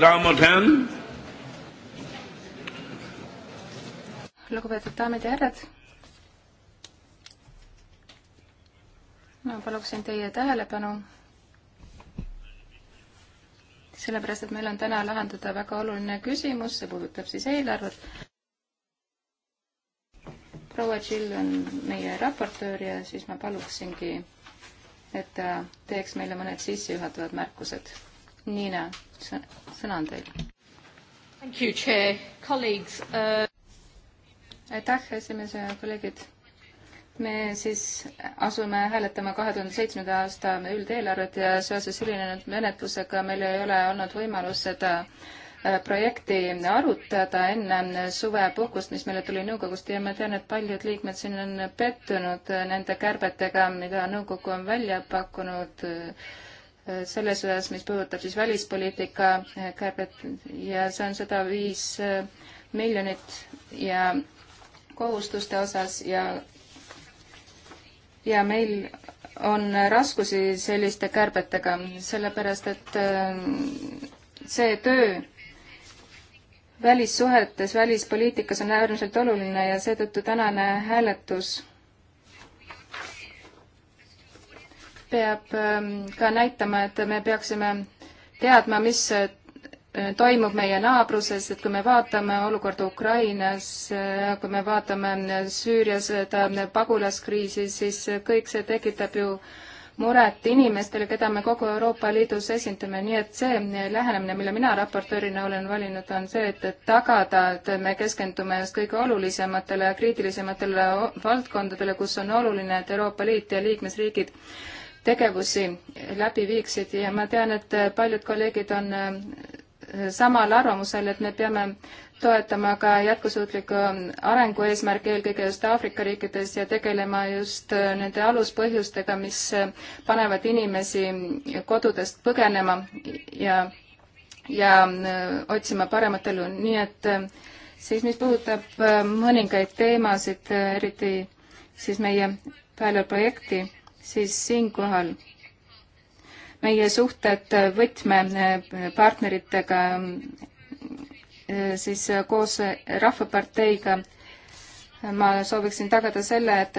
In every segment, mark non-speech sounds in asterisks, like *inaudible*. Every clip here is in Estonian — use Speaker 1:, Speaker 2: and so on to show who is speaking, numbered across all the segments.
Speaker 1: Damen und Herren.
Speaker 2: lugupeetud daamid ja härrad. ma paluksin teie tähelepanu, sellepärast et meil on täna lahendada väga oluline küsimus, see puudutab siis eelarvet. proua Jill on meie raportöör ja siis ma paluksingi, et ta teeks meile mõned sissejuhatavad märkused Niina, sõna on teil. Uh, aitäh, esimees ja kolleegid. me siis asume hääletama kahe tuhande seitsmenda aasta üldeelarvet ja seoses hilinenud menetlusega meil ei ole olnud võimalus seda uh, projekti arutada enne suvepuhkust, mis meile tuli nõukogust ja ma tean, et paljud liikmed siin on pettunud uh, nende kärbetega, mida nõukogu on välja pakkunud äh, Äh, selles osas, mis puudutab siis välispoliitika äh, kärbet ja see on sada viis äh, miljonit ja kohustuste osas ja, ja meil on raskusi selliste kärbetega, sellepärast et see töö välissuhetes, välispoliitikas on äärmiselt oluline ja seetõttu tänane hääletus peab ähm, ka näitama, et me peaksime teadma, mis äh, toimub meie naabruses, et kui me vaatame olukorda Ukrainas, äh, kui me vaatame äh, Süüria seda pagulaskriisi, siis kõik see tekitab ju muret inimestele, keda me kogu Euroopa Liidus esindame, nii et see lähenemine, mille mina raportöörina olen valinud, on see, et, et tagada, et me keskendume just kõige olulisematele ja kriitilisematele valdkondadele, kus on oluline, et Euroopa Liit ja liikmesriigid tegevusi läbi viiksid ja ma tean, et paljud kolleegid on äh, samal arvamusel, et me peame toetama ka jätkusuutliku arengu eesmärke eelkõige just Aafrika riikides ja tegelema just äh, nende aluspõhjustega, mis äh, panevad inimesi kodudest põgenema ja, ja otsima paremat elu, nii et siis mis puudutab mõningaid teemasid, eriti siis meie Väljal projekti, siis siinkohal meie suhted võtmepartneritega eh, eh, siis eh, koos Rahvaparteiga ma sooviksin tagada selle, et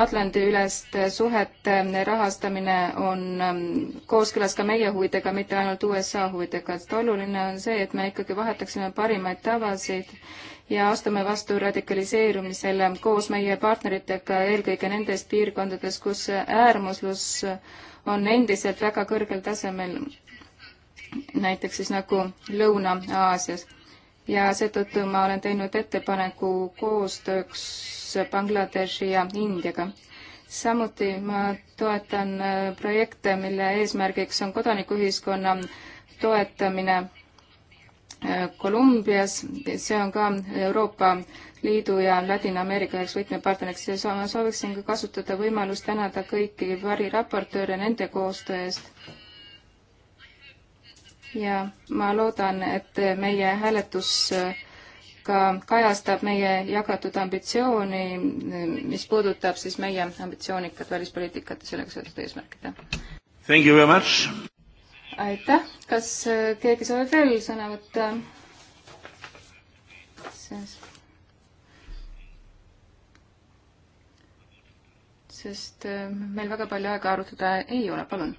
Speaker 2: Atlandi-üleste suhete rahastamine on mm, kooskõlas ka meie huvidega, mitte ainult USA huvidega, sest oluline on see, et me ikkagi vahetaksime parimaid tavasid ja astume vastu radikaliseerumisele koos meie partneritega, eelkõige nendes piirkondades, kus äärmuslus on endiselt väga kõrgel tasemel, näiteks siis nagu Lõuna-Aasias. ja seetõttu ma olen teinud ettepaneku koostööks Bangladeshi ja Indiaga samuti ma toetan projekte, mille eesmärgiks on kodanikuühiskonna toetamine Kolumbias, see on ka Euroopa Liidu ja Ladina-Ameerika üheks võtmepartneriks ja ma sooviksin ka kasutada võimalust tänada kõiki variraportööre nende koostöö eest. ja ma loodan, et meie hääletus äh, ka kajastab meie jagatud ambitsiooni, äh, mis puudutab siis meie ambitsioonikat välispoliitikat ja selleks seotud eesmärkide aitäh, kas äh, keegi soovib veel sõna võtta? sest äh, meil väga palju aega arutada ei ole, palun,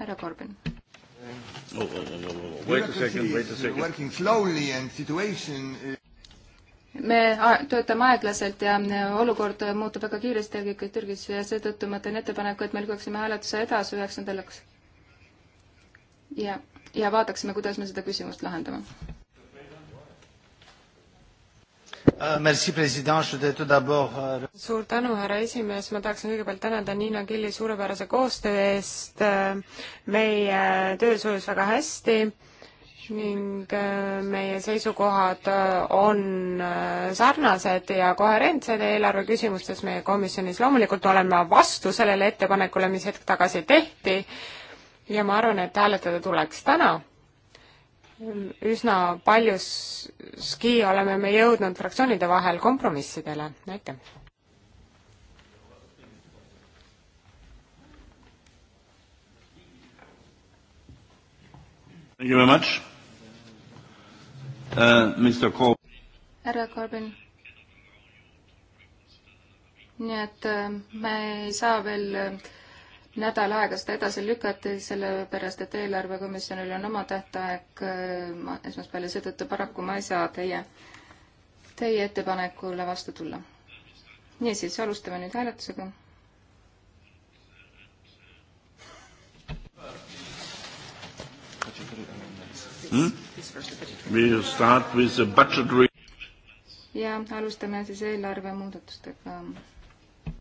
Speaker 2: härra Korbin.
Speaker 1: Oh, oh,
Speaker 3: oh,
Speaker 2: me töötame aeglaselt ja äh, olukord muutub väga kiiresti, eelkõige Türgis ja seetõttu ma teen ettepaneku, et me lükkaksime hääletuse edasi üheksandaks ja, ja vaataksime, kuidas me seda küsimust lahendame.
Speaker 1: Euh, euh,
Speaker 3: suur
Speaker 2: tänu, härra esimees, ma tahaksin kõigepealt tänada
Speaker 3: Niina Killi suurepärase koostöö eest, äh, meie töö sujus väga hästi ning äh, meie seisukohad äh, on sarnased ja koherentsed eelarve küsimustes meie komisjonis. loomulikult olen ma vastu sellele ettepanekule, mis hetk tagasi tehti ja ma arvan, et hääletada tuleks täna. üsna paljuski oleme me jõudnud fraktsioonide vahel kompromissidele, aitäh!
Speaker 1: Thank you very much. Uh, Mr. Cor-
Speaker 2: härra Corbyn. nii et äh, me ei saa veel äh, nädal aega seda edasi lükati, sellepärast et eelarvekomisjonil on oma tähtaeg esmaspäeval ja seetõttu paraku ma ei saa teie, teie ettepanekule vastu tulla. niisiis, alustame nüüd hääletusega Hmm?
Speaker 1: We'll start with the budgetary
Speaker 2: ja alustame siis eelarve muudatustega.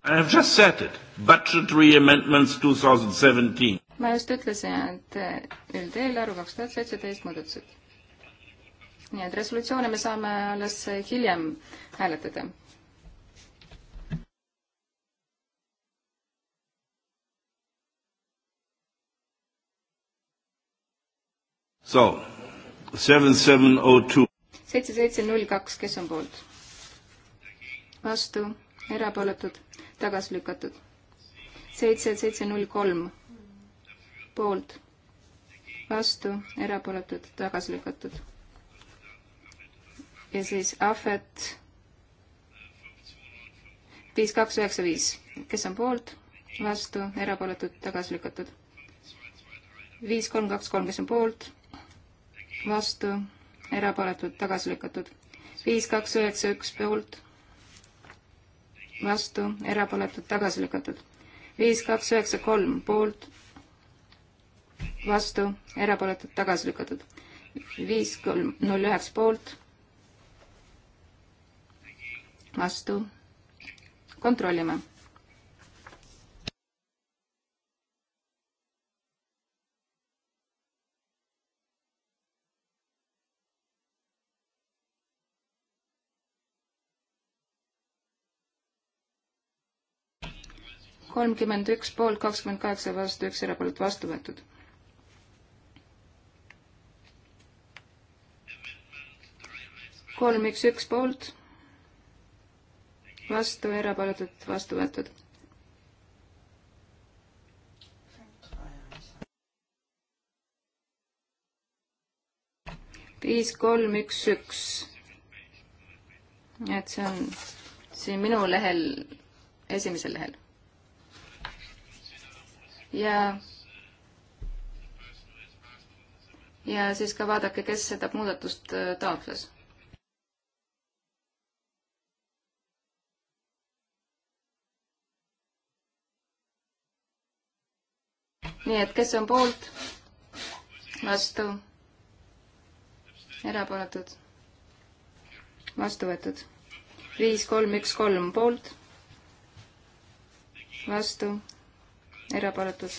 Speaker 1: I have just said it. Budgetary amendments 2017.
Speaker 2: ma just ütlesin, et eh, üldeelarve kaks tuhat seitseteist muudatused. nii et resolutsioone me saame alles hiljem hääletada.
Speaker 1: So, seven, seven, oh, two.
Speaker 2: seitse, seitse, null, kaks, kes on poolt? vastu erapooletud, tagasi lükatud. seitse, seitse, null, kolm poolt, vastu, erapooletud, tagasi lükatud. ja siis ahvet viis, kaks, üheksa, viis, kes on poolt, vastu, erapooletud, tagasi lükatud. viis, kolm, kaks, kolm, kes on poolt, vastu, erapooletud, tagasi lükatud. viis, kaks, üheksa, üks poolt vastu, erapooletud, tagasi lükatud. viis, kaks, üheksa, kolm poolt, vastu, erapooletud, tagasi lükatud. viis, kolm, null, üheksa poolt, vastu. kontrollime kolmkümmend üks poolt, kakskümmend kaheksa vastu, üks erapoolt vastu võetud. kolm, üks, üks poolt, vastu, erapooletult vastu võetud. viis, kolm, üks, üks. et see on siin minu lehel, esimesel lehel ja ja siis ka vaadake, kes seda muudatust äh, taotles. nii et kes on poolt, vastu, erapooletud, vastu võetud. viis, kolm, üks, kolm poolt, vastu erapooletud.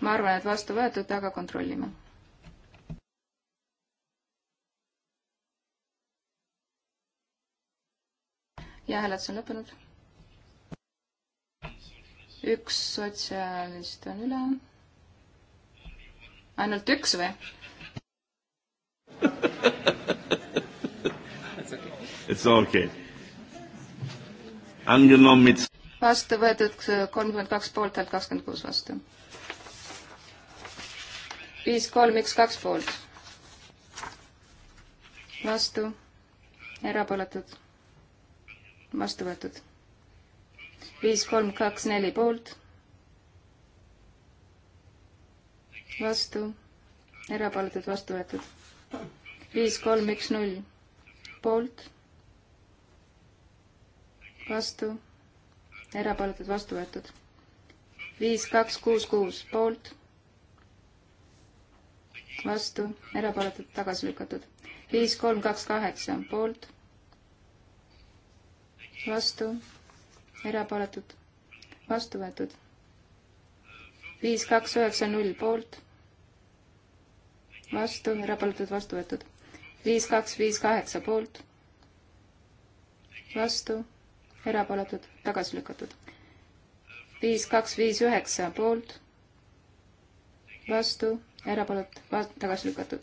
Speaker 2: ma arvan, et vastu võetud, aga kontrollime. ja hääletus on lõppenud. üks sotsialist on üle. ainult üks või?
Speaker 3: *laughs*
Speaker 1: It's okay. Angenommen mit
Speaker 2: vastu võetud kolmkümmend kaks poolt, häält kakskümmend kuus vastu. viis, kolm, üks, kaks poolt. vastu, erapooletud, vastu võetud. viis, kolm, kaks, neli poolt. vastu, erapooletud, vastu võetud. viis, kolm, üks, null poolt. vastu erapooletud vastu võetud. viis, kaks, kuus, kuus poolt, vastu, erapooletud tagasi lükatud. viis, kolm, kaks, kaheksa poolt, vastu, erapooletud, vastu võetud. viis, kaks, üheksa, null poolt, vastu, erapooletud, vastu võetud. viis, kaks, viis, kaheksa poolt, vastu erapooletud, tagasi lükatud. viis, kaks, viis, üheksa poolt, vastu, erapooletud, tagasi lükatud.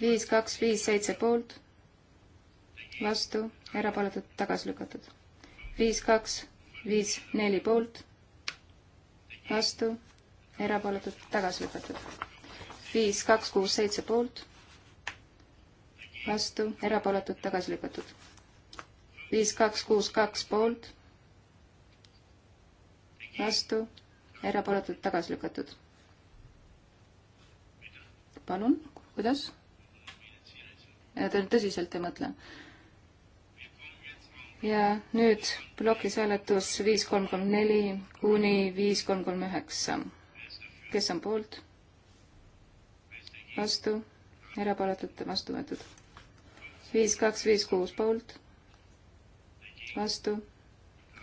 Speaker 2: viis, kaks, viis, seitse poolt, vastu, erapooletud, tagasi lükatud. viis, kaks, viis, neli poolt, vastu, erapooletud, tagasi lükatud. viis, kaks, kuus, seitse poolt, vastu, erapooletud, tagasi lükatud viis, kaks, kuus, kaks poolt, vastu, erapooletult tagasi lükatud. palun, kuidas? Te tõsiselt ei mõtle? ja nüüd plokis hääletus viis kolm kolm neli kuni viis kolm kolm üheksa. kes on poolt? vastu, erapooletult vastu võetud. viis kaks viis kuus poolt vastu,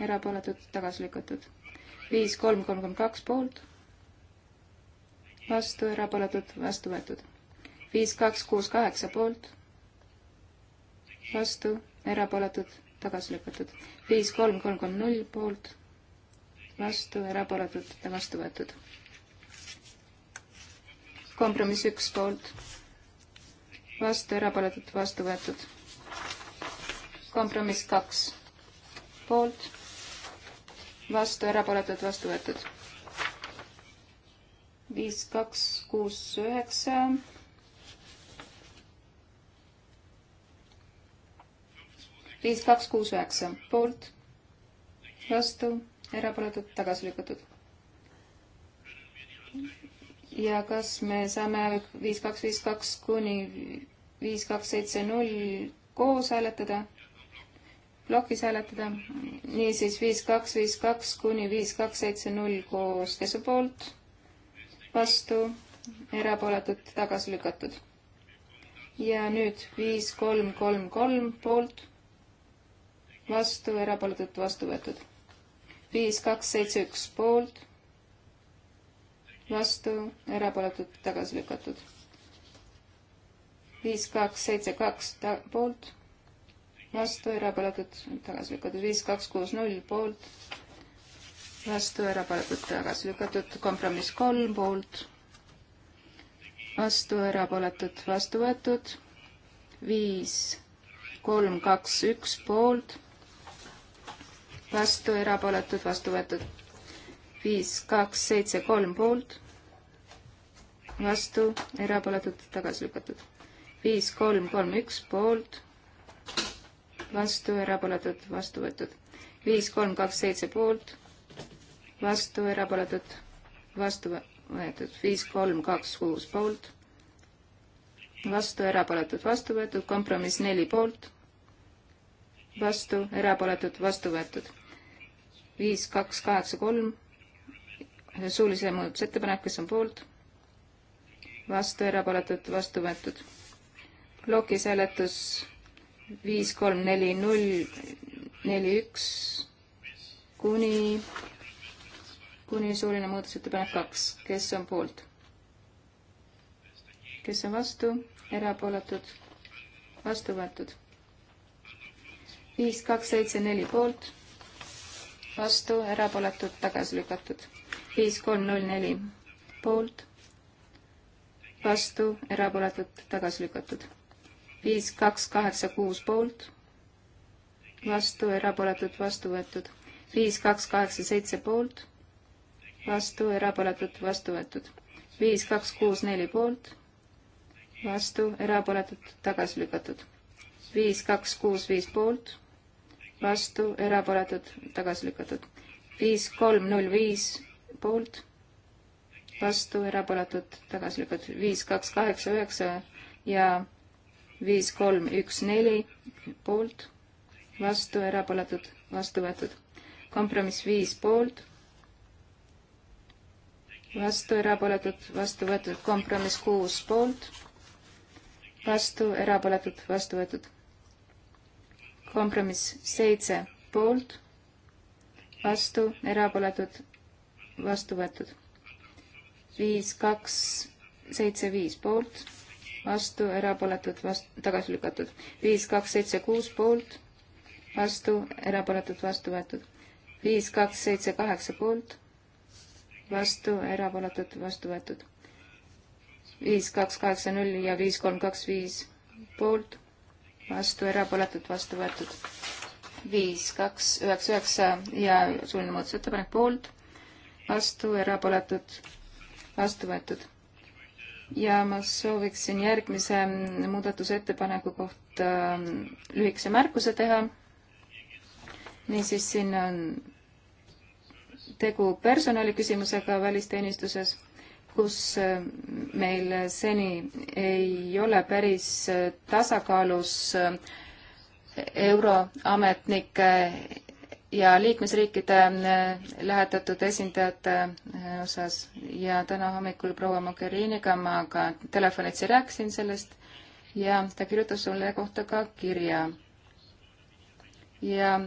Speaker 2: erapooletud, tagasi lükatud. viis, kolm, kolm, kolm, kaks poolt, vastu, erapooletud, vastu võetud. viis, kaks, kuus, kaheksa poolt, vastu, erapooletud, tagasi lükatud. viis, kolm, kolm, kolm, null poolt, vastu, erapooletud, vastu võetud. kompromiss üks poolt vastu, erapooletult vastu võetud. kompromiss kaks, poolt, vastu, erapooletud, vastu võetud. viis, kaks, kuus, üheksa. viis, kaks, kuus, üheksa poolt, vastu, erapooletud, tagasi lükatud. ja kas me saame viis, kaks, viis, kaks kuni viis, kaks, seitse, null koos hääletada? plokis hääletada. niisiis viis, kaks, viis, kaks kuni viis, kaks, seitse, null koos, kes on poolt, vastu, erapooletud, tagasi lükatud. ja nüüd viis, kolm, kolm, kolm poolt, vastu, erapooletud, vastu võetud. viis, kaks, seitse, üks poolt, vastu, erapooletud, tagasi lükatud. viis, kaks, seitse, kaks poolt vastu, erapooletud, tagasi lükatud, viis, kaks, kuus, null poolt, vastu, erapooletud, tagasi lükatud, kompromiss kolm poolt, vastu, erapooletud, vastu võetud, viis, kolm, kaks, üks poolt, vastu, erapooletud, vastu võetud, viis, kaks, seitse, kolm poolt, vastu, erapooletud, tagasi lükatud, viis, kolm, kolm, üks poolt vastu, erapooletud, vastu võetud. viis, kolm, kaks, seitse poolt, vastu, erapooletud, vastu võetud. viis, kolm, kaks, kuus poolt, vastu, erapooletud, vastu võetud. kompromiss neli poolt, vastu, erapooletud, vastu võetud. viis, kaks, kaheksa, kolm, suulise muudatusettepanek, kes on poolt, vastu, erapooletud, vastu võetud. plokis hääletus viis, kolm, neli, null, neli, üks kuni, kuni suuline muudatusettepanek kaks. kes on poolt? kes on vastu? erapooletud? vastu võetud? viis, kaks, seitse, neli poolt, vastu, erapooletud, tagasi lükatud. viis, kolm, null, neli poolt, vastu, erapooletud, tagasi lükatud viis, kaks, kaheksa, kuus poolt, vastu, erapooletud, vastu võetud. viis, kaks, kaheksa, seitse poolt, vastu, erapooletud, vastu võetud. viis, kaks, kuus, neli poolt, vastu, erapooletud, tagasi lükatud. viis, kaks, kuus, viis poolt, vastu, erapooletud, tagasi lükatud. viis, kolm, null, viis poolt, vastu, erapooletud, tagasi lükatud. viis, kaks, kaheksa, üheksa ja viis, kolm, üks, neli poolt, vastu, erapooletud, vastu võetud. kompromiss viis poolt, vastu, erapooletud, vastu võetud. kompromiss kuus poolt, vastu, erapooletud, vastu võetud. kompromiss seitse poolt, vastu, erapooletud, vastu võetud. viis, kaks, seitse, viis poolt vastu, erapooletud, vastu, tagasi lükatud. viis, kaks, seitse, kuus poolt, vastu, erapooletud, vastu võetud. viis, kaks, seitse, kaheksa poolt, vastu, erapooletud, vastu võetud. viis, kaks, kaheksa, null ja viis, kolm, kaks, viis poolt, vastu, erapooletud, vastu võetud. viis, kaks, üheksa, üheksa ja suuline muudatusettepanek poolt, vastu, erapooletud, vastu võetud ja ma sooviksin järgmise muudatusettepaneku kohta ähm, lühikese märkuse teha. niisiis, siin on tegu personaliküsimusega välisteenistuses, kus ähm, meil seni ei ole päris äh, tasakaalus äh, euroametnike ja liikmesriikide äh, lähetatud esindajate äh, osas ja täna hommikul proua Mogheriniga ma ka telefonitsi rääkisin sellest ja ta kirjutas sulle kohta ka kirja. ja äh,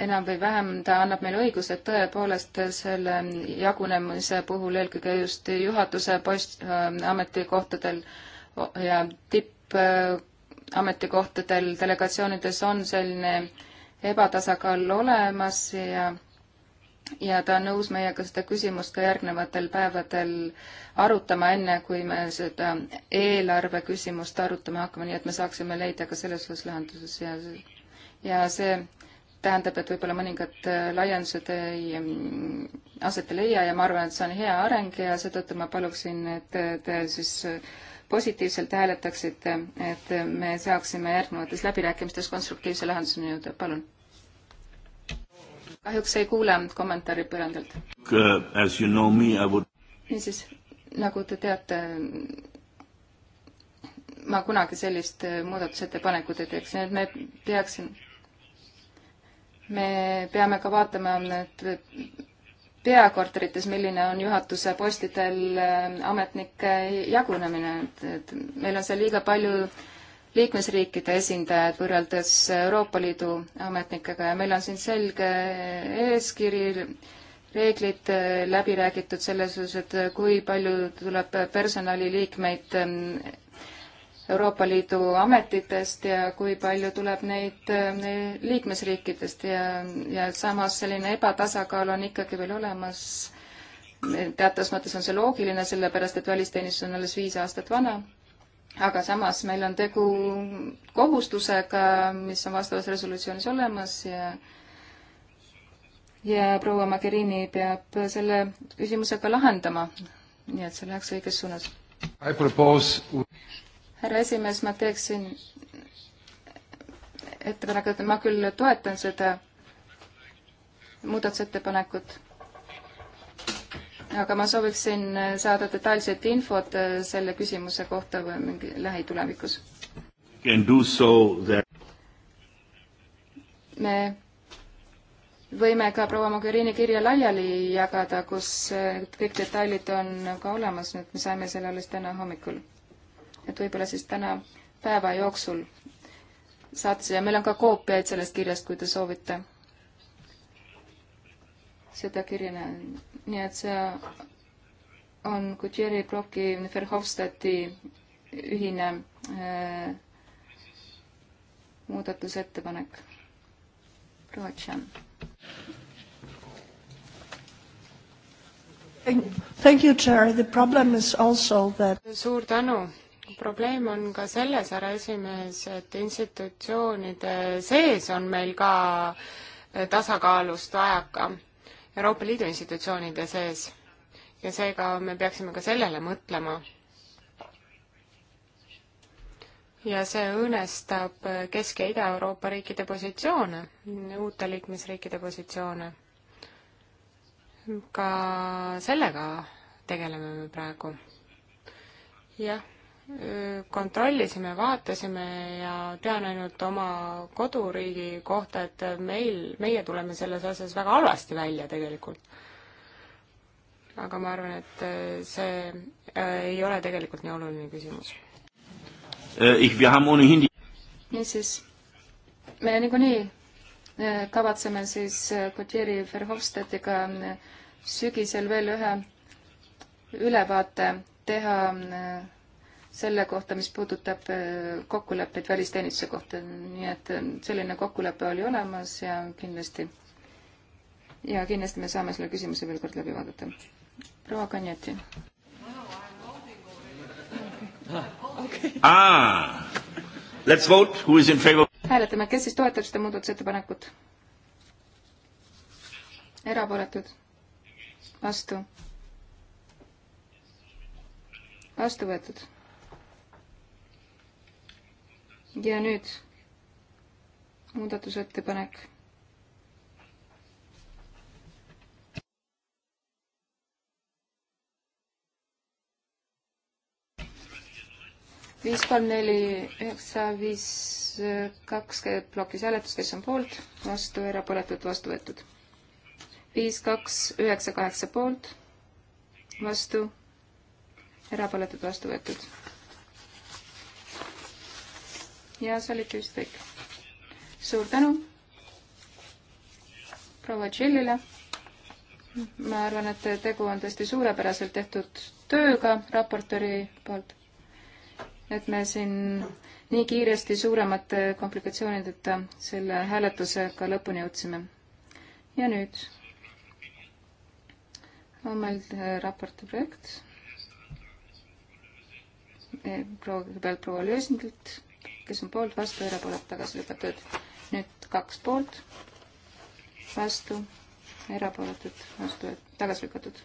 Speaker 2: enam või vähem ta annab meile õiguse, et tõepoolest selle jagunemise puhul eelkõige just juhatuse post-, ametikohtadel ja tippametikohtadel delegatsioonides on selline ebatasakaal olemas ja ja ta on nõus meiega seda küsimust ka järgnevatel päevadel arutama, enne kui me seda eelarve küsimust arutama hakkame, nii et me saaksime leida ka selles osas lahenduses ja ja see tähendab, et võib-olla mõningad äh, laiendused ei, mm, aset ei leia ja ma arvan, et see on hea areng ja seetõttu ma paluksin, et äh, te siis äh, positiivselt hääletaksite, et me saaksime järgnevates läbirääkimistes konstruktiivse lahenduseni jõuda, palun. kahjuks ei kuule kommentaari põrandalt. niisiis, nagu te teate, ma kunagi sellist muudatusettepanekut ei teeks, nii et me peaksime, me peame ka vaatama, et peakorterites, milline on juhatuse postitel äh, ametnike jagunemine, et, et meil on seal liiga palju liikmesriikide esindajad võrreldes Euroopa Liidu ametnikega ja meil on siin selge eeskiri, reeglid äh, läbi räägitud selles osas, et kui palju tuleb personaliliikmeid ähm, Euroopa Liidu ametitest ja kui palju tuleb neid eh, liikmesriikidest ja, ja samas selline ebatasakaal on ikkagi veel olemas. teatas mõttes on see loogiline, sellepärast et välisteenistus on alles viis aastat vana aga samas meil on tegu kohustusega, mis on vastavas resolutsioonis olemas ja ja proua Magherini peab selle küsimuse ka lahendama. nii et see läheks õiges suunas.
Speaker 3: Propose
Speaker 2: härra esimees, ma teeksin ettepaneku, et ma küll toetan seda muudatusettepanekut, aga ma sooviksin saada detailset infot selle küsimuse kohta või mingi lähitulevikus. me võime ka proua Mogherini kirja laiali jagada, kus kõik detailid on ka olemas, nii et me saime selle alles täna hommikul et võib-olla siis täna päeva jooksul saate siia, meil on ka koopiaid sellest kirjast, kui te soovite seda kirja näha. nii et see on Gutierrez Broki Verhofstadti ühine äh, muudatusettepanek. Rootsan. Thank you, Chair. The problem is also
Speaker 3: that suur tänu probleem on ka selles, härra esimees, et institutsioonide sees on meil ka eh, tasakaalust vajaka Euroopa Liidu institutsioonide sees ja seega me peaksime ka sellele mõtlema. ja see õõnestab Kesk- ja Ida-Euroopa riikide positsioone, uute liikmesriikide positsioone. ka sellega tegeleme me praegu. jah kontrollisime, vaatasime ja tean ainult oma koduriigi kohta, et meil, meie tuleme selles asjas väga halvasti välja tegelikult. aga ma arvan, et äh, see äh, ei ole
Speaker 2: tegelikult nii oluline küsimus.
Speaker 1: Äh,
Speaker 2: niisiis, me niikuinii kavatseme siis Kotjeri Verhofstadtiga sügisel veel ühe ülevaate teha selle kohta, mis puudutab äh, kokkuleppeid välisteenistuse kohta, nii et äh, selline kokkulepe oli olemas ja kindlasti, ja kindlasti me saame selle küsimuse veel kord läbi vaadata. proua Kanjeti.
Speaker 1: *laughs* Ah,
Speaker 2: hääletame, kes siis toetab seda muudatusettepanekut? erapooletud? vastu? vastu võetud ja nüüd muudatusettepanek. viis, kolm, neli, üheksa, viis, kaks plokis hääletus, kes on poolt, vastu, erapooletud, vastu võetud. viis, kaks, üheksa, kaheksa poolt, vastu, erapooletud, vastu võetud ja see oligi vist kõik. suur tänu proua Tšillile. ma arvan, et tegu on tõesti suurepäraselt tehtud tööga raportööri poolt. et me siin nii kiiresti suuremate komplikatsioonideta selle hääletusega lõpuni jõudsime. ja nüüd on meil raporti projekt. proua, kõigepealt proua Lösingilt kes on poolt, vastu, erapooletu, tagasi lükatud. nüüd kaks poolt, vastu, erapooletud, vastu, tagasi lükatud.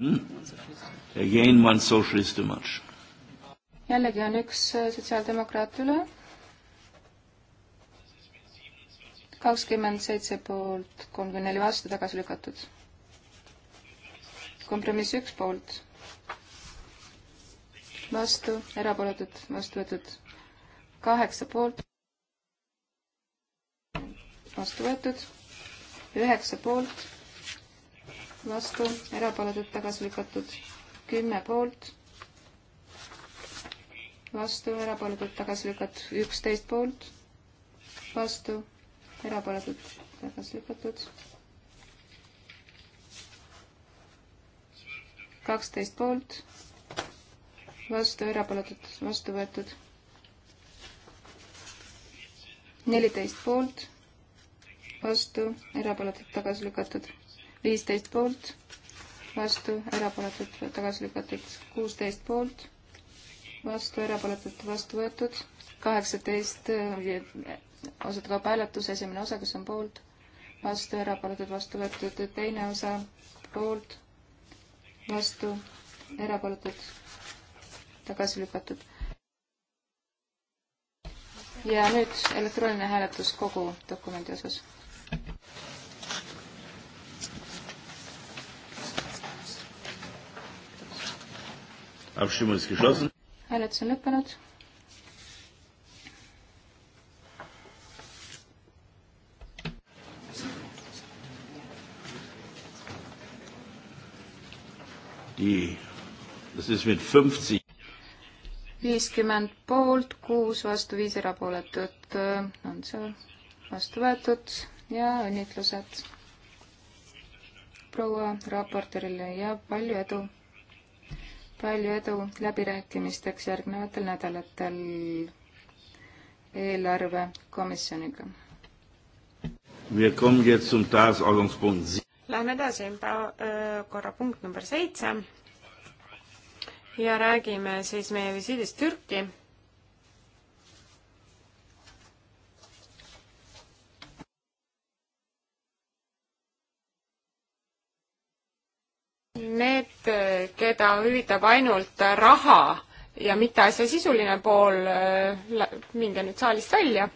Speaker 1: Mm. Again one socialist too much
Speaker 2: jällegi on üks äh, sotsiaaldemokraat üle kakskümmend seitse poolt, kolmkümmend neli vastu, tagasi lükatud. kompromiss üks poolt, vastu, erapooletud, vastu võetud kaheksa poolt, vastu võetud, üheksa poolt, vastu, erapooletud, tagasi lükatud, kümme poolt, vastu, erapooletud, tagasi lükatud, üksteist poolt, vastu erapooletud tagasi lükatud. kaksteist poolt, vastu erapooletud, vastu võetud. neliteist poolt, vastu erapooletud, tagasi lükatud. viisteist poolt, vastu erapooletud, tagasi lükatud. kuusteist poolt, vastu erapooletud, vastu võetud. kaheksateist osade kaupa hääletus, esimene osa, kes on poolt, vastu, erapooletud, vastu võetud, teine osa poolt, vastu, erapooletud, tagasi lükatud. ja nüüd elektrooniline hääletus kogu dokumendi osas. hääletus on lõppenud Die, das ist mit 50. viiskümmend poolt, kuus vastu, viis erapooletut äh, on see vastu võetud ja õnnitlused proua raportöörile ja palju edu, palju edu läbirääkimisteks järgnevatel nädalatel eelarvekomisjoniga. Läheme edasi,
Speaker 3: korrapunkt number seitse ja räägime siis meie visiidist Türki. Need, keda hüvitab ainult raha ja mitte asja sisuline pool, minge nüüd saalist välja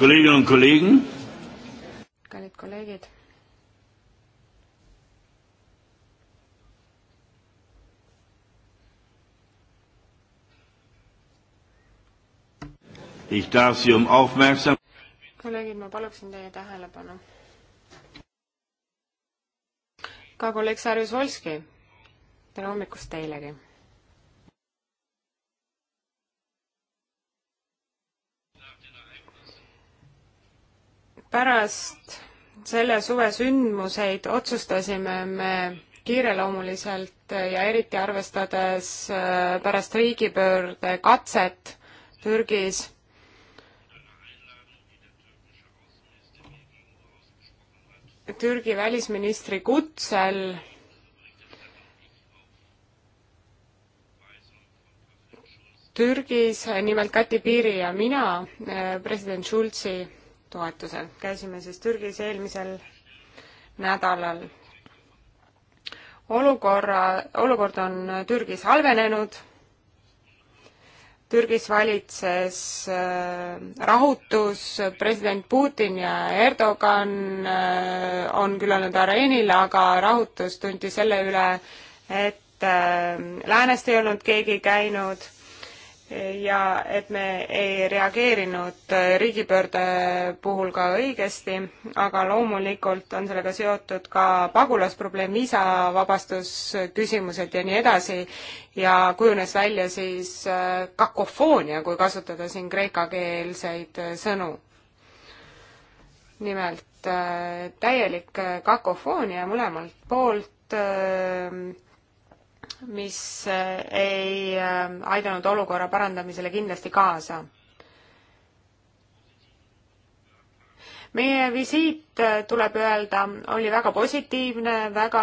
Speaker 2: Kolleginnen und Kollegen.
Speaker 3: Kallid kolleegid.
Speaker 1: Ich darf Sie um aufmerksam.
Speaker 3: kolleegid, ma paluksin teie tähelepanu. ka kolleeg Sarjus Volski, tere hommikust teilegi pärast selle suve sündmuseid otsustasime me kiireloomuliselt ja eriti arvestades äh, pärast riigipöörde katset Türgis Türgi välisministri kutsel Türgis, nimelt Kati Piiri ja mina, äh, president Schulzi toetusel. käisime siis Türgis eelmisel nädalal. olukorra, olukord on Türgis halvenenud. Türgis valitses äh, rahutus, president Putin ja Erdogan äh, on küll olnud areenil, aga rahutus tunti selle üle, et äh, läänest ei olnud keegi käinud ja et me ei reageerinud riigipöörde puhul ka õigesti, aga loomulikult on sellega seotud ka pagulasprobleem, viisavabastusküsimused ja nii edasi, ja kujunes välja siis äh, kakofoonia, kui kasutada siin kreekakeelseid äh, sõnu. nimelt äh, täielik kakofoonia mõlemalt poolt äh, mis eh, ei eh, aidanud olukorra parandamisele kindlasti kaasa. meie visiit, eh, tuleb öelda, oli väga positiivne, väga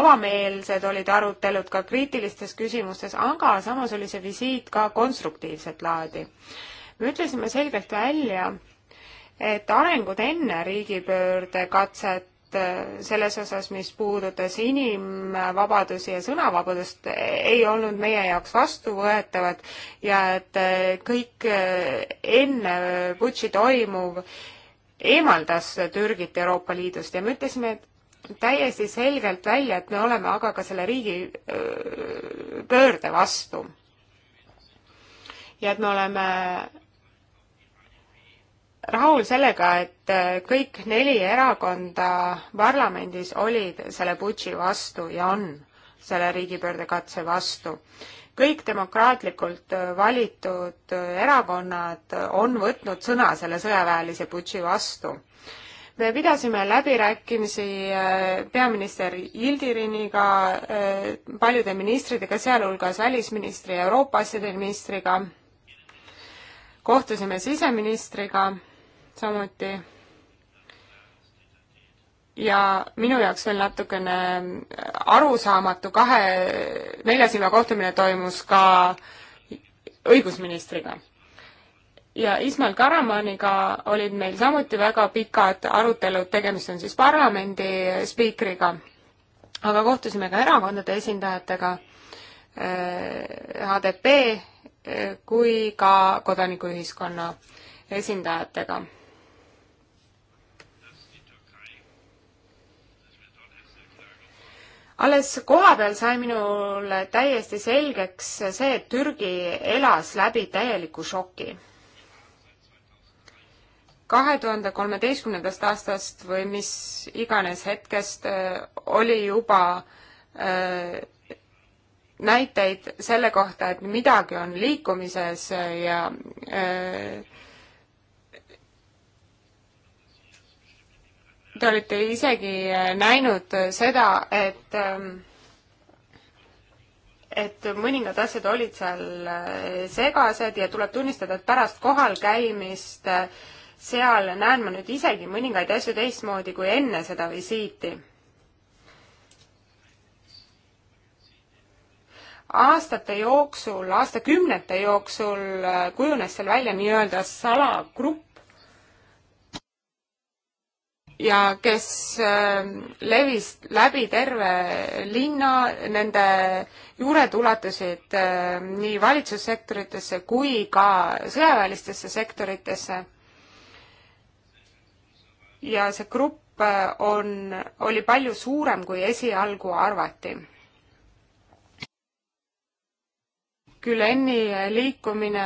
Speaker 3: avameelsed olid arutelud ka kriitilistes küsimustes, aga samas oli see visiit ka konstruktiivset laadi. me ütlesime selgelt välja, et arengud enne riigipöörde katset et äh, selles osas, mis puudutas inimvabadusi ja sõnavabadust, ei olnud meie jaoks vastuvõetavad ja et äh, kõik äh, enne Butši toimuv eemaldas Türgit Euroopa Liidust ja me ütlesime, et täiesti selgelt välja, et me oleme aga ka selle riigi pöörde vastu. ja et me oleme rahul sellega, et äh, kõik neli erakonda parlamendis olid selle putši vastu ja on selle riigipöördekatse vastu. kõik demokraatlikult äh, valitud äh, erakonnad on võtnud sõna selle sõjaväelise putši vastu. me pidasime läbirääkimisi peaminister Ildiriniga, paljude ministritega, sealhulgas välisministri ja Euroopa asjade ministriga, kohtusime siseministriga samuti. ja minu jaoks veel natukene arusaamatu kahe, nelja silma kohtumine toimus ka õigusministriga. ja Ismail Karamaniga olid meil samuti väga pikad arutelud, tegemist on siis parlamendi spiikriga, aga kohtusime ka erakondade esindajatega, HDP eh, eh, kui ka kodanikuühiskonna esindajatega alles kohapeal sai minule täiesti selgeks see, et Türgi elas läbi täieliku šoki. kahe tuhande kolmeteistkümnendast aastast või mis iganes hetkest äh, oli juba äh, näiteid selle kohta, et midagi on liikumises ja äh, Te olite isegi äh, näinud äh, seda, et ähm, et mõningad asjad olid seal äh, segased ja tuleb tunnistada, et pärast kohal käimist seal näen ma nüüd isegi mõningaid asju teistmoodi kui enne seda visiiti aastate jooksul, aastakümnete jooksul kujunes seal välja nii-öelda salagrupp, ja kes ähm, levis läbi terve linna, nende juured ulatusid ähm, nii valitsussektoritesse kui ka sõjaväelistesse sektoritesse. ja see grupp äh, on, oli palju suurem, kui esialgu arvati Gülen'i liikumine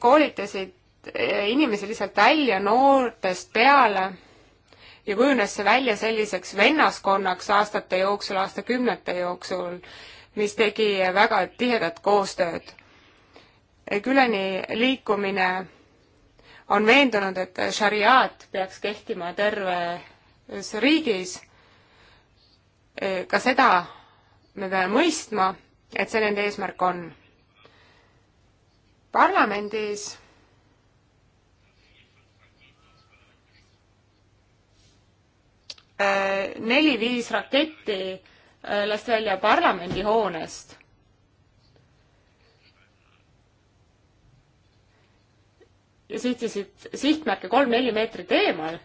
Speaker 3: koolitasid Eh, inimesi lihtsalt välja noortest peale ja kujunes see välja selliseks vennaskonnaks aastate jooksul, aastakümnete jooksul, mis tegi väga tihedat koostööd. Güleni eh, liikumine on veendunud, et šariaat peaks kehtima terves riigis. Eh, ka seda me peame mõistma, et see nende eesmärk on. parlamendis Äh, neli-viis raketti äh, lasta välja parlamendihoonest. ja sihtisid sihtmärke kolm-neli meetrit eemal.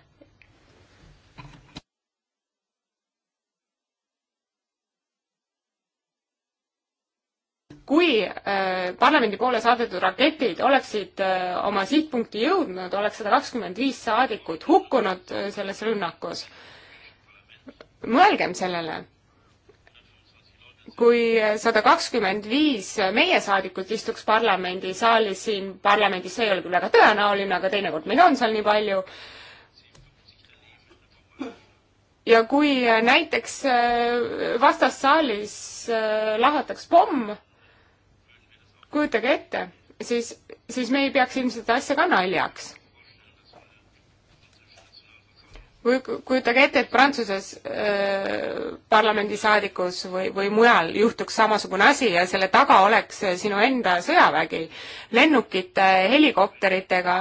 Speaker 3: kui äh, parlamendi poole saadetud raketid oleksid äh, oma sihtpunkti jõudnud, oleks sada kakskümmend viis saadikut hukkunud äh, selles rünnakus äh, mõelgem sellele kui sada kakskümmend viis meie saadikut istuks parlamendisaalis siin parlamendis, see ei ole küll väga tõenäoline, aga teinekord meid on seal nii palju. ja kui näiteks äh, vastassaalis äh, lahvataks pomm, kujutage ette, siis, siis me ei peaks ilmselt asja ka naljaks või kujutage ette, et Prantsuses äh, parlamendisaadikus või, või mujal juhtuks samasugune asi ja selle taga oleks äh, sinu enda sõjavägi lennukite, helikopteritega.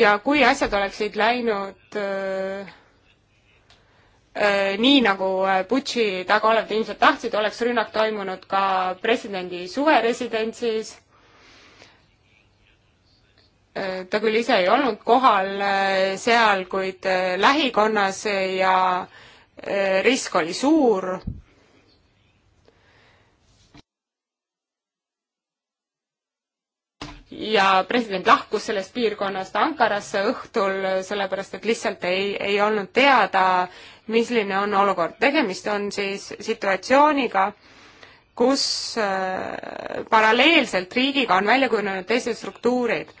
Speaker 3: ja kui asjad oleksid läinud äh, äh, nii, nagu äh, Butši taga olevad inimesed tahtsid, oleks rünnak toimunud ka presidendi suveresidentsis ta küll ise ei olnud kohal äh, seal, kuid äh, lähikonnas äh, ja risk oli suur. ja president lahkus sellest piirkonnast Ankarasse õhtul, sellepärast et lihtsalt ei, ei olnud teada, milline on olukord. tegemist on siis situatsiooniga, kus paralleelselt riigiga on välja kujunenud teised struktuurid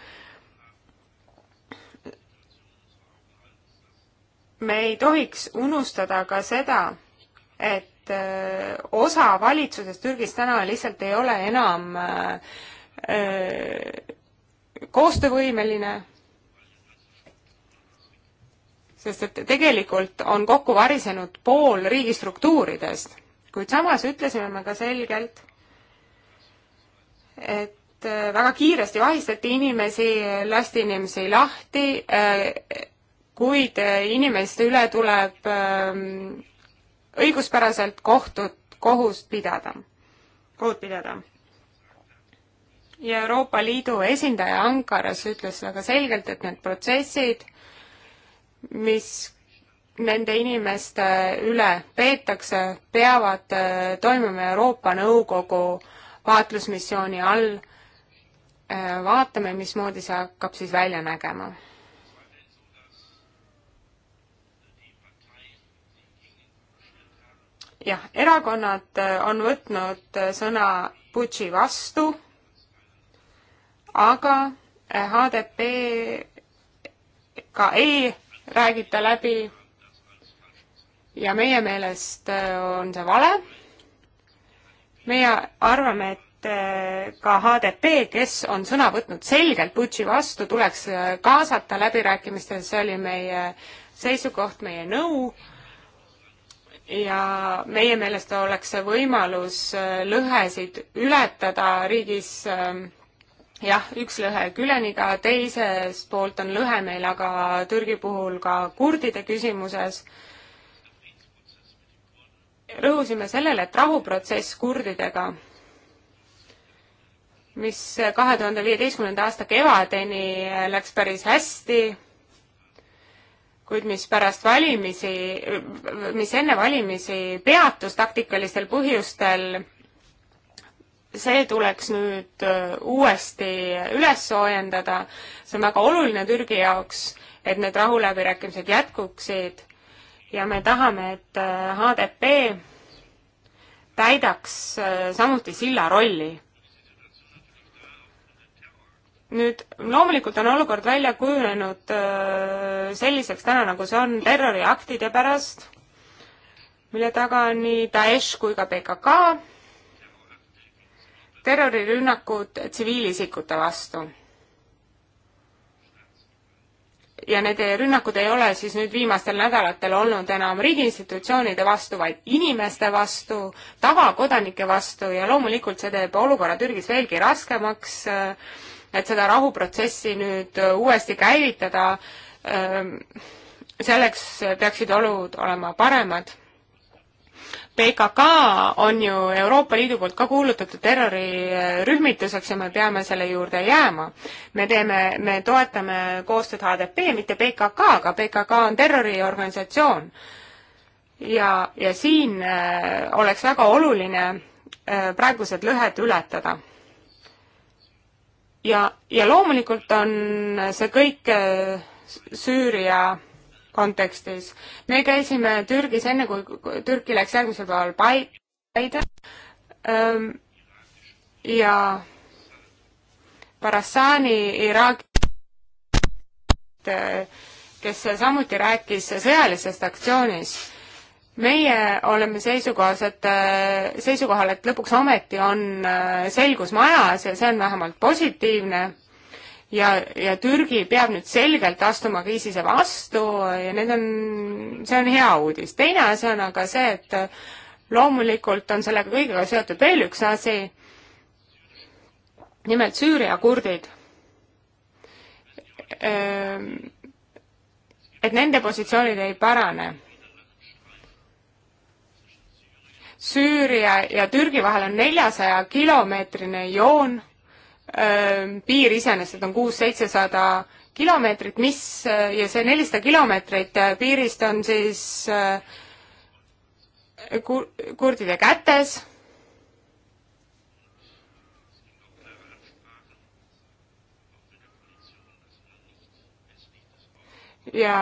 Speaker 3: me ei tohiks unustada ka seda, et äh, osa valitsusest Türgis täna lihtsalt ei ole enam äh, äh, koostöövõimeline, sest et tegelikult on kokku varisenud pool riigistruktuuridest, kuid samas ütlesime me ka selgelt, et väga kiiresti vahistati inimesi, lasti inimesi lahti, kuid eh, inimeste üle tuleb ehm, õiguspäraselt kohtud, kohust pidada, kohut pidada. ja Euroopa Liidu esindaja Ankaras ütles väga selgelt, et need protsessid, mis nende inimeste üle peetakse, peavad eh, toimuma Euroopa Nõukogu vaatlusmissiooni all. Eh, vaatame, mismoodi see hakkab siis välja nägema jah, erakonnad äh, on võtnud äh, sõna Butši vastu, aga HDP äh, ka ei räägita läbi ja meie meelest on see vale. meie arvame, et ka HDP, kes on sõna võtnud selgelt Butši vastu, tuleks kaasata läbirääkimistesse, see oli meie seisukoht, meie nõu no ja meie meelest oleks see võimalus äh, lõhesid ületada riigis ähm, jah, üks lõhe Güleniga, teisest poolt on lõhe meil aga Türgi puhul ka kurdide küsimuses. rõhusime sellele, et rahuprotsess kurdidega, mis kahe tuhande viieteistkümnenda aasta kevadeni äh, läks päris hästi kuid mis pärast valimisi, mis enne valimisi peatus taktikalistel põhjustel, see tuleks nüüd äh, uuesti üles soojendada. see on väga oluline Türgi jaoks, et need rahuläbirääkimised jätkuksid ja me tahame, et HDP äh, täidaks äh, samuti silla rolli nüüd loomulikult on olukord välja kujunenud äh, selliseks täna, nagu see on terroriaktide pärast, mille taga on nii Daesh kui ka PKK, terrorirünnakud tsiviilisikute vastu. ja need rünnakud ei ole siis nüüd viimastel nädalatel olnud enam riigiinstitutsioonide vastu, vaid inimeste vastu, tavakodanike vastu ja loomulikult see teeb olukorra Türgis veelgi raskemaks äh, et seda rahuprotsessi nüüd äh, uuesti käivitada, ähm, selleks peaksid olud olema paremad. PKK on ju Euroopa Liidu poolt ka kuulutatud terrorirühmituseks ja me peame selle juurde jääma. me teeme, me toetame koostööd HDP, mitte PKK-ga, PKK on terroriorganisatsioon ja, ja siin äh, oleks väga oluline äh, praegused lõhed ületada ja, ja loomulikult on see kõik äh, Süüria kontekstis. me käisime Türgis enne, kui Türki läks järgmisel päeval Paide ähm, ja Barassani Iraagi äh, kes samuti rääkis sõjalisest aktsioonist meie oleme seisukohas, et, äh, seisukohal, et lõpuks ometi on äh, selgus majas ja see on vähemalt positiivne ja, ja Türgi peab nüüd selgelt astuma kriisise vastu ja need on, see on hea uudis. teine asi on aga see, et äh, loomulikult on sellega kõigega seotud veel üks asi, nimelt Süüria kurdid. et nende positsioonid ei parane Süüria ja Türgi vahel on neljasaja kilomeetrine joon, piir iseenesest on kuus-seitsesada kilomeetrit, mis ja see nelisada kilomeetrit piirist on siis kur-, kurdide kätes ja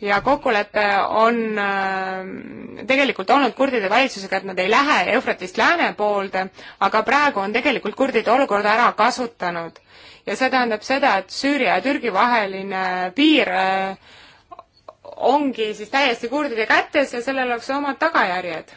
Speaker 3: ja kokkulepe on äh, tegelikult olnud kurdide valitsusega, et nad ei lähe Eufratist lääne poolde, aga praegu on tegelikult kurdid olukorda ära kasutanud. ja see tähendab seda, et Süüria ja Türgi vaheline piir äh, ongi siis täiesti kurdide kätes ja sellel oleks omad tagajärjed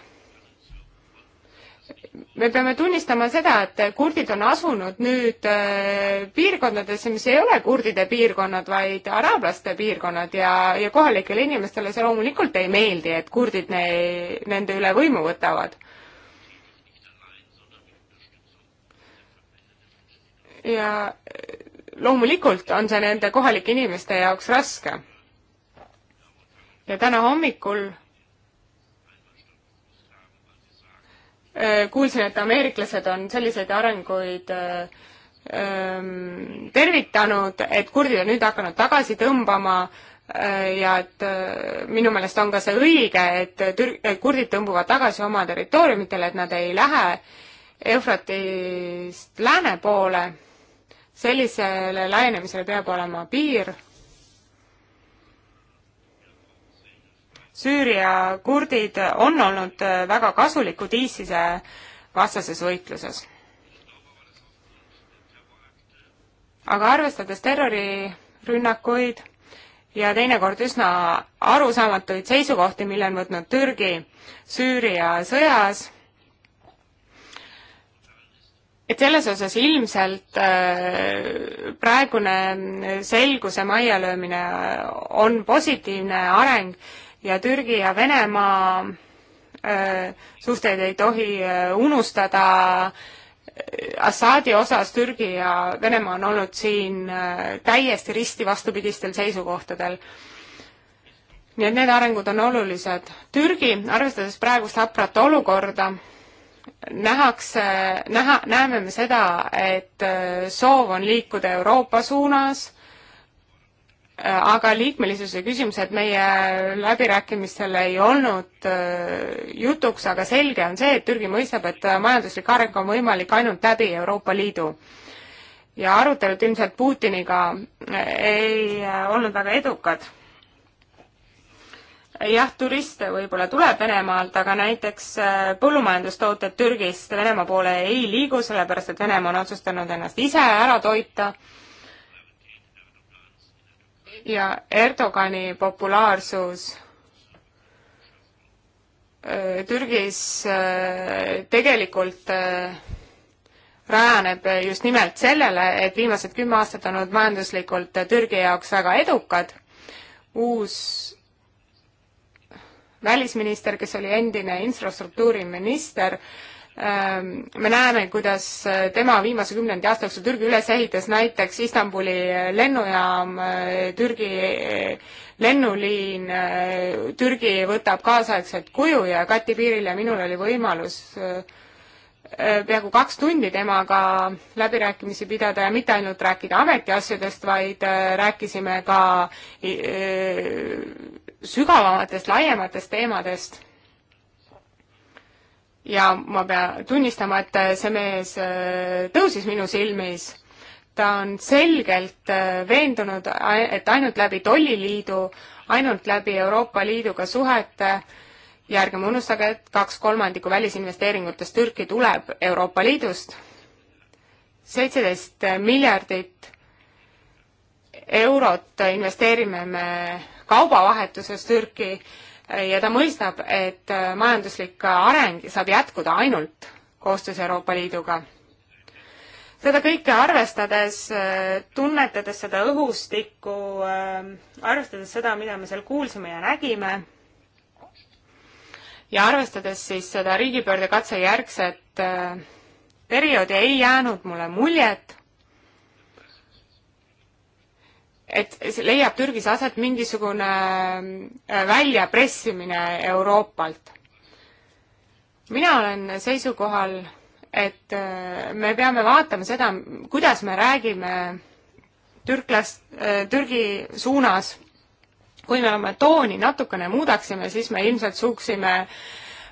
Speaker 3: me peame tunnistama seda, et kurdid on asunud nüüd äh, piirkondadesse, mis ei ole kurdide piirkonnad, vaid araablaste piirkonnad ja, ja kohalikele inimestele see loomulikult ei meeldi, et kurdid ne-, nende üle võimu võtavad. ja äh, loomulikult on see nende kohalike inimeste jaoks raske. ja täna hommikul Äh, kuulsin, et ameeriklased on selliseid arenguid äh, ähm, tervitanud, et kurdid on nüüd hakanud tagasi tõmbama äh, ja et minu meelest on ka see õige, et tür-, kurdid tõmbuvad tagasi oma territooriumitele, et nad ei lähe Eufratist lääne poole. sellisele laienemisele peab olema piir Süüria kurdid on olnud äh, väga kasulikud ISISe vastases võitluses. aga arvestades terrorirünnakuid ja teinekord üsna arusaamatuid seisukohti, mille on võtnud Türgi Süüria sõjas, et selles osas ilmselt äh, praegune selguse majja löömine on positiivne areng ja Türgi ja Venemaa äh, suhteid ei tohi äh, unustada. Assaadi osas Türgi ja Venemaa on olnud siin äh, täiesti risti vastupidistel seisukohtadel. nii et need arengud on olulised. Türgi, arvestades praegust haprat olukorda, nähakse, näha, näeme me seda, et soov on liikuda Euroopa suunas Äh, aga liikmelisuse küsimused meie läbirääkimistel ei olnud äh, jutuks, aga selge on see, et Türgi mõistab, et äh, majanduslik areng on võimalik ainult läbi Euroopa Liidu. ja arutelud ilmselt Putiniga ei olnud väga edukad. jah, turiste võib-olla tuleb Venemaalt, aga näiteks põllumajandustooted Türgist Venemaa poole ei liigu, sellepärast et Venemaa on otsustanud ennast ise ära toita ja Erdogani populaarsus äh, Türgis äh, tegelikult äh, rajaneb just nimelt sellele, et viimased kümme aastat on olnud majanduslikult Türgi jaoks väga edukad. uus välisminister, kes oli endine infrastruktuuriminister, Ehm, me näeme, kuidas äh, tema viimase kümnendi aasta jooksul Türgi üles ehitas näiteks Istanbuli äh, lennujaam, äh, Türgi lennuliin, Türgi võtab kaasaegset kuju ja Kati Piiril ja minul oli võimalus peaaegu kaks tundi temaga läbirääkimisi pidada ja mitte ainult rääkida ametiasjadest, vaid rääkisime ka sügavamatest, laiematest teemadest ja ma pean tunnistama, et see mees äh, tõusis minu silmis. ta on selgelt äh, veendunud, et ainult läbi tolliliidu, ainult läbi Euroopa Liiduga suhete ja ärgem unustage, et kaks kolmandikku välisinvesteeringutest Türki tuleb Euroopa Liidust. seitseteist miljardit eurot investeerime me kaubavahetuses Türki ja ta mõistab, et äh, majanduslik äh, areng saab jätkuda ainult koostöös Euroopa Liiduga. seda kõike arvestades, äh, tunnetades seda õhustikku, arvestades seda, mida me seal kuulsime ja nägime, ja arvestades siis seda riigipöörde katse järgset perioodi, ei jäänud mulle muljet, et leiab Türgis aset mingisugune äh, väljapressimine Euroopalt. mina olen seisukohal, et äh, me peame vaatama seda, kuidas me räägime türklast, äh, Türgi suunas. kui me oma tooni natukene muudaksime, siis me ilmselt suuksime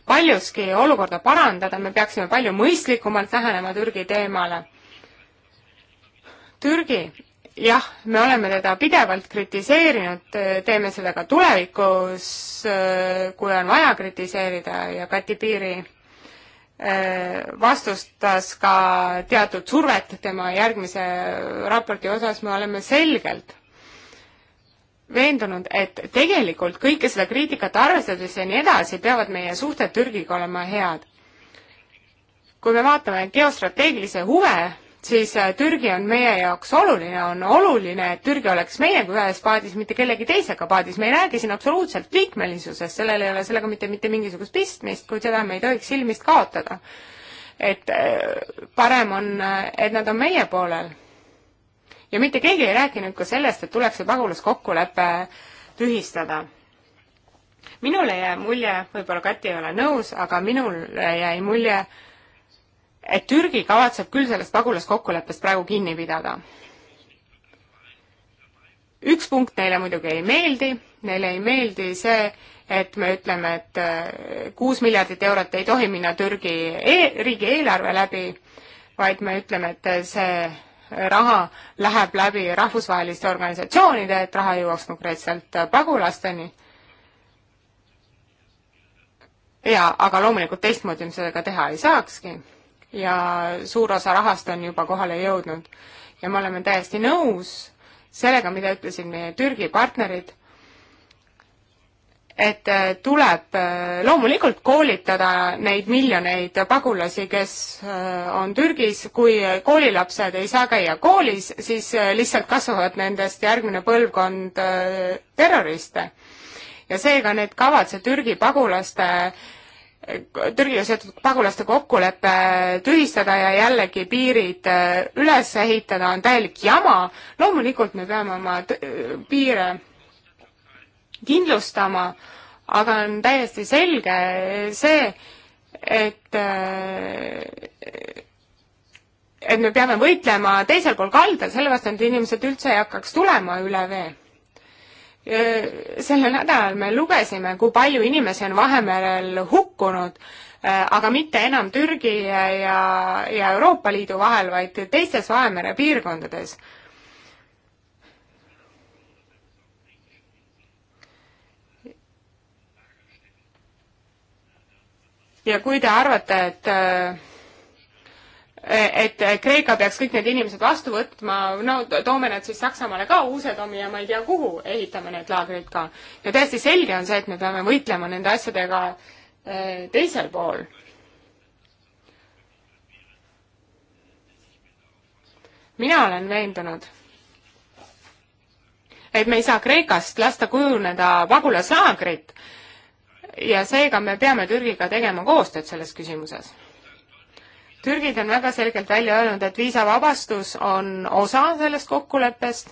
Speaker 3: paljuski olukorda parandada, me peaksime palju mõistlikumalt lähenema Türgi teemale. Türgi jah, me oleme teda pidevalt kritiseerinud, teeme seda ka tulevikus, kui on vaja kritiseerida ja Kati Piiri äh, vastustas ka teatud survet tema järgmise raporti osas, me oleme selgelt veendunud, et tegelikult kõike seda kriitikat arvestades ja nii edasi, peavad meie suhted Türgiga olema head. kui me vaatame geostrateegilisi huve, siis äh, Türgi on meie jaoks oluline, on oluline, et Türgi oleks meiega ühes paadis, mitte kellegi teisega paadis, me ei räägi siin absoluutselt liikmelisusest, sellel ei ole sellega mitte, mitte mingisugust pistmist, kuid seda me ei tohiks silmist kaotada. et äh, parem on, äh, et nad on meie poolel. ja mitte keegi ei rääkinud ka sellest, et tuleks see pagulaskokkulepe tühistada minule jäi mulje, võib-olla Kati ei ole nõus, aga minule jäi mulje, et Türgi kavatseb küll sellest pagulaskokkuleppest praegu kinni pidada. üks punkt neile muidugi ei meeldi, neile ei meeldi see, et me ütleme, et äh, kuus miljardit eurot ei tohi minna Türgi e riigieelarve läbi, vaid me ütleme, et see raha läheb läbi rahvusvaheliste organisatsioonide, et raha jõuaks konkreetselt äh, pagulasteni. jaa, aga loomulikult teistmoodi me seda ka teha ei saakski ja suur osa rahast on juba kohale jõudnud. ja me oleme täiesti nõus sellega, mida ütlesid meie Türgi partnerid, et äh, tuleb äh, loomulikult koolitada neid miljoneid pagulasi, kes äh, on Türgis, kui koolilapsed ei saa käia koolis, siis lihtsalt kasvavad nendest järgmine põlvkond terroriste ja seega need kavad, see Türgi pagulaste Türgiga seotud pagulaste kokkulepe tühistada ja jällegi piirid äh, üles ehitada on täielik jama. loomulikult me peame oma piire kindlustama, aga on täiesti selge see, et äh, et me peame võitlema teisel pool kalda, sellepärast et inimesed üldse ei hakkaks tulema üle vee sellel nädalal me lugesime, kui palju inimesi on Vahemerel hukkunud, aga mitte enam Türgi ja, ja Euroopa Liidu vahel, vaid teistes Vahemere piirkondades. ja kui te arvate, et et Kreeka peaks kõik need inimesed vastu võtma, no toome nad siis Saksamaale ka, Uusedomi ja ma ei tea kuhu, ehitame need laagrid ka. ja täiesti selge on see, et me peame võitlema nende asjadega äh, teisel pool. mina olen veendunud, et me ei saa Kreekast lasta kujuneda pagulaslaagrit ja seega me peame Türgiga tegema koostööd selles küsimuses Türgid on väga selgelt välja öelnud, et viisavabastus on osa sellest kokkuleppest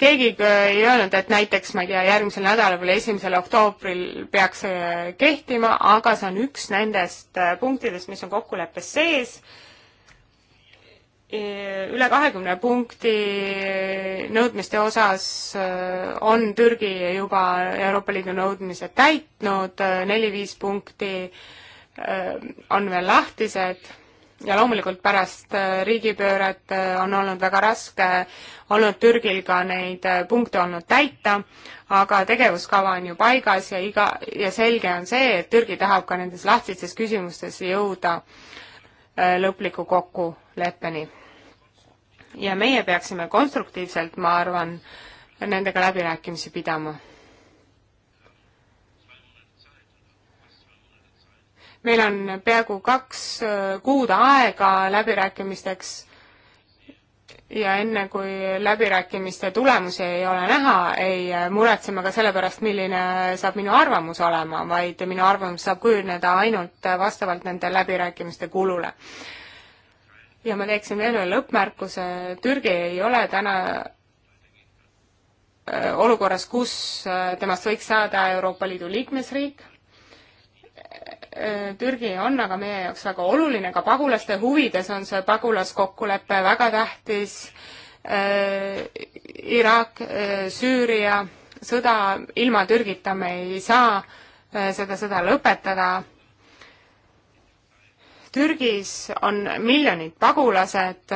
Speaker 3: keegi ei öelnud, et näiteks, ma ei tea, järgmisel nädalal või esimesel oktoobril peaks kehtima, aga see on üks nendest punktidest, mis on kokkuleppes sees üle kahekümne punkti nõudmiste osas äh, on Türgi juba Euroopa Liidu nõudmised täitnud, äh, neli-viis punkti äh, on veel lahtised ja loomulikult pärast riigipööret on olnud väga raske olnud Türgil ka neid punkte olnud täita, aga tegevuskava on ju paigas ja iga, ja selge on see, et Türgi tahab ka nendes lahtistes küsimustes jõuda äh, Äh, lõpliku kokkuleppeni. ja meie peaksime konstruktiivselt, ma arvan, nendega läbirääkimisi pidama. meil on peaaegu kaks äh, kuud aega läbirääkimisteks ja enne, kui läbirääkimiste tulemusi ei ole näha, ei muretse ma ka selle pärast, milline saab minu arvamus olema, vaid minu arvamus saab kujuneda ainult vastavalt nende läbirääkimiste kulule. ja ma teeksin veel ühe lõppmärkuse, Türgi ei ole täna äh, olukorras, kus äh, temast võiks saada Euroopa Liidu liikmesriik Äh, Türgi on aga meie jaoks väga oluline, ka pagulaste huvides on see pagulaskokkulepe väga tähtis. Äh, Iraak, äh, Süüria sõda, ilma Türgita me ei saa seda sõda lõpetada. Türgis on miljonid pagulased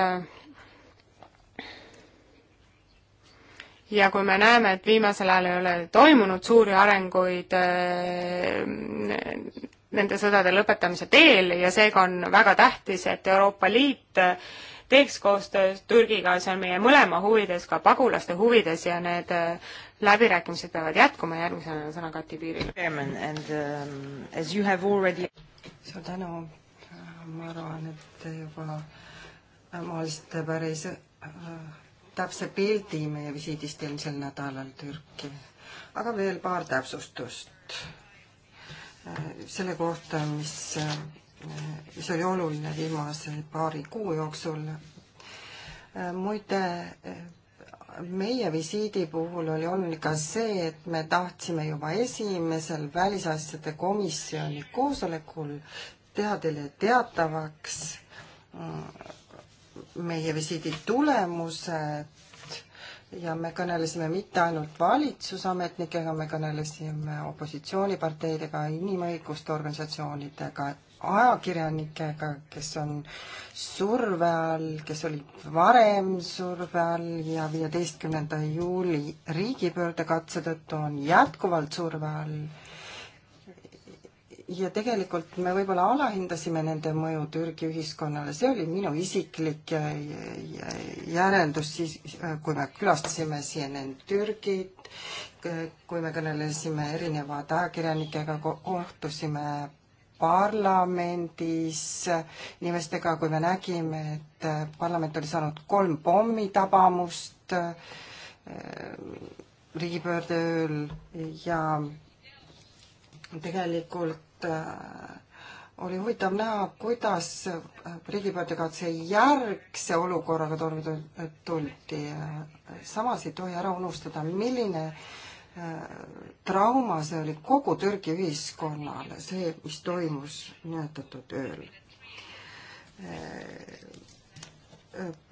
Speaker 3: ja kui me näeme, et viimasel ajal ei ole toimunud suuri arenguid nende sõdade lõpetamise teel ja seega on väga tähtis, et Euroopa Liit teeks koostööd Türgiga, see on meie mõlema huvides, ka pagulaste huvides ja need äh, läbirääkimised peavad jätkuma järgmisena sõna Kati Piiril. Um,
Speaker 1: suur tänu, ma arvan, et te juba maalisite päris äh, täpse pildi meie visiidist eelmisel nädalal Türki. aga veel paar täpsustust selle kohta, mis, mis oli oluline viimase paari kuu jooksul. muide, meie visiidi puhul oli oluline ka see, et me tahtsime juba esimesel välisasjade komisjoni koosolekul teha teile teatavaks mm, meie visiidi tulemused ja me kõnelesime mitte ainult valitsusametnikega, me kõnelesime opositsiooniparteidega, inimõiguste organisatsioonidega, ajakirjanikega, kes on surve all, kes olid varem surve all ja viieteistkümnenda juuli riigipöördekatse tõttu on jätkuvalt surve all ja tegelikult me võib-olla alahindasime nende mõju Türgi ühiskonnale, see oli minu isiklik äh, järeldus siis, äh, kui me külastasime CNN Türgit, äh, kui me kõnelesime erinevate ajakirjanikega, kohtusime parlamendis inimestega, kui me nägime, et parlament oli saanud kolm pommitabamust riigipöörde ööl ja tegelikult Äh, oli huvitav näha, kuidas riigipöördekatse järgse olukorraga toime tuldi. samas ei tohi ära unustada, milline äh, trauma see oli kogu Türgi ühiskonnale, see, mis toimus nimetatud ööl. Äh,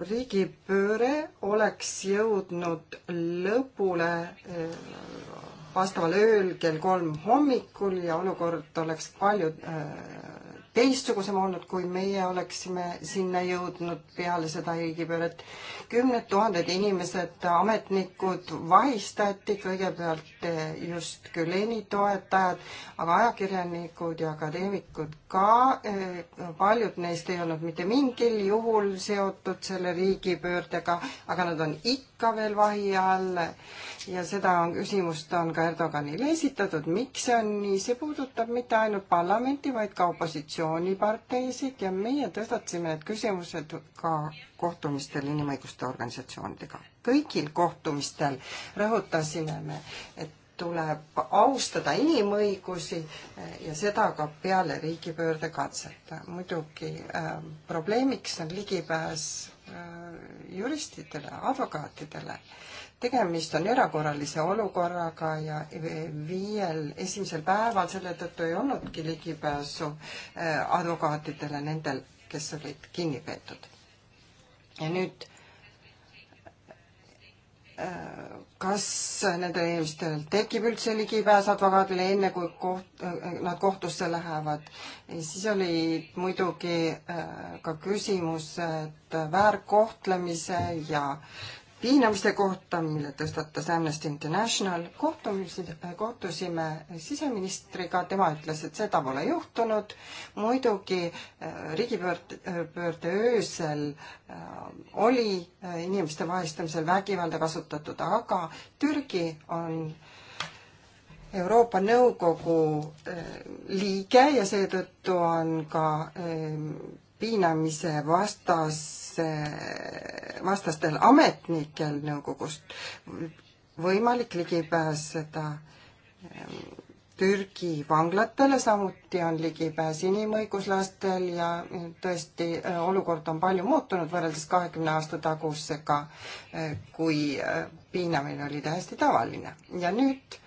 Speaker 1: riigipööre oleks jõudnud lõpule vastaval ööl kell kolm hommikul ja olukord oleks palju äh, teistsugusem olnud, kui meie oleksime sinna jõudnud peale seda riigipööret. kümned tuhanded inimesed, ametnikud vahistati, kõigepealt äh, just küll ENI toetajad, aga ajakirjanikud ja akadeemikud ka. Äh, paljud neist ei olnud mitte mingil juhul seotud selle riigipöördega, aga nad on ikka veel vahi all ja seda on, küsimust on ka Erdoganile esitatud, miks see on nii, see puudutab mitte ainult parlamenti, vaid ka opositsiooniparteisid ja meie tõstatasime need küsimused ka kohtumistel inimõiguste organisatsioonidega. kõigil kohtumistel rõhutasime me, et tuleb austada inimõigusi ja seda ka peale riigipöördekatset. muidugi äh, probleemiks on ligipääs äh, juristidele, advokaatidele äh, tegemist on erakorralise olukorraga ja viiel esimesel päeval selle tõttu ei olnudki ligipääsu äh, advokaatidele nendel, kes olid kinni peetud. ja nüüd äh, kas nendel inimestel tekib üldse ligipääs advokaadile, enne kui koht, äh, nad kohtusse lähevad. siis oli muidugi ka küsimus väärkohtlemise ja piinamiste kohta, mille tõstatas Amnesty International. kohtumised, äh, kohtusime siseministriga, tema ütles, et seda pole juhtunud. muidugi äh, riigipöörde, äh, pöörde öösel oli inimeste vahistamisel vägivalda kasutatud, aga Türgi on Euroopa Nõukogu liige ja seetõttu on ka ähm, piinamise vastas, vastastel ametnikel nõukogust võimalik ligi pääseda ehm, Türgi vanglatele, samuti on ligipääs inimõiguslastel ja ehm, tõesti ehm, olukord on palju muutunud võrreldes kahekümne aasta tagusega, kui piinamine oli täiesti tavaline. ja nüüd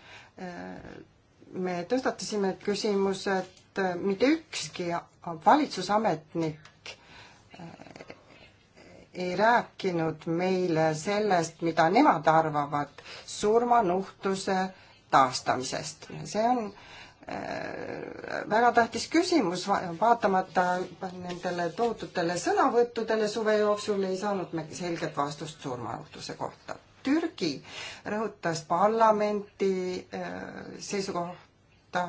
Speaker 1: me tõstatasime küsimused et äh, mitte ükski valitsusametnik äh, ei rääkinud meile sellest, mida nemad arvavad surmanuhtluse taastamisest. see on äh, väga tähtis küsimus, vaatamata nendele tohututele sõnavõttudele suve jooksul ei saanud me selget vastust surmanuhtluse kohta. Türgi rõhutas parlamenti seisukohta,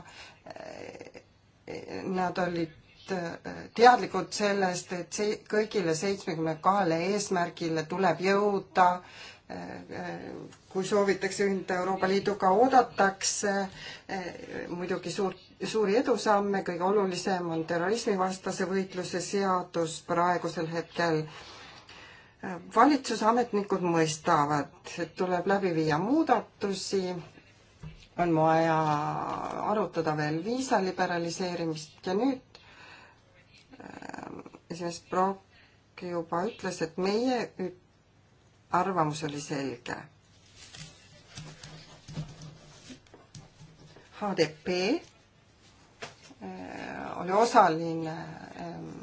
Speaker 1: nad olid äh, teadlikud sellest, et see kõigile seitsmekümne kahele eesmärgile tuleb jõuda. Äh, äh, kui soovitakse ühineda Euroopa Liiduga, oodatakse muidugi suurt, suuri edusamme, kõige olulisem on terrorismivastase võitluse seadus praegusel hetkel valitsusametnikud mõistavad, et tuleb läbi viia muudatusi on vaja arutada veel viisa liberaliseerimist ja nüüd äh, esimees Brock juba ütles, et meie arvamus oli selge. HDP äh, oli osaline ähm,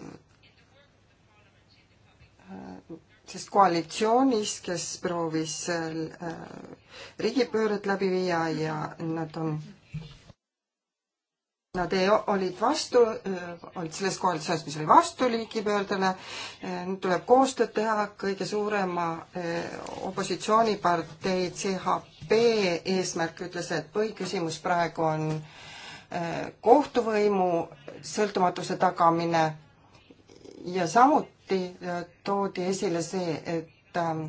Speaker 1: sest koalitsioonis, kes proovis äh, riigipööret läbi viia ja nad on, nad ei, olid vastu, äh, olid selles koalitsioonis, mis oli vastu riigipöördele. Äh, nüüd tuleb koostööd teha kõige suurema opositsioonipartei CHP eesmärk ütles, et põhiküsimus praegu on kohtuvõimu sõltumatuse tagamine ja samuti äh, toodi esile see, et ähm,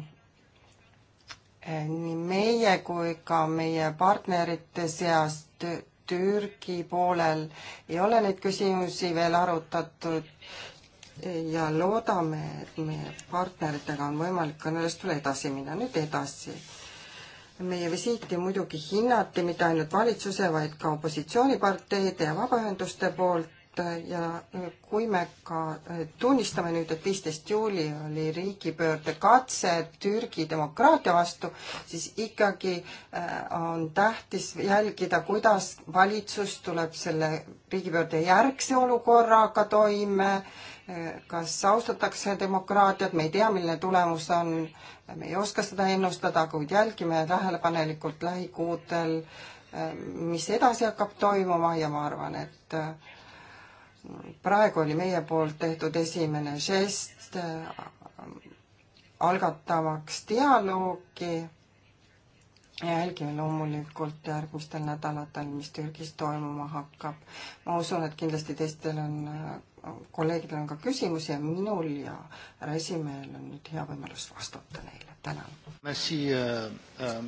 Speaker 1: äh, nii meie kui ka meie partnerite seas Türgi poolel ei ole neid küsimusi veel arutatud ja loodame, et meie partneritega on võimalik kõnelustele edasi minna. nüüd edasi. meie visiiti muidugi hinnati mitte ainult valitsuse, vaid ka opositsiooniparteide ja vabaühenduste poolt Äh, ja äh, kui me ka äh, tunnistame nüüd, et viisteist juuli oli riigipöörde katse Türgi demokraatia vastu, siis ikkagi on tähtis jälgida, kuidas valitsus tuleb selle riigipöörde järgse olukorraga toime, kas austatakse demokraatiat, me ei tea, milline tulemus on, me ei oska seda ennustada, kuid jälgime tähelepanelikult lähikuudel mis edasi hakkab toimuma ja ma arvan, et praegu oli meie poolt tehtud esimene žest äh, algatamaks dialoogi ja jälgime loomulikult järgmistel nädalatel, mis Türgis toimuma hakkab. ma usun, et kindlasti teistel on, äh, kolleegidel on ka küsimusi ja minul ja härra esimehel on nüüd hea võimalus vastata neile.
Speaker 2: tänan. Äh,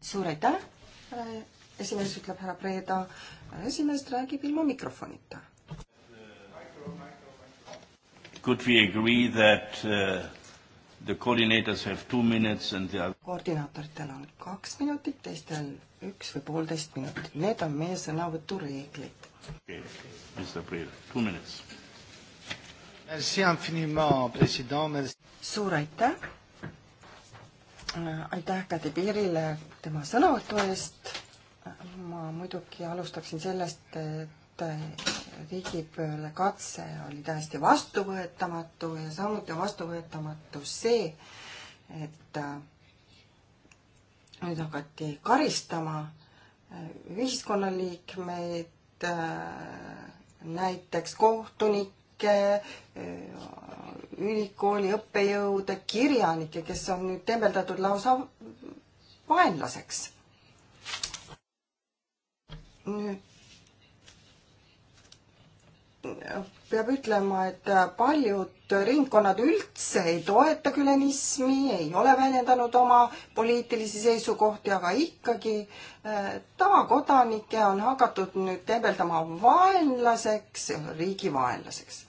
Speaker 2: suur
Speaker 1: aitäh, härra esimees, ütleb härra Preeda esimees räägib ilma mikrofonita. Could we agree that uh, the coordinators have two minutes and the other koordinaatoritel on kaks minutit, teistel üks või poolteist minutit, need on meie sõnavõtureeglid. okei okay., Mr Priil, two minutes. Merci infiniment, president. suur aitäh. Äh, aitäh Kadi Piirile tema sõnavõtu eest ma muidugi alustaksin sellest, et riigipöörle katse oli täiesti vastuvõetamatu ja samuti vastuvõetamatu see, et äh, nüüd hakati karistama äh, ühiskonnaliikmeid, äh, näiteks kohtunikke, ülikooli õppejõude, kirjanikke, kes on nüüd tembeldatud lausa vaenlaseks nüüd peab ütlema, et paljud ringkonnad üldse ei toeta külenismi, ei ole väljendanud oma poliitilisi seisukohti, aga ikkagi eh, tavakodanikke on hakatud nüüd tembeldama vaenlaseks, riigi vaenlaseks.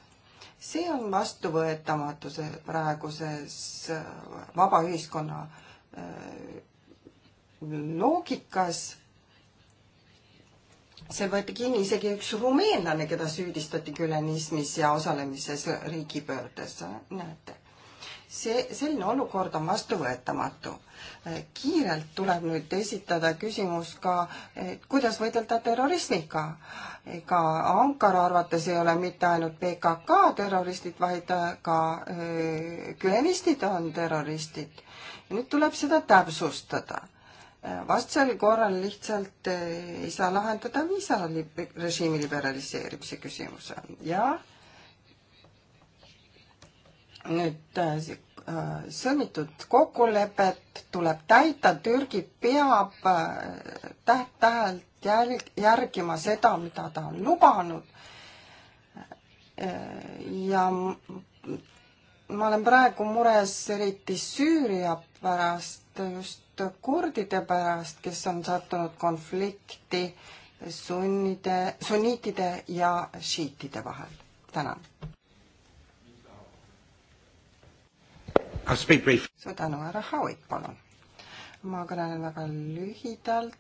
Speaker 1: see on vastuvõetamatu see praeguses eh, vaba ühiskonna eh, loogikas see võeti kinni isegi üks rumeenlane, keda süüdistati külenismis ja osalemises riigipöördes, näete. see, selline olukord on vastuvõetamatu. kiirelt tuleb nüüd esitada küsimus ka, et kuidas võidelda terrorismiga. ega Ankara arvates ei ole mitte ainult PKK terroristid, vaid ka öö, äh, külenistid on terroristid. nüüd tuleb seda täpsustada vastasel korral lihtsalt eh, ei saa lahendada viisarežiimi liberaliseerimise küsimuse ja nüüd eh, eh, sõlmitud kokkulepet tuleb täita, Türgi peab täht-tähelt jälg-, järgima seda, mida ta on lubanud. ja ma olen praegu mures eriti Süüria pärast just kurdide pärast, kes on sattunud konflikti sunnide, sunniitide ja šiitide vahel. tänan. suur tänu, härra Howitt, palun. ma kõnelen väga lühidalt,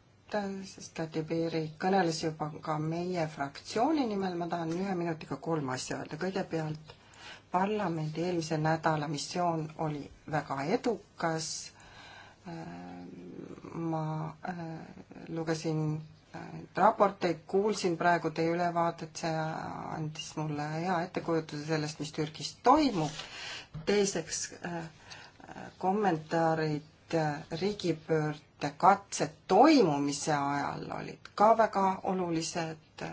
Speaker 1: sest Läti Piiri kõneles juba ka meie fraktsiooni nimel, ma tahan ühe minutiga kolm asja öelda. kõigepealt parlamendi eelmise nädala missioon oli väga edukas ma äh, lugesin äh, raporteid, kuulsin praegu teie ülevaadet, see andis mulle hea ettekujutuse sellest, mis Türgis toimub. teiseks äh, kommentaarid riigipöörde katse toimumise ajal olid ka väga olulised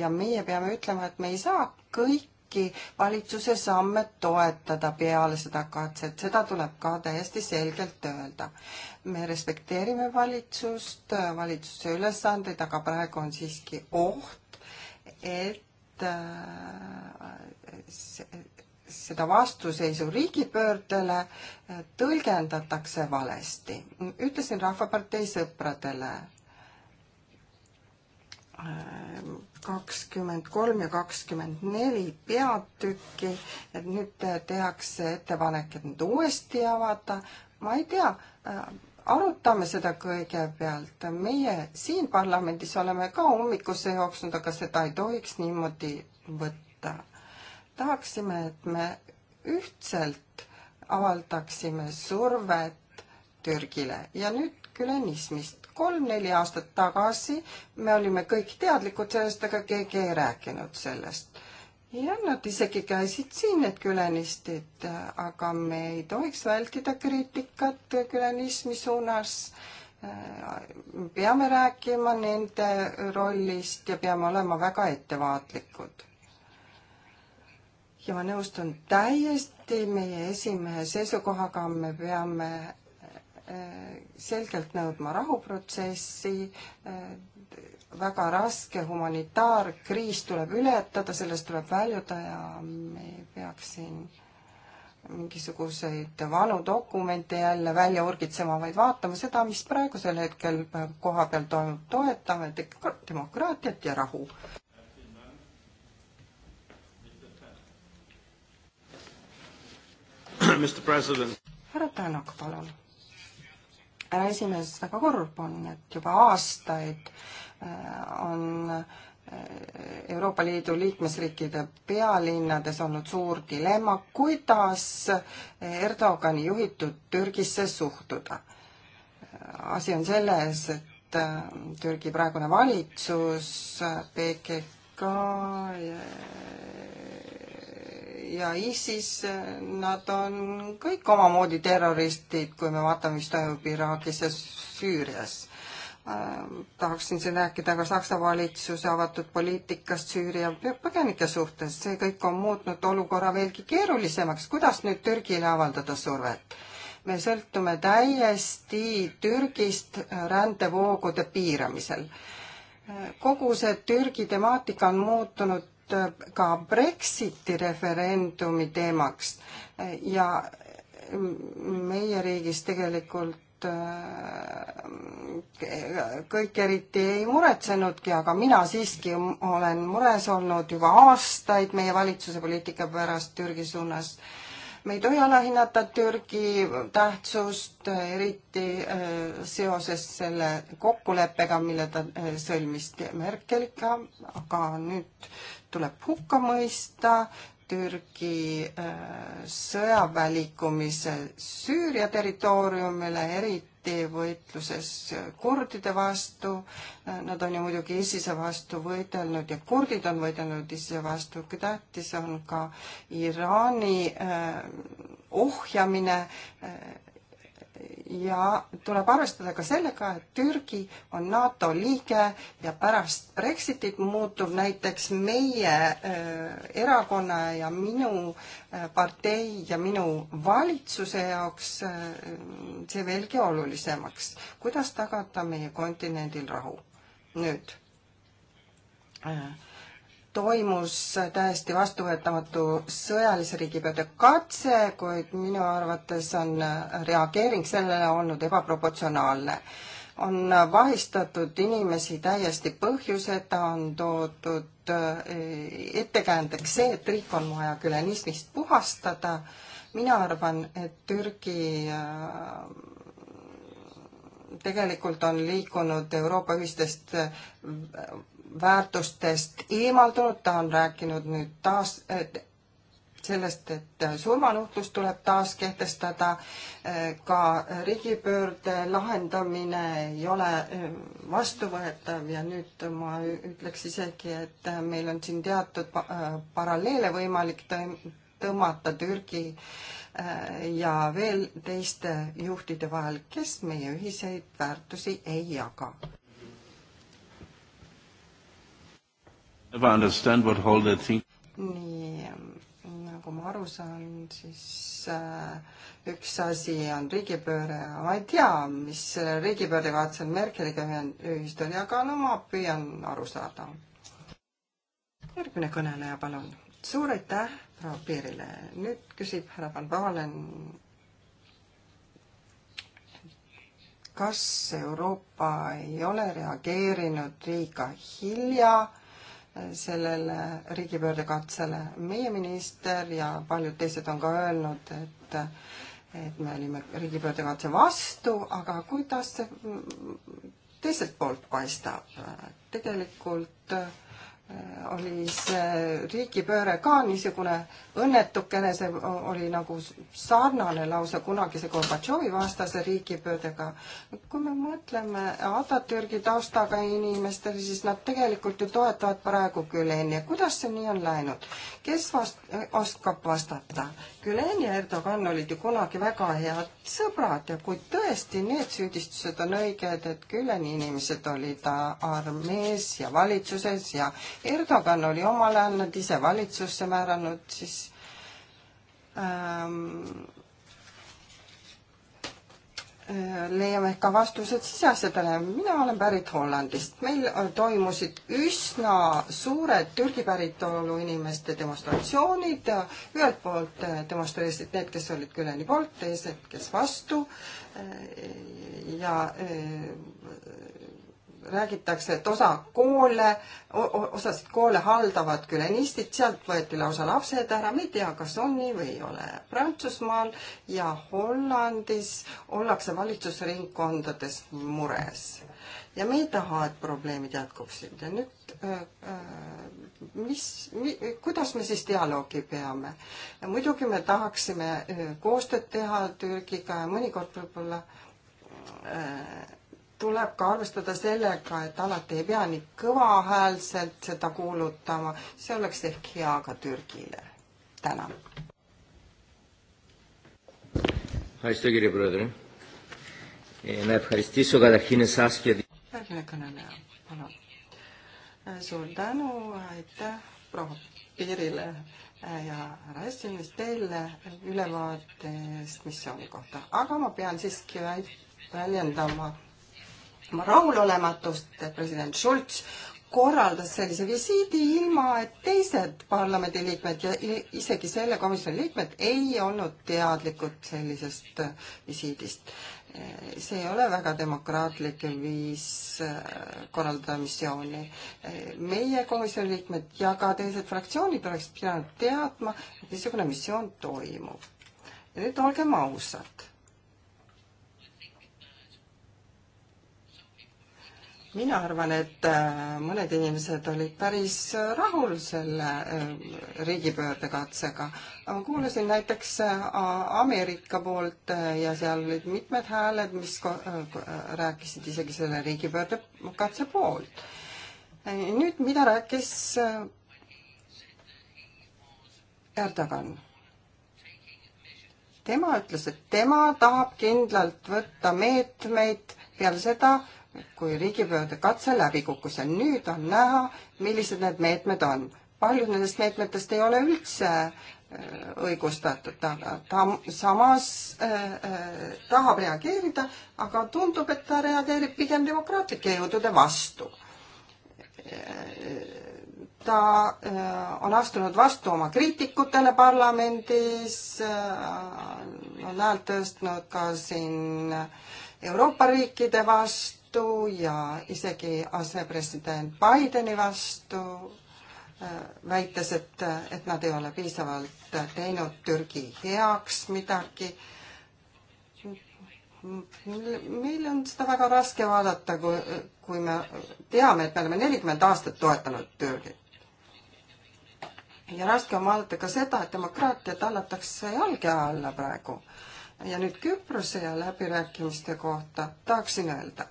Speaker 1: ja meie peame ütlema, et me ei saa kõik kõiki valitsuse samme toetada peale seda katset, seda tuleb ka täiesti selgelt öelda. me respekteerime valitsust, valitsuse ülesandeid, aga praegu on siiski oht, et äh, seda vastuseisu riigipöördele äh, tõlgendatakse valesti. ütlesin Rahvapartei sõpradele kakskümmend kolm ja kakskümmend neli peatükki, et nüüd tehakse ettepanek, et need uuesti avada. ma ei tea, äh, arutame seda kõigepealt. meie siin parlamendis oleme ka ummikusse jooksnud, aga seda ei tohiks niimoodi võtta. tahaksime, et me ühtselt avaldaksime survet Türgile ja nüüd külenismist kolm-neli aastat tagasi me olime kõik teadlikud sellest, aga keegi ei rääkinud sellest. ja nad isegi käisid siin, need külenistid, aga me ei tohiks vältida kriitikat külenismi suunas. peame rääkima nende rollist ja peame olema väga ettevaatlikud ja ma nõustun täiesti meie esimehe seisukohaga, me peame Äh, selgelt nõudma rahuprotsessi, äh, väga raske humanitaarkriis tuleb ületada, sellest tuleb väljuda ja me ei peaks siin mingisuguseid vanu dokumente jälle välja urgitsema, vaid vaatama seda, mis praegusel hetkel koha peal toimub, toetame demokraatiat ja rahu.
Speaker 3: härra
Speaker 1: Tänak, palun härra esimees, väga kurb on, et juba aastaid äh, on äh, Euroopa Liidu liikmesriikide pealinnades olnud suur dilemma, kuidas Erdogani juhitud Türgisse suhtuda. asi on selles, et äh, Türgi praegune valitsus, PKK ja ISIS, nad on kõik omamoodi terroristid, kui me vaatame, mis toimub Iraagis ja Süürias. Äh, tahaksin siin rääkida ka Saksa valitsuse avatud poliitikast Süüria põgenike suhtes, see kõik on muutnud olukorra veelgi keerulisemaks, kuidas nüüd Türgile avaldada survet? me sõltume täiesti Türgist rändevoogude piiramisel äh, kogu see Türgi temaatika on muutunud olnud äh, ka Brexiti referendumi teemaks ja meie riigis tegelikult äh, kõik eriti ei muretsenudki, aga mina siiski olen mures olnud juba aastaid meie valitsuse poliitika pärast Türgi suunas. me ei tohi alahinnata Türgi tähtsust, eriti äh, seoses selle kokkuleppega, mille ta sõlmis Merkeliga, aga nüüd tuleb hukka mõista, Türgi äh, sõja välikumise Süüria territooriumile, eriti võitluses kurdide vastu. Äh, nad on ju muidugi ISISe vastu võidelnud ja kurdid on võidelnud ISISe vastu, kui tähtis on ka Iraani äh, ohjamine ja tuleb arvestada ka sellega, et Türgi on NATO liige ja pärast Brexitit muutub näiteks meie äh, erakonna ja minu äh, partei ja minu valitsuse jaoks äh, see veelgi olulisemaks. kuidas tagada meie kontinendil rahu? nüüd äh, toimus täiesti vastuvõetamatu sõjalise riigipöörde katse, kuid minu arvates on reageering sellele olnud ebaproportsionaalne. on vahistatud inimesi täiesti põhjuseta, on toodud eh, ettekäändeks see, et riik on vaja külenismist puhastada. mina arvan, et Türgi äh, tegelikult on liikunud Euroopa ühistest äh, väärtustest eemaldunud, ta on rääkinud nüüd taas äh, sellest, et surmanuhtlus tuleb taas kehtestada, äh, ka riigipöörde lahendamine ei ole äh, vastuvõetav ja nüüd ma ütleks isegi, et meil on siin teatud paralleele võimalik tõmmata Türgi ja veel teiste juhtide vahel, kes meie ühiseid väärtusi ei jaga. nii nagu ma aru saan, siis äh, üks asi on riigipööre, ma ei tea, mis riigipöörde kavatsen Merkeliga ühistada, aga no ma püüan aru saada. järgmine kõneleja, palun. suur aitäh proua Piirile. nüüd küsib härra Van Valen. kas Euroopa ei ole reageerinud liiga hilja sellele riigipöördekatsele. meie minister ja paljud teised on ka öelnud, et et me olime riigipöördekatse vastu, aga kuidas see teiselt poolt paistab? tegelikult äh, Äh, oli see riigipööre ka niisugune õnnetukene, see oli nagu sarnane lausa kunagise Gorbatšovi vastase riigipöördega. kui me mõtleme Atatürgi taustaga inimestele, siis nad tegelikult ju toetavad praegu Güleni ja kuidas see nii on läinud? kes vast-, oskab vastata? Güleni ja Erdogan olid ju kunagi väga head sõbrad ja kui tõesti need süüdistused on õiged, et Güleni inimesed olid armees ja valitsuses ja Erdogan oli omal ajal nad ise valitsusse määranud, siis ähm, leiame ka vastused siseasjadele. mina olen pärit Hollandist. meil toimusid üsna suured Türgi päritolu inimeste demonstratsioonid. ühelt poolt äh, demonstreerisid need, kes olid küljeni poolt, teised, kes vastu. Äh, ja äh, räägitakse, et osa koole, osasid koole haldavad külenistid, sealt võeti lausa lapsed ära, me ei tea, kas on nii või ei ole. Prantsusmaal ja Hollandis ollakse valitsusringkondades mures ja me ei taha, et probleemid jätkuksid ja nüüd äh, äh, mis, mis, kuidas me siis dialoogi peame? muidugi me tahaksime äh, koostööd teha Türgiga ja mõnikord võib-olla äh, tuleb ka arvestada sellega, et alati ei pea nii kõvahäälselt seda kuulutama, see oleks ehk hea ka Türgile. tänan.
Speaker 2: E, järgmine
Speaker 1: kõneleja, palun. E, suur tänu, aitäh proua Piirile e, ja härra esimees teile ülevaate eest missiooni kohta, aga ma pean siiski väljendama oma rahulolematust, et president Schulz korraldas sellise visiidi ilma, et teised parlamendiliikmed ja isegi selle komisjoni liikmed ei olnud teadlikud sellisest visiidist. see ei ole väga demokraatlik viis äh, korraldada missiooni. meie komisjoni liikmed ja ka teised fraktsioonid oleks pidanud teadma, et niisugune missioon toimub. ja nüüd olgem ausad mina arvan, et äh, mõned inimesed olid päris äh, rahul selle äh, riigipöördekatsega, aga ma kuulasin näiteks Ameerika poolt ja seal olid mitmed hääled, mis rääkisid isegi selle riigipöördekatse poolt. nüüd, mida rääkis Erdogan? tema ütles, et tema tahab kindlalt võtta meetmeid peale seda, kui riigipöörde katse läbi kukkus ja nüüd on näha, millised need meetmed on. paljud nendest meetmetest ei ole üldse äh, õigustatud, aga ta samas äh, äh, tahab reageerida, aga tundub, et ta reageerib pigem demokraatlike jõudude vastu. ta äh, on astunud vastu oma kriitikutele parlamendis äh,, on häält tõstnud ka siin Euroopa riikide vastu, vastu ja isegi asepresident Bideni vastu, äh, väites, et, et nad ei ole piisavalt teinud Türgi heaks midagi. meil on seda väga raske vaadata, kui, kui me teame, et me oleme nelikümmend aastat toetanud Türgit. ja raske on vaadata ka seda, et demokraatia tallatakse jalge alla praegu ja nüüd Küprose ja läbirääkimiste kohta tahaksin öelda,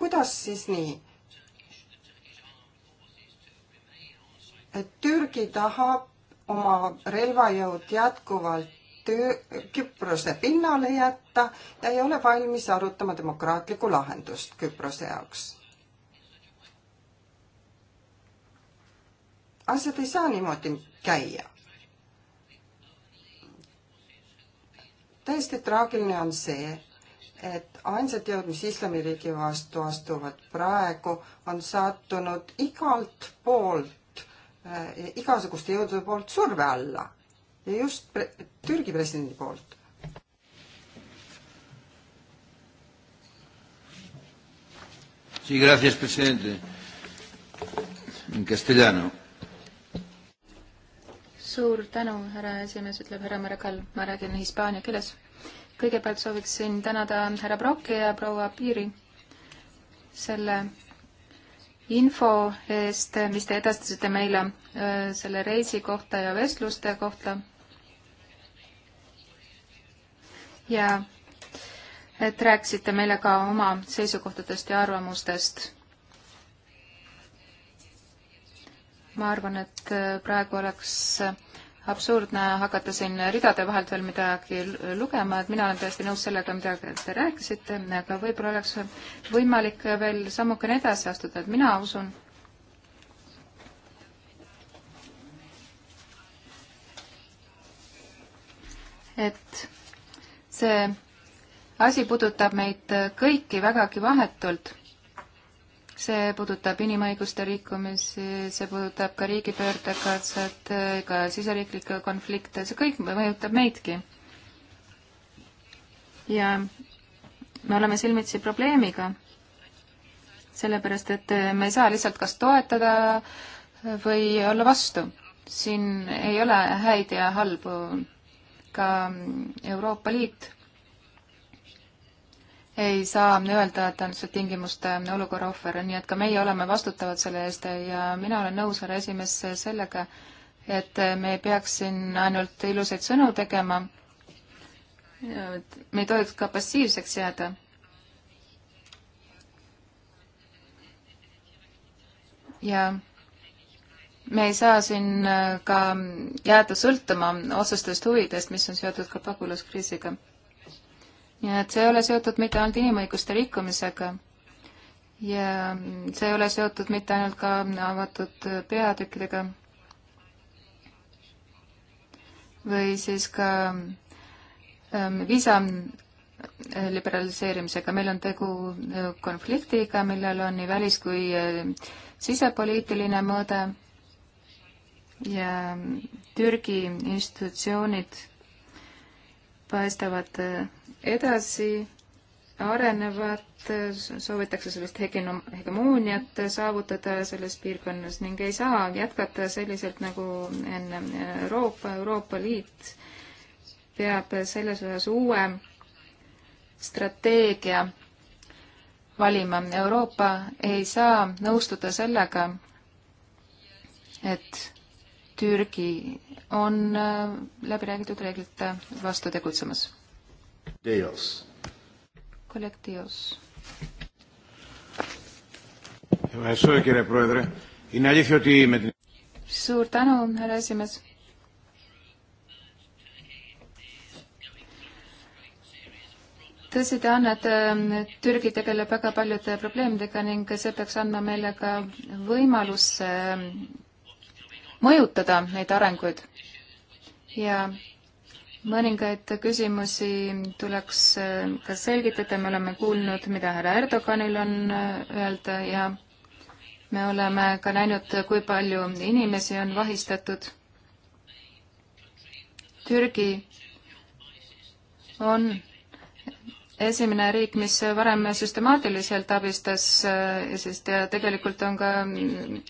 Speaker 1: kuidas siis nii? et Türgi tahab oma relvajõud jätkuvalt töö, Küprose pinnale jätta ja ei ole valmis arutama demokraatlikku lahendust Küprose jaoks. asjad ei saa niimoodi käia. täiesti traagiline on see, et ainsad jõud, mis islamiriigi vastu astuvad praegu, on sattunud igalt poolt äh,, igasuguste jõudude poolt surve alla ja just pre Türgi presidendi poolt.
Speaker 2: Sí, gracias, presidente. En castellano. suur tänu, härra esimees, ütleb härra Marekal, ma räägin hispaania keeles kõigepealt sooviksin tänada härra Brocki ja proua Piiri selle info eest, mis te edastasite meile äh, selle reisi kohta ja vestluste kohta. ja et rääkisite meile ka oma seisukohtadest ja arvamustest. ma arvan, et äh, praegu oleks absurdne hakata siin ridade vahelt veel midagi lugema, et mina olen täiesti nõus sellega, mida te rääkisite, aga võib-olla oleks võimalik veel sammukene edasi astuda, et mina usun, et see asi puudutab meid kõiki vägagi vahetult see puudutab inimõiguste rikkumisi, see puudutab ka riigipöördekatset, ka siseriiklikke konflikte, see kõik mõjutab meidki. ja me oleme silmitsi probleemiga, sellepärast et me ei saa lihtsalt kas toetada või olla vastu. siin ei ole häid ja halbu, ka Euroopa Liit ei saa öelda, et ta on lihtsalt tingimuste olukorra ohver, nii et ka meie oleme vastutavad selle eest ja mina olen nõus, härra esimees, sellega, et me ei peaks siin ainult ilusaid sõnu tegema. me ei tohiks ka passiivseks jääda. ja me ei saa siin ka jääda sõltuma otsestest huvidest, mis on seotud ka pagulaskriisiga nii et see ei ole seotud mitte ainult inimõiguste rikkumisega ja see ei ole seotud mitte ainult ka avatud peatükkidega või siis ka ähm, viisa äh, liberaliseerimisega. meil on tegu äh, konfliktiga, millel on nii välis- kui äh, sisepoliitiline mõõde ja ähm, Türgi institutsioonid paistavad edasi arenevad, soovitakse sellist hegemooniat saavutada selles piirkonnas ning ei saa jätkata selliselt nagu enne Euroopa, Euroopa Liit peab selles osas uue strateegia valima. Euroopa ei saa nõustuda sellega, et Türgi on läbi räägitud reeglite vastu tegutsemas Deos. kolleeg Deos. suur tänu, härra esimees tõsi ta on, et äh, Türgi tegeleb väga paljude probleemidega ning see peaks andma meile ka võimaluse äh, mõjutada neid arenguid. ja mõningaid küsimusi tuleks äh, ka selgitada, me oleme kuulnud, mida härra Erdoganil on äh, öelda ja me oleme ka näinud, kui palju inimesi on vahistatud. Türgi on esimene riik, mis varem süstemaatiliselt abistas äh, ja siis ja tegelikult on ka mm,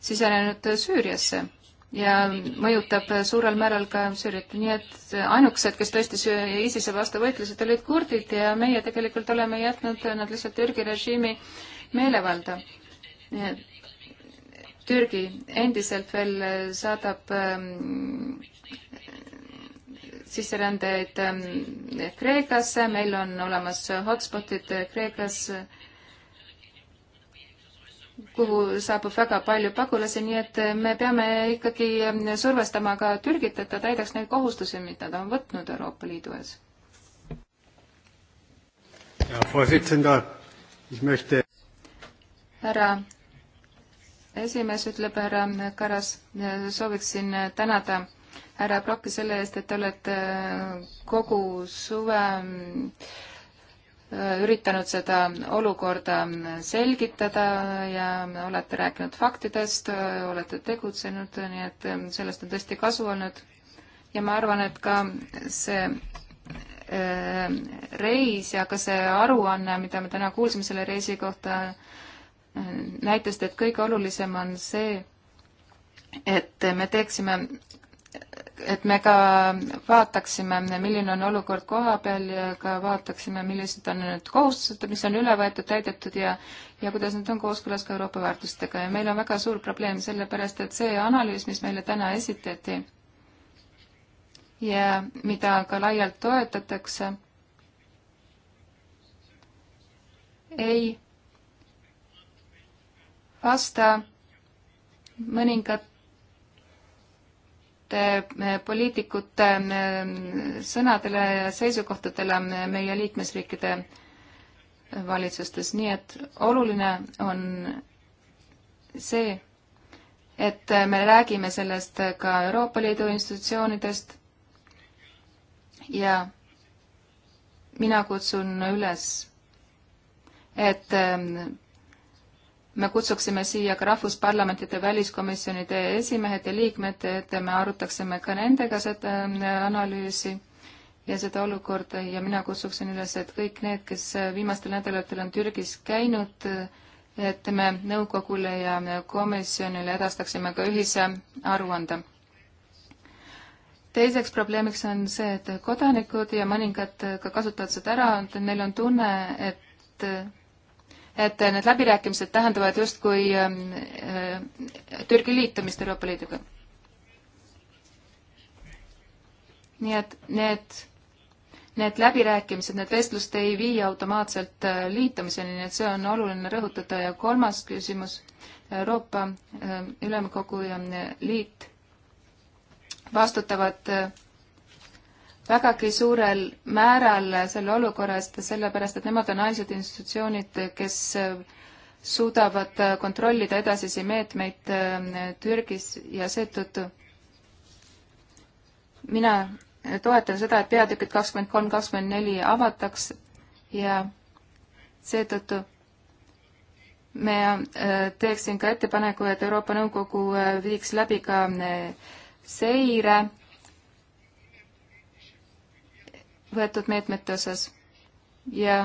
Speaker 2: sisenenud Süüriasse ja mõjutab suurel määral ka Süüriat. nii et ainukesed, kes tõesti ISISe vastu võitlesid, olid kurdid ja meie tegelikult oleme jätnud nad lihtsalt Türgi režiimi meelevalda. Türgi endiselt veel saadab ähm, sisserändajaid ähm, Kreekasse, meil on olemas hotspotid Kreekas kuhu saabub väga palju pagulasi, nii et me peame ikkagi survestama ka Türgit, et ta täidaks neid kohustusi, mida ta on võtnud Euroopa Liidu ees. härra esimees ütleb härra Karas, sooviksin tänada härra Brocki selle eest, et te olete kogu suve üritanud seda olukorda selgitada ja olete rääkinud faktidest, olete tegutsenud, nii et sellest on tõesti kasu olnud. ja ma arvan, et ka see äh, reis ja ka see aruanne, mida me täna kuulsime selle reisi kohta, äh, näitas, et kõige olulisem on see, et me teeksime et me ka vaataksime, milline on olukord koha peal ja ka vaataksime, millised on need kohustused, mis on üle võetud, täidetud ja ja kuidas need on kooskõlas ka Euroopa väärtustega ja meil on väga suur probleem sellepärast, et see analüüs, mis meile täna esitati ja mida ka laialt toetatakse, ei vasta mõningat Eh, poliitikute eh, sõnadele ja seisukohtadele meie liikmesriikide valitsustes, nii et oluline on see, et me räägime sellest ka Euroopa Liidu institutsioonidest ja mina kutsun üles, et eh, me kutsuksime siia ka rahvusparlamentide väliskomisjonide esimehed ja liikmed, et me arutaksime ka nendega seda äh, analüüsi ja seda olukorda ja mina kutsuksin üles, et kõik need, kes äh, viimastel nädalatel on Türgis käinud, äh, et me nõukogule ja komisjonile edastaksime ka ühise aruande. teiseks probleemiks on see, et kodanikud ja mõningad ka kasutavad seda ära, et neil on tunne, et et need läbirääkimised tähendavad justkui ähm, äh, Türgi liitumist Euroopa Liiduga. nii et need, need läbirääkimised, need vestlust ei vii automaatselt äh, liitumiseni, nii et see on oluline rõhutada ja kolmas küsimus, Euroopa äh, Ülemkogu ja liit vastutavad vägagi suurel määral selle olukorra eest, sellepärast et nemad on ainsad institutsioonid, kes äh, suudavad äh, kontrollida edasisi meetmeid äh, Türgis ja seetõttu mina toetan seda, et peatükid kakskümmend kolm, kakskümmend neli avataks ja seetõttu me teeksin ka ettepaneku, et Euroopa Nõukogu viiks läbi ka seire võetud meetmete osas ja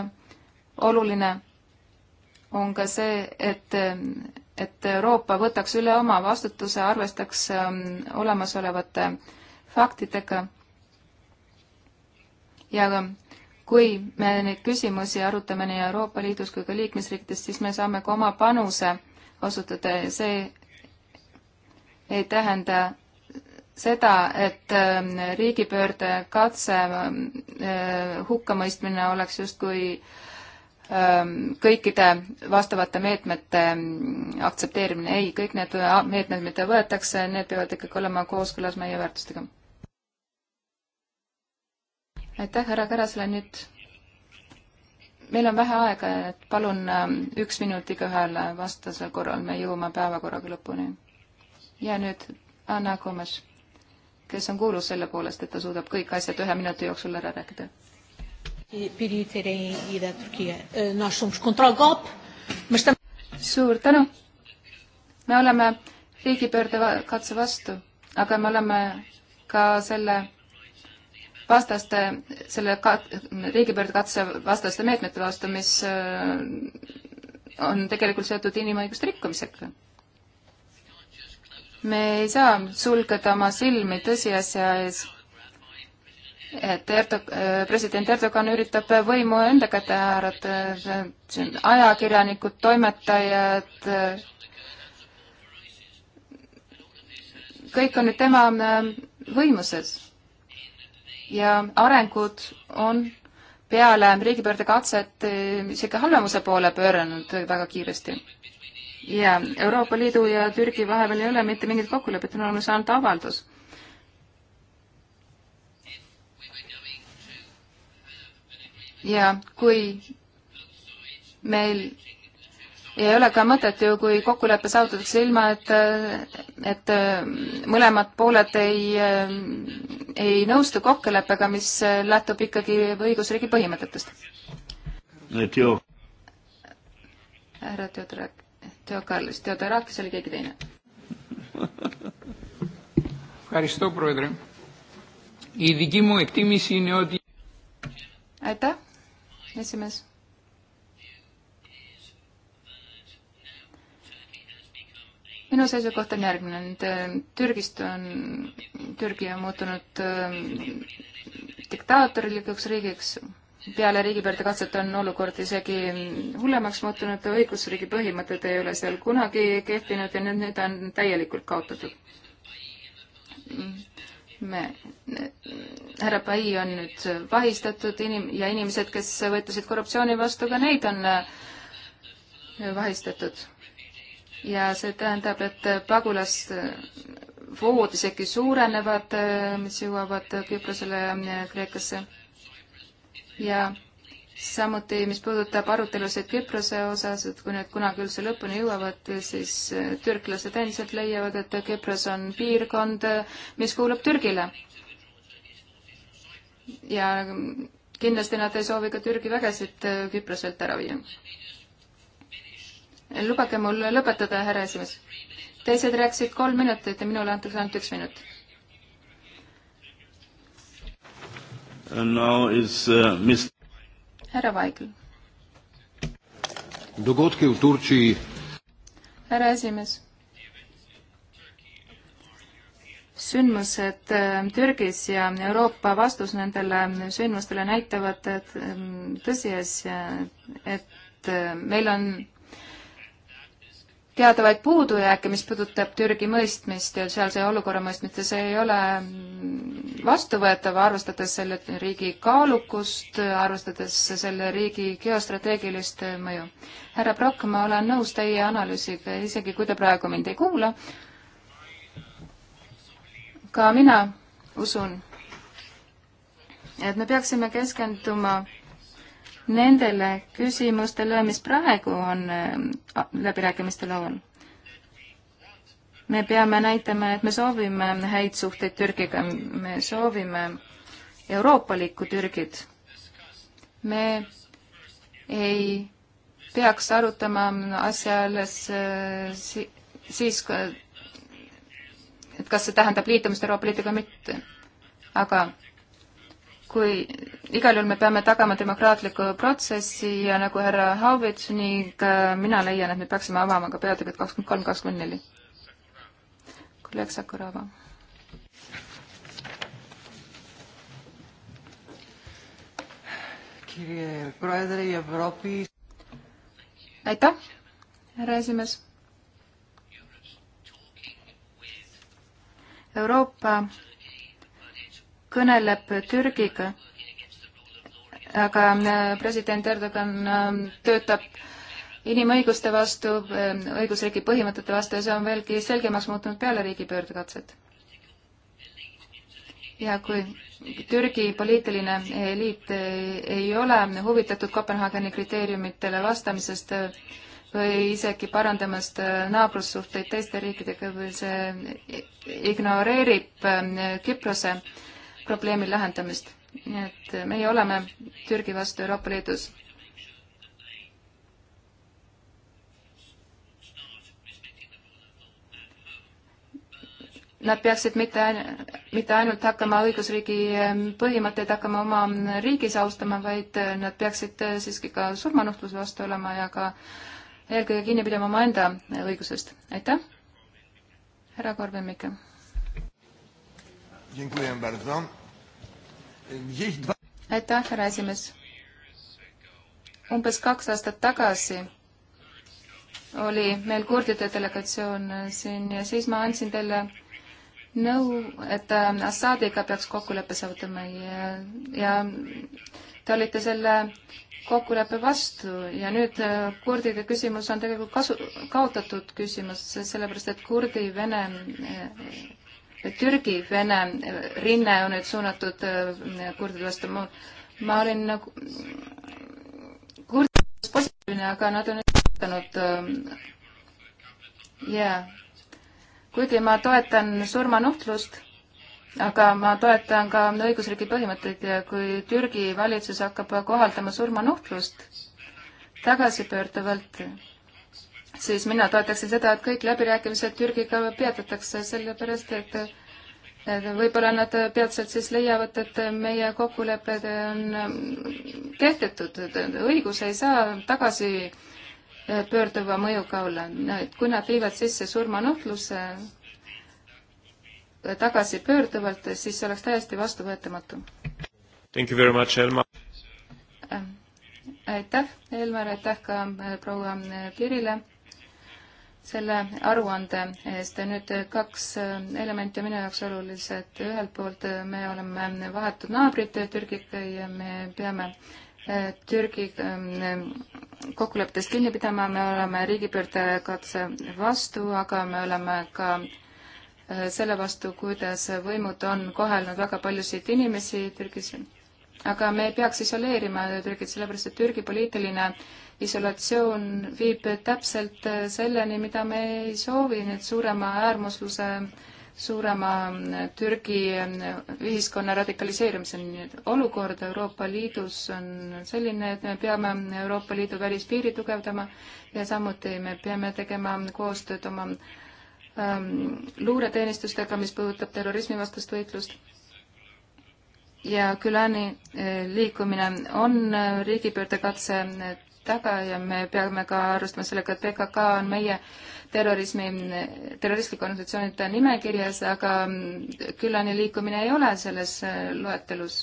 Speaker 2: oluline on ka see, et, et Euroopa võtaks üle oma vastutuse, arvestaks ähm, olemasolevate faktidega. ja kui me neid küsimusi arutame nii Euroopa Liidus kui ka liikmesriikides, siis me saame ka oma panuse osutada ja see ei tähenda, seda, et äh, riigipöörde katse äh, hukkamõistmine oleks justkui ähm, kõikide vastavate meetmete mm, aktsepteerimine, ei, kõik need äh, meetmed, mida võetakse, need peavad ikkagi olema kooskõlas meie väärtustega. aitäh härra Kärasele, nüüd meil on vähe aega, et palun ähm, üks minut igaühele, vastasel korral me jõuame päevakorraga lõpuni. ja nüüd Anna Komes kes on kuulus selle poolest, et ta suudab kõik asjad ühe minuti jooksul ära rääkida. suur tänu. me oleme riigipöördekatse vastu, aga me oleme ka selle vastaste, selle ka-, riigipöördekatse vastaste meetmete vastu, mis äh, on tegelikult seotud inimõiguste rikkumisega me ei saa sulgeda oma silmi tõsiasja ees, et Erdo-, äh, president Erdogan üritab võimu enda kätte haarata, siin ajakirjanikud, toimetajad, äh, kõik on nüüd tema äh, võimuses. ja arengud on peale riigipöörde katset isegi halvemuse poole pööranud väga kiiresti ja Euroopa Liidu ja Türgi vahepeal ei ole mitte mingit kokkulepet, on olemas ainult avaldus. ja kui meil ja ei ole ka mõtet ju, kui kokkulepe saavutatakse ilma, et, et mõlemad pooled ei, ei nõustu kokkuleppega, mis lähtub ikkagi õigusriigi põhimõtetest. härra Teodorek. Teo äh, Kallis, Teo Tarakis oli keegi teine. aitäh, esimees. minu seisukoht on järgmine, et äh, Türgist on, Türgi on muutunud äh, diktaatorlikuks riigiks peale riigipöörde katset on olukord isegi hullemaks muutunud, õigusriigi põhimõtted ei ole seal kunagi kehtinud ja nüüd need on täielikult kaotatud. me, härra Pai on nüüd vahistatud inim- ja inimesed, kes võitlesid korruptsiooni vastu, ka neid on äh, vahistatud. ja see tähendab, et pagulasvood isegi suurenevad, äh, mis jõuavad Küprosele ja Kreekasse ja samuti, mis puudutab arutelusid Küprose osas, et kui need kunagi üldse lõpuni jõuavad, siis eh, türklased endiselt leiavad, et Küpros on piirkond, mis kuulub Türgile. ja kindlasti nad ei soovi ka Türgi vägesid eh, Küproselt ära viia. lubage mul lõpetada, härra esimees. teised rääkisid kolm minutit ja minule antakse ainult üks minut
Speaker 1: Uh,
Speaker 2: härra Vaigel. härra esimees sündmused ähm, Türgis ja Euroopa vastus nendele sündmustele näitavad ähm, tõsiasja, et äh, meil on teadavaid puudujääke, mis puudutab Türgi mõistmist ja sealse olukorra mõistmist ja see ei ole mm, vastuvõetav, arvestades selle riigi kaalukust, arvestades selle riigi geostrateegilist mõju. härra Prokk, ma olen nõus teie analüüsiga, isegi kui te praegu mind ei kuula. ka mina usun, et me peaksime keskenduma nendele küsimustele, mis praegu on äh, läbirääkimiste laual. me peame näitama, et me soovime häid suhteid Türgiga, me soovime euroopalikku Türgit. me ei peaks arutama asja alles äh, siis, et kas see tähendab liitumist Euroopa Liiduga või mitte. aga kui igal juhul me peame tagama demokraatliku protsessi ja nagu härra Haavits ning äh, mina leian, et me peaksime avama ka peatükid kakskümmend kolm, kakskümmend neli. kolleeg Sakurova. aitäh, härra esimees. Euroopa kõneleb Türgiga, aga äh, president Erdogan äh, töötab inimõiguste vastu, äh, õigusriigi põhimõtete vastu ja see on veelgi selgemaks muutunud peale riigipöördekatset. ja kui Türgi poliitiline eliit ei ole huvitatud Kopenhaageni kriteeriumitele vastamisest või isegi parandamast naabrussuhteid teiste riikidega või see ignoreerib Küprose äh, probleemi lahendamist. nii et meie oleme Türgi vastu Euroopa Liidus. Nad peaksid mitte, mitte ainult hakkama õigusriigi põhimõtteid hakkama oma riigis austama, vaid nad peaksid siiski ka surmanuhtluse vastu olema ja ka eelkõige kinni pidama omaenda õigusest. aitäh! härra Korben Mikke.
Speaker 3: Dziękuję bardzo
Speaker 2: aitäh, härra esimees. umbes kaks aastat tagasi oli meil kurdide delegatsioon siin ja siis ma andsin teile nõu, et äh, Assadiga peaks kokkuleppe saavutama ja, ja te olite selle kokkuleppe vastu ja nüüd äh, kurdide küsimus on tegelikult kasu, kaotatud küsimus, sellepärast et kurdi-vene äh, Türgi-Vene rinne on nüüd suunatud äh, kurdide vastu. ma olin nagu kurdides positiivne, aga nad on nüüd toetanud. Äh, jaa. kuigi ma toetan surmanuhtlust, aga ma toetan ka õigusriigi põhimõtteid ja kui Türgi valitsus hakkab kohaldama surmanuhtlust tagasipöörduvalt, siis mina toetaksin seda, et kõik läbirääkimised Türgiga peatatakse, sellepärast et, et võib-olla nad peatselt siis leiavad, et meie kokkulepped on kehtetud, õigus ei saa tagasi pöörduva mõjuga olla, et kui nad viivad sisse surmanuhtluse tagasipöörduvalt, siis see oleks täiesti vastuvõetamatu.
Speaker 3: Thank you very much, Elmar
Speaker 2: äh, aitäh, Elmar, aitäh ka äh, proua äh, Pirile selle aruande eest. nüüd kaks äh, elementi on minu jaoks olulised. ühelt poolt äh, me oleme vahetud naabrid Türgiga ja me peame äh, Türgi ähm, kokkulepetest kinni pidama, me oleme riigipöördekatse vastu, aga me oleme ka selle vastu, kuidas võimud on kohelnud väga paljusid inimesi Türgis. aga me ei peaks isoleerima Türgit, sellepärast et Türgi poliitiline äh, isolatsioon viib täpselt äh, selleni, mida me ei soovi, nüüd suurema äärmusluse, suurema äh, Türgi äh, ühiskonna radikaliseerumiseni. nii et olukord Euroopa Liidus on selline, et me peame Euroopa Liidu välispiiri tugevdama ja samuti me peame tegema koostööd oma ähm, luureteenistustega, mis puudutab terrorismivastast võitlust ja Gülani liikumine on riigipöördekatse taga ja me peame ka arvestama sellega, et PKK on meie terrorismi, terroristlike organisatsioonide nimekirjas, aga mm, küllane liikumine ei ole selles äh, loetelus.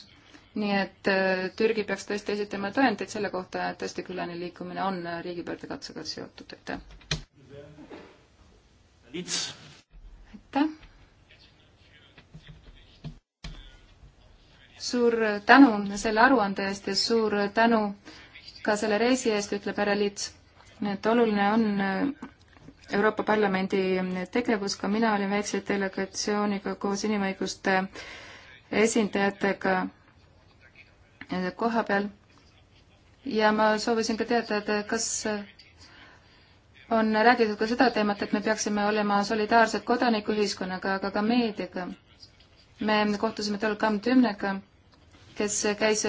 Speaker 2: nii et äh, Türgi peaks tõesti esitama tõendeid selle kohta, et tõesti küllane liikumine on äh, riigipöördekatsega seotud, aitäh. aitäh. suur tänu selle aruande eest ja suur tänu ka selle reisi eest, ütleb härra Liits. et oluline on äh, Euroopa Parlamendi tegevus, ka mina olin väikse delegatsiooniga koos inimõiguste esindajatega äh, koha peal ja ma soovisin ka teada, et äh, kas on räägitud ka seda teemat, et me peaksime olema solidaarsed kodanikuühiskonnaga, aga ka meediaga. me kohtusime tol kamm tümnega kes käis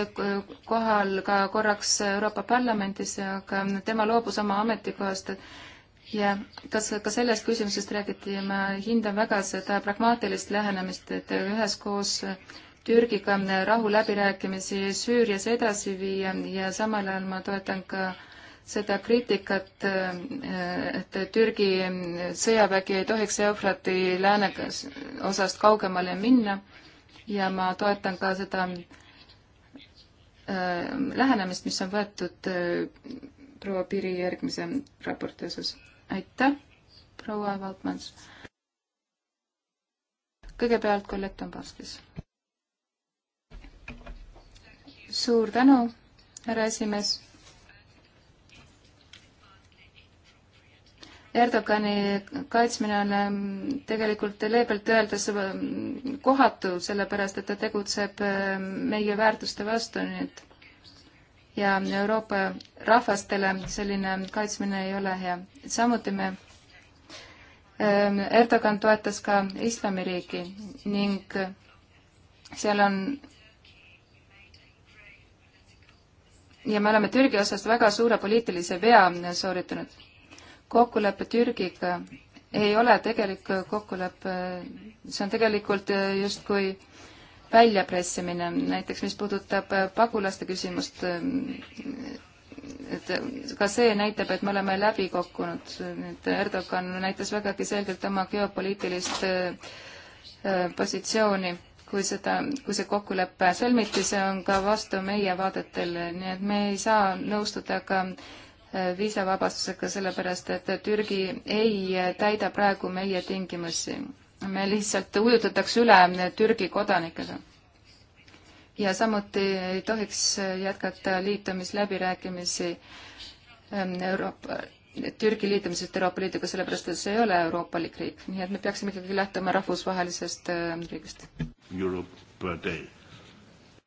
Speaker 2: kohal ka korraks Euroopa Parlamendis, aga tema loobus oma ametikohast ja kas ka sellest küsimusest räägiti, ma hindan väga seda pragmaatilist lähenemist, et üheskoos Türgiga rahuläbirääkimisi Süürias edasi viia ja samal ajal ma toetan ka seda kriitikat, et Türgi sõjavägi ei tohiks Eufrati lääne osast kaugemale minna ja ma toetan ka seda Ähm, lähenemist, mis on võetud äh, proua Piri järgmise raporti osas. aitäh, proua Valtmans. kõigepealt kollekt on vastus. suur tänu, härra esimees Erdogani kaitsmine on ähm, tegelikult leebelt öeldes ähm, kohatu, sellepärast et ta tegutseb ähm, meie väärtuste vastu nüüd. ja Euroopa rahvastele selline kaitsmine ei ole hea. samuti me, Erdogan toetas ka islamiriiki ning seal on ja me oleme Türgi osas väga suure poliitilise vea sooritanud kokkulepe Türgiga ei ole tegelik kokkulepe, see on tegelikult justkui väljapressimine, näiteks mis puudutab pagulaste küsimust, et ka see näitab, et me oleme läbi kukkunud, et Erdogan näitas vägagi selgelt oma geopoliitilist äh, positsiooni, kui seda, kui see kokkulepe sõlmiti, see on ka vastu meie vaadetel, nii et me ei saa nõustuda ka viisavabastusega, sellepärast et Türgi ei täida praegu meie tingimusi. me lihtsalt ujutatakse üle Türgi kodanikega. ja samuti ei tohiks jätkata liitumisläbirääkimisi ähm, Euroopa, Türgi liitumisest Euroopa Liiduga, sellepärast et see ei ole euroopalik riik, nii et me peaksime ikkagi lähtuma rahvusvahelisest ähm, riigist.
Speaker 3: Europe per day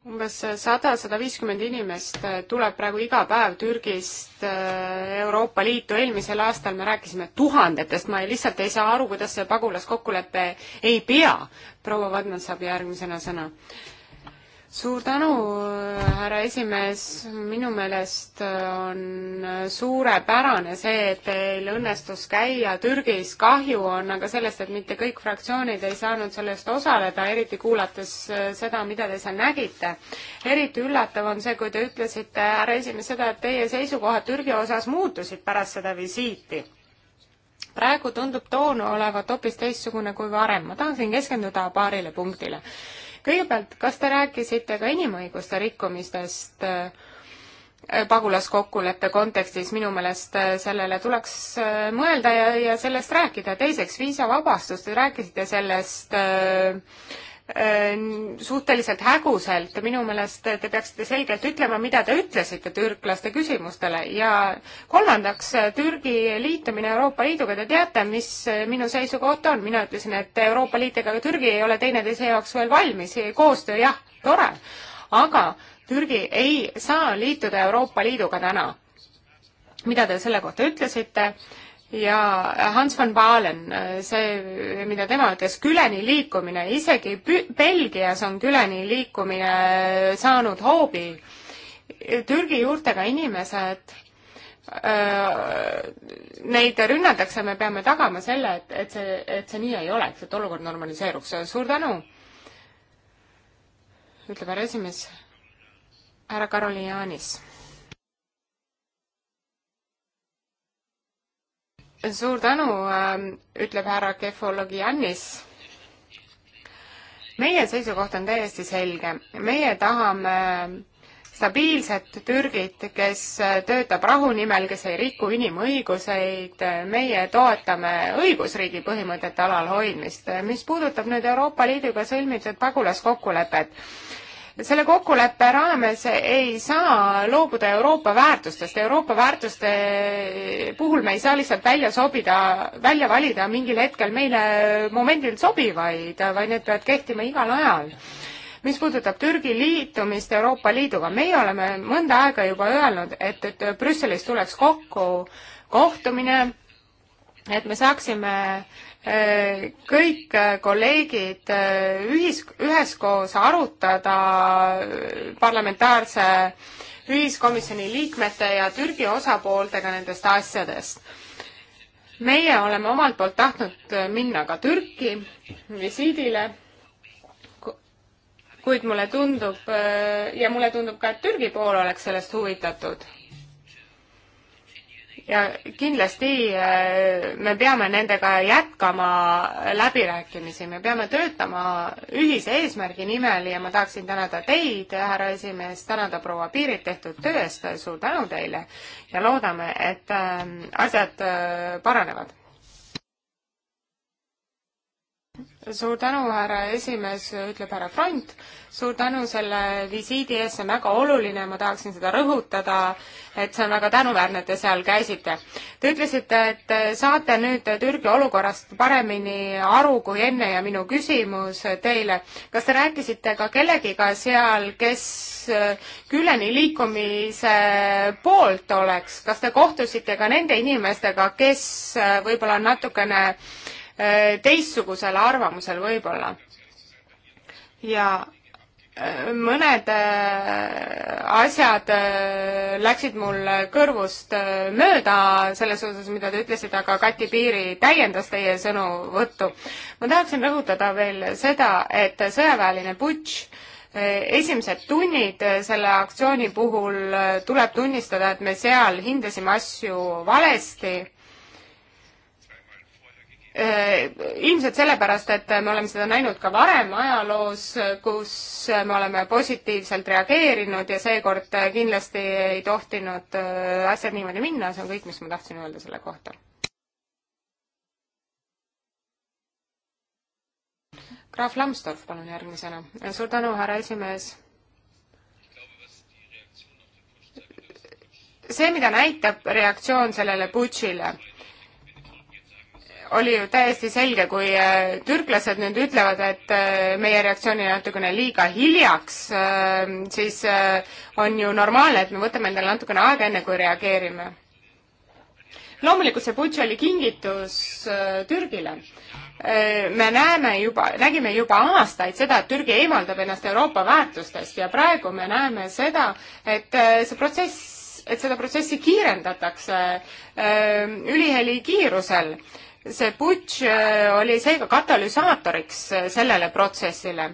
Speaker 3: umbes sada, sada viiskümmend inimest äh, tuleb praegu iga päev Türgist äh, Euroopa Liitu, eelmisel aastal me rääkisime tuhandetest, ma ei, lihtsalt ei saa aru, kuidas see pagulaskokkulepe ei pea. proua Vadman saab järgmisena sõna suur tänu, härra esimees, minu meelest on suurepärane see, et teil õnnestus käia Türgis, kahju on aga sellest, et mitte kõik fraktsioonid ei saanud sellest osaleda, eriti kuulates äh, seda, mida te seal nägite. eriti üllatav on see, kui te ütlesite, härra esimees, seda, et teie seisukohad Türgi osas muutusid pärast seda visiiti praegu tundub toon olevat hoopis teistsugune kui varem. ma tahaksin keskenduda paarile punktile kõigepealt, kas te rääkisite ka inimõiguste rikkumistest äh, pagulaskokkuleppe kontekstis, minu meelest äh, sellele tuleks äh, mõelda ja, ja sellest rääkida. teiseks, viisavabastust, te rääkisite sellest äh, Äh, suhteliselt häguselt, minu meelest te peaksite selgelt ütlema, mida te ütlesite türklaste küsimustele ja kolmandaks, Türgi liitumine Euroopa Liiduga, te teate, mis minu seisukoht on, mina ütlesin, et Euroopa Liit ega ka Türgi ei ole teineteise jaoks veel valmis, koostöö jah, tore, aga Türgi ei saa liituda Euroopa Liiduga täna. mida te selle kohta ütlesite ja äh, Hans van Balen, äh, see, mida tema ütles, küleni liikumine, isegi Belgias on küleni liikumine äh, saanud hoobi. Türgi juurtega inimesed, neid rünnatakse, me peame tagama selle, et, et see, et see nii ei oleks, et olukord normaliseeruks. suur tänu, ütleb härra esimees, härra Karolianis suur tänu, ähm, ütleb härra Kefologiannis. meie seisukoht on täiesti selge, meie tahame ähm, stabiilset Türgit, kes äh, töötab rahu nimel, kes ei riku inimõiguseid, meie toetame õigusriigi põhimõtete alalhoidmist. mis puudutab nüüd Euroopa Liiduga sõlmitud pagulaskokkulepet, selle kokkuleppe raames ei saa loobuda Euroopa väärtustest, Euroopa väärtuste puhul me ei saa lihtsalt välja sobida, välja valida mingil hetkel meile momendil sobivaid, vaid need peavad kehtima igal ajal mis puudutab Türgi liitumist Euroopa Liiduga, meie oleme mõnda aega juba öelnud, et, et Brüsselis tuleks kokku kohtumine, et me saaksime äh, kõik äh, kolleegid äh, ühis, üheskoos arutada äh, parlamentaarse ühiskomisjoni liikmete ja Türgi osapooltega nendest asjadest. meie oleme omalt poolt tahtnud minna ka Türki visiidile, kuid mulle tundub ja mulle tundub ka, et Türgi pool oleks sellest huvitatud ja kindlasti äh, me peame nendega jätkama läbirääkimisi, me peame töötama ühise eesmärgi nimel ja ma tahaksin tänada teid, härra esimees, tänada proua Piirit tehtud töö eest, suur tänu teile ja loodame, et äh, asjad äh, paranevad. suur tänu, härra esimees, ütleb härra Front. suur tänu selle visiidi eest, see on väga oluline, ma tahaksin seda rõhutada, et see on väga tänuväärne, et te seal käisite. Te ütlesite, et saate nüüd Türgi olukorrast paremini aru kui enne ja minu küsimus teile, kas te rääkisite ka kellegiga seal, kes küljeni liikumise poolt oleks, kas te kohtusite ka nende inimestega, kes võib-olla on natukene äh, Äh, teistsugusel arvamusel võib-olla. ja äh, mõned äh, asjad läksid mul kõrvust mööda selles osas, mida te ütlesite, aga Kati Piiri täiendas teie sõnuvõttu. ma tahaksin rõhutada veel seda, et sõjaväeline putš esimesed tunnid selle aktsiooni puhul tuleb tunnistada, et me seal hindasime asju valesti Äh, ilmselt sellepärast, et me oleme seda näinud ka varem ajaloos, kus me oleme positiivselt reageerinud ja seekord kindlasti ei tohtinud äh, asjad niimoodi minna, see on kõik, mis ma tahtsin öelda selle kohta. Graaf Lambsdorff, palun järgmisena. suur tänu, härra esimees. see, mida näitab reaktsioon sellele putšile oli ju täiesti selge, kui äh, türklased nüüd ütlevad, et äh, meie reaktsioon jäi natukene liiga hiljaks, äh, siis on ju normaalne, et me võtame endale natukene aega, enne kui reageerime. loomulikult see Butš oli kingitus Türgile. me näeme juba, nägime juba aastaid seda, et Türgi eemaldab ennast Euroopa väärtustest ja praegu me näeme seda, et see protsess et seda protsessi kiirendatakse üliheli kiirusel see putš äh, oli seega katalüsaatoriks äh, sellele protsessile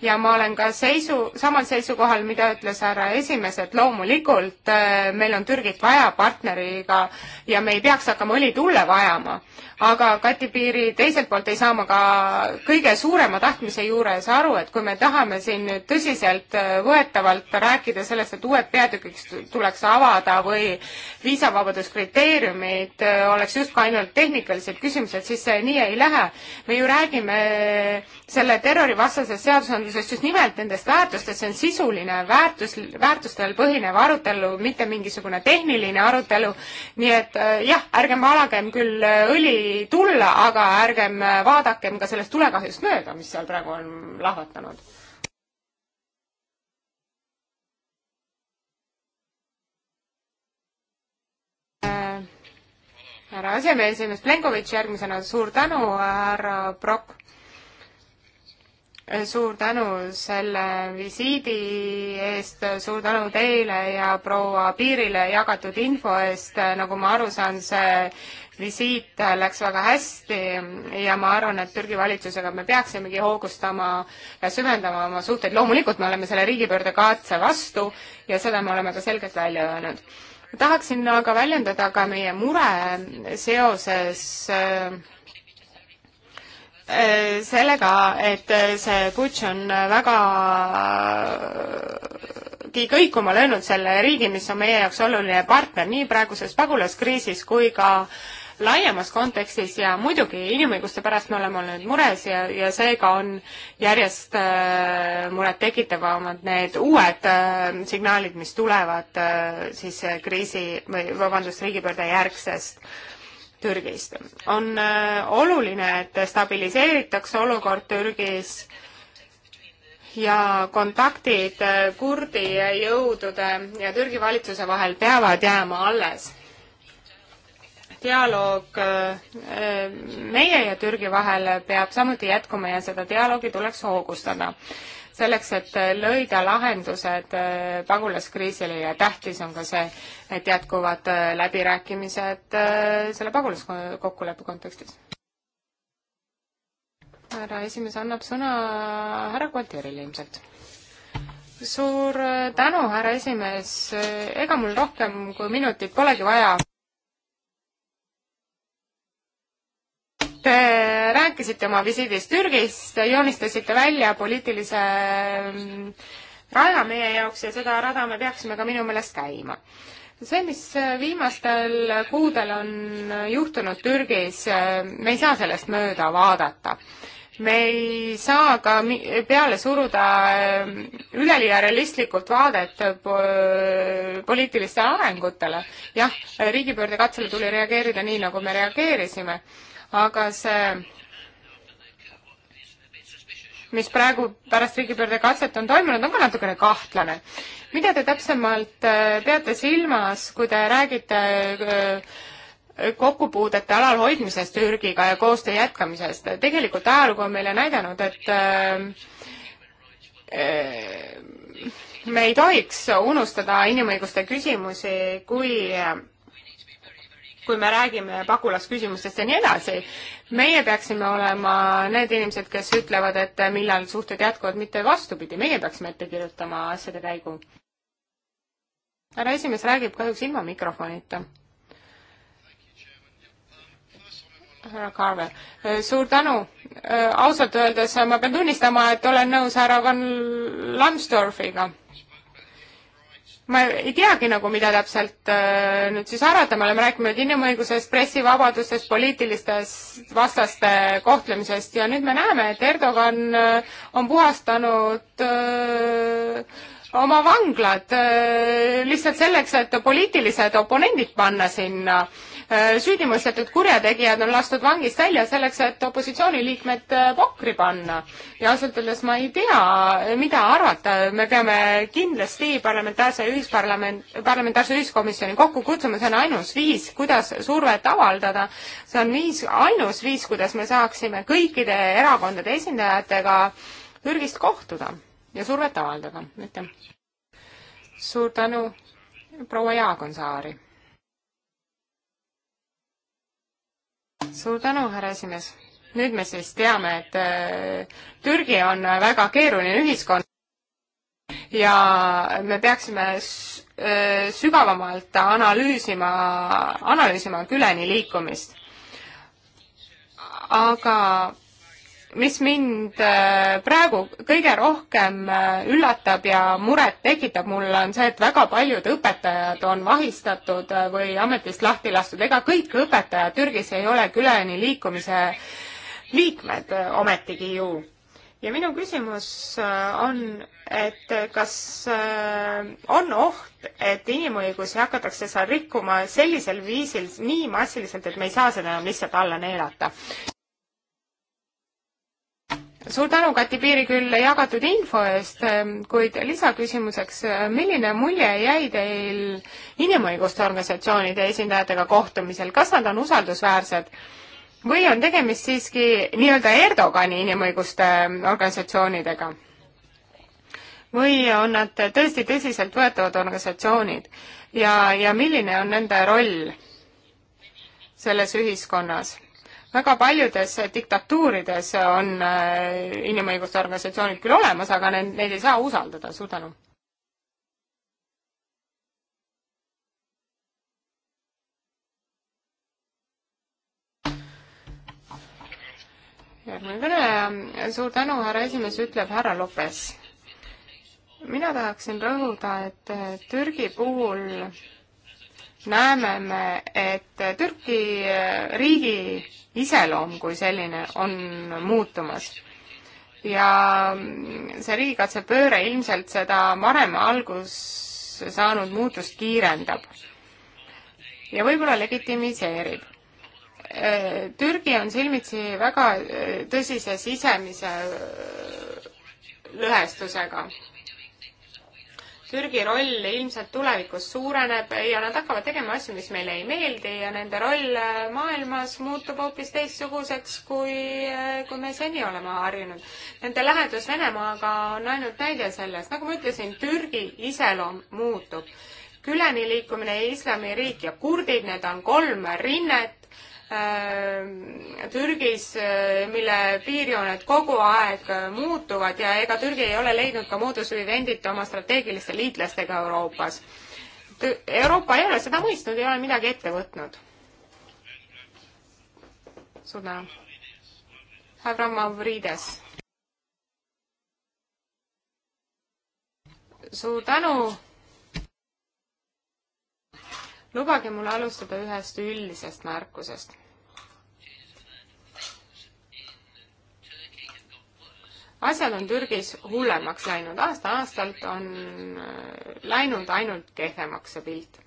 Speaker 3: ja ma olen ka seisu, samal seisukohal, mida ütles härra esimees, et loomulikult äh, meil on Türgit vaja partneriga ja me ei peaks hakkama õli tulle vajama. aga Kati Piiri teiselt poolt ei saa ma ka kõige suurema tahtmise juures aru, et kui me tahame siin nüüd tõsiseltvõetavalt äh, rääkida sellest, et uued peatükiks tuleks avada või viisavabaduskriteeriumid äh, oleks justkui ainult tehnikalised küsimused, siis see nii ei lähe. me ju räägime selle terrorivastase seadusandluse rääkides just nimelt nendest väärtustest, see on sisuline väärtus, väärtustel põhinev arutelu, mitte mingisugune tehniline arutelu. nii et äh, jah, ärgem valagem küll äh, õli tulla, aga ärgem äh, vaadakem ka sellest tulekahjust mööda, mis seal praegu on lahvatanud härra asemeesimees Plenkovitš, järgmisena suur tänu, härra Prokk suur tänu selle visiidi eest, suur tänu teile ja proua Piirile jagatud info eest, nagu ma aru saan, see visiit läks väga hästi ja ma arvan, et Türgi valitsusega me peaksimegi hoogustama ja süvendama oma suhteid, loomulikult me oleme selle riigipöörde kaatse vastu ja seda me oleme ka selgelt välja öelnud. tahaksin aga väljendada ka meie mure seoses äh, Äh, sellega, et äh, see putš on vägagi äh, kõikuma löönud selle riigi, mis on meie jaoks oluline partner nii praeguses pagulaskriisis kui ka laiemas kontekstis ja muidugi inimõiguste pärast me oleme olnud mures ja, ja seega on järjest äh, murettekitavamad need uued äh, signaalid, mis tulevad äh, siis kriisi või vabandust, riigipöörde järgsest äh, Türgist. on äh, oluline, et stabiliseeritakse olukord Türgis ja kontaktid äh, kurdi jõudude ja Türgi valitsuse vahel peavad jääma alles. dialoog äh, meie ja Türgi vahel peab samuti jätkuma ja seda dialoogi tuleks hoogustada selleks, et leida lahendused äh, pagulaskriisile ja tähtis on ka see, et jätkuvad äh, läbirääkimised äh, selle pagulaskokkuleppe kontekstis. härra esimees annab sõna härra Gualtierile ilmselt. suur tänu, härra esimees, ega mul rohkem kui minutit polegi vaja. Te rääkisite oma visiidist Türgist, joonistasite välja poliitilise mm, raja meie jaoks ja seda rada me peaksime ka minu meelest käima. see, mis viimastel kuudel on juhtunud Türgis, me ei saa sellest mööda vaadata me ei saa ka peale suruda mm, üleliia realistlikult vaadet poliitilistele arengutele. jah, riigipöördekatsele tuli reageerida nii, nagu me reageerisime, aga see mis praegu pärast riigipöörde katset on toimunud, on ka natukene kahtlane. mida te täpsemalt äh, peate silmas, kui te räägite äh, kokkupuudete alalhoidmisest Türgiga ja koostöö jätkamisest, tegelikult ajalugu on meile näidanud, et äh, me ei tohiks unustada inimõiguste küsimusi, kui kui me räägime pagulasküsimustest ja nii edasi. meie peaksime olema need inimesed, kes ütlevad, et millal suhted jätkuvad, mitte vastupidi, meie peaksime ette kirjutama asjade käigu. härra esimees räägib kahjuks ilma mikrofonita härra Carver. suur tänu. Äh, ausalt öeldes ma pean tunnistama, et olen nõus härra Van Lambsdorfiga ma ei teagi nagu, mida täpselt äh, nüüd siis arvata, me oleme rääkinud inimõigusest, pressivabadusest, poliitilistest vastaste kohtlemisest ja nüüd me näeme, et Erdogan äh, on puhastanud öö, äh, oma vanglad öö, lihtsalt selleks, et poliitilised oponendid panna sinna Äh, süüdimõistetud kurjategijad on lastud vangist välja selleks, et opositsiooniliikmed äh, pokri panna. ja ausalt öeldes ma ei tea, äh, mida arvata, me peame kindlasti parlamentaarse ühisparlament, parlamentaarse ühiskomisjoni kokku kutsuma, see on ainus viis, kuidas survet avaldada, see on viis, ainus viis, kuidas me saaksime kõikide erakondade esindajatega Türgist kohtuda ja survet avaldada, aitäh. suur tänu, proua Jaagonsaari suur tänu, härra esimees. nüüd me siis teame, et äh, Türgi on väga keeruline ühiskond ja me peaksime äh, sügavamalt analüüsima, analüüsima küleni liikumist. aga mis mind äh, praegu kõige rohkem äh, üllatab ja muret tekitab mulle, on see, et väga paljud õpetajad on vahistatud äh, või ametist lahti lastud, ega kõik õpetajad Türgis ei ole küleni liikumise liikmed ometigi ju. ja minu küsimus on, et kas on oht, et inimõigusi hakatakse seal rikkuma sellisel viisil nii massiliselt, et me ei saa seda enam lihtsalt alla neelata? suur tänu, Kati Piiriküll, jagatud info eest, ehm, kuid lisaküsimuseks, ehm, milline mulje jäi teil inimõiguste organisatsioonide esindajatega kohtumisel, kas nad on usaldusväärsed või on tegemist siiski nii-öelda Erdogani inimõiguste ehm, organisatsioonidega? või on nad tõesti tõsiseltvõetavad organisatsioonid ja, ja milline on nende roll selles ühiskonnas? väga paljudes diktatuurides on äh, inimõiguste organisatsioonid küll olemas, aga neid, neid ei saa usaldada, suur tänu. järgmine kõneleja, suur tänu, härra esimees, ütleb härra Lopes. mina tahaksin rõhuda, et äh, Türgi puhul näeme me, et Türgi äh, riigi iseloom kui selline on muutumas. ja see riigikaitsepööre ilmselt seda varem alguse saanud muutust kiirendab ja võib-olla legitimiseerib. Türgi on silmitsi väga äh, tõsise sisemise äh, lõhestusega Türgi roll ilmselt tulevikus suureneb ja nad hakkavad tegema asju, mis meile ei meeldi ja nende roll äh, maailmas muutub hoopis teistsuguseks, kui, äh, kui me seni oleme harjunud. Nende lähedus Venemaaga on ainult näide sellest, nagu ma ütlesin, Türgi iseloom muutub. küleni liikumine, islamiriik ja kurdid, need on kolm rinnet, Äh, Türgis, äh, mille piirjooned kogu aeg äh, muutuvad ja ega Türgi ei ole leidnud ka moodus vivendit oma strateegiliste liitlastega Euroopas. Euroopa ei ole seda mõistnud, ei ole midagi ette võtnud. suur tänu. härra Mavrides. suur tänu lubage mul alustada ühest üldisest märkusest. asjad on Türgis hullemaks läinud, aasta-aastalt on äh, läinud ainult kehvemaks see pilt.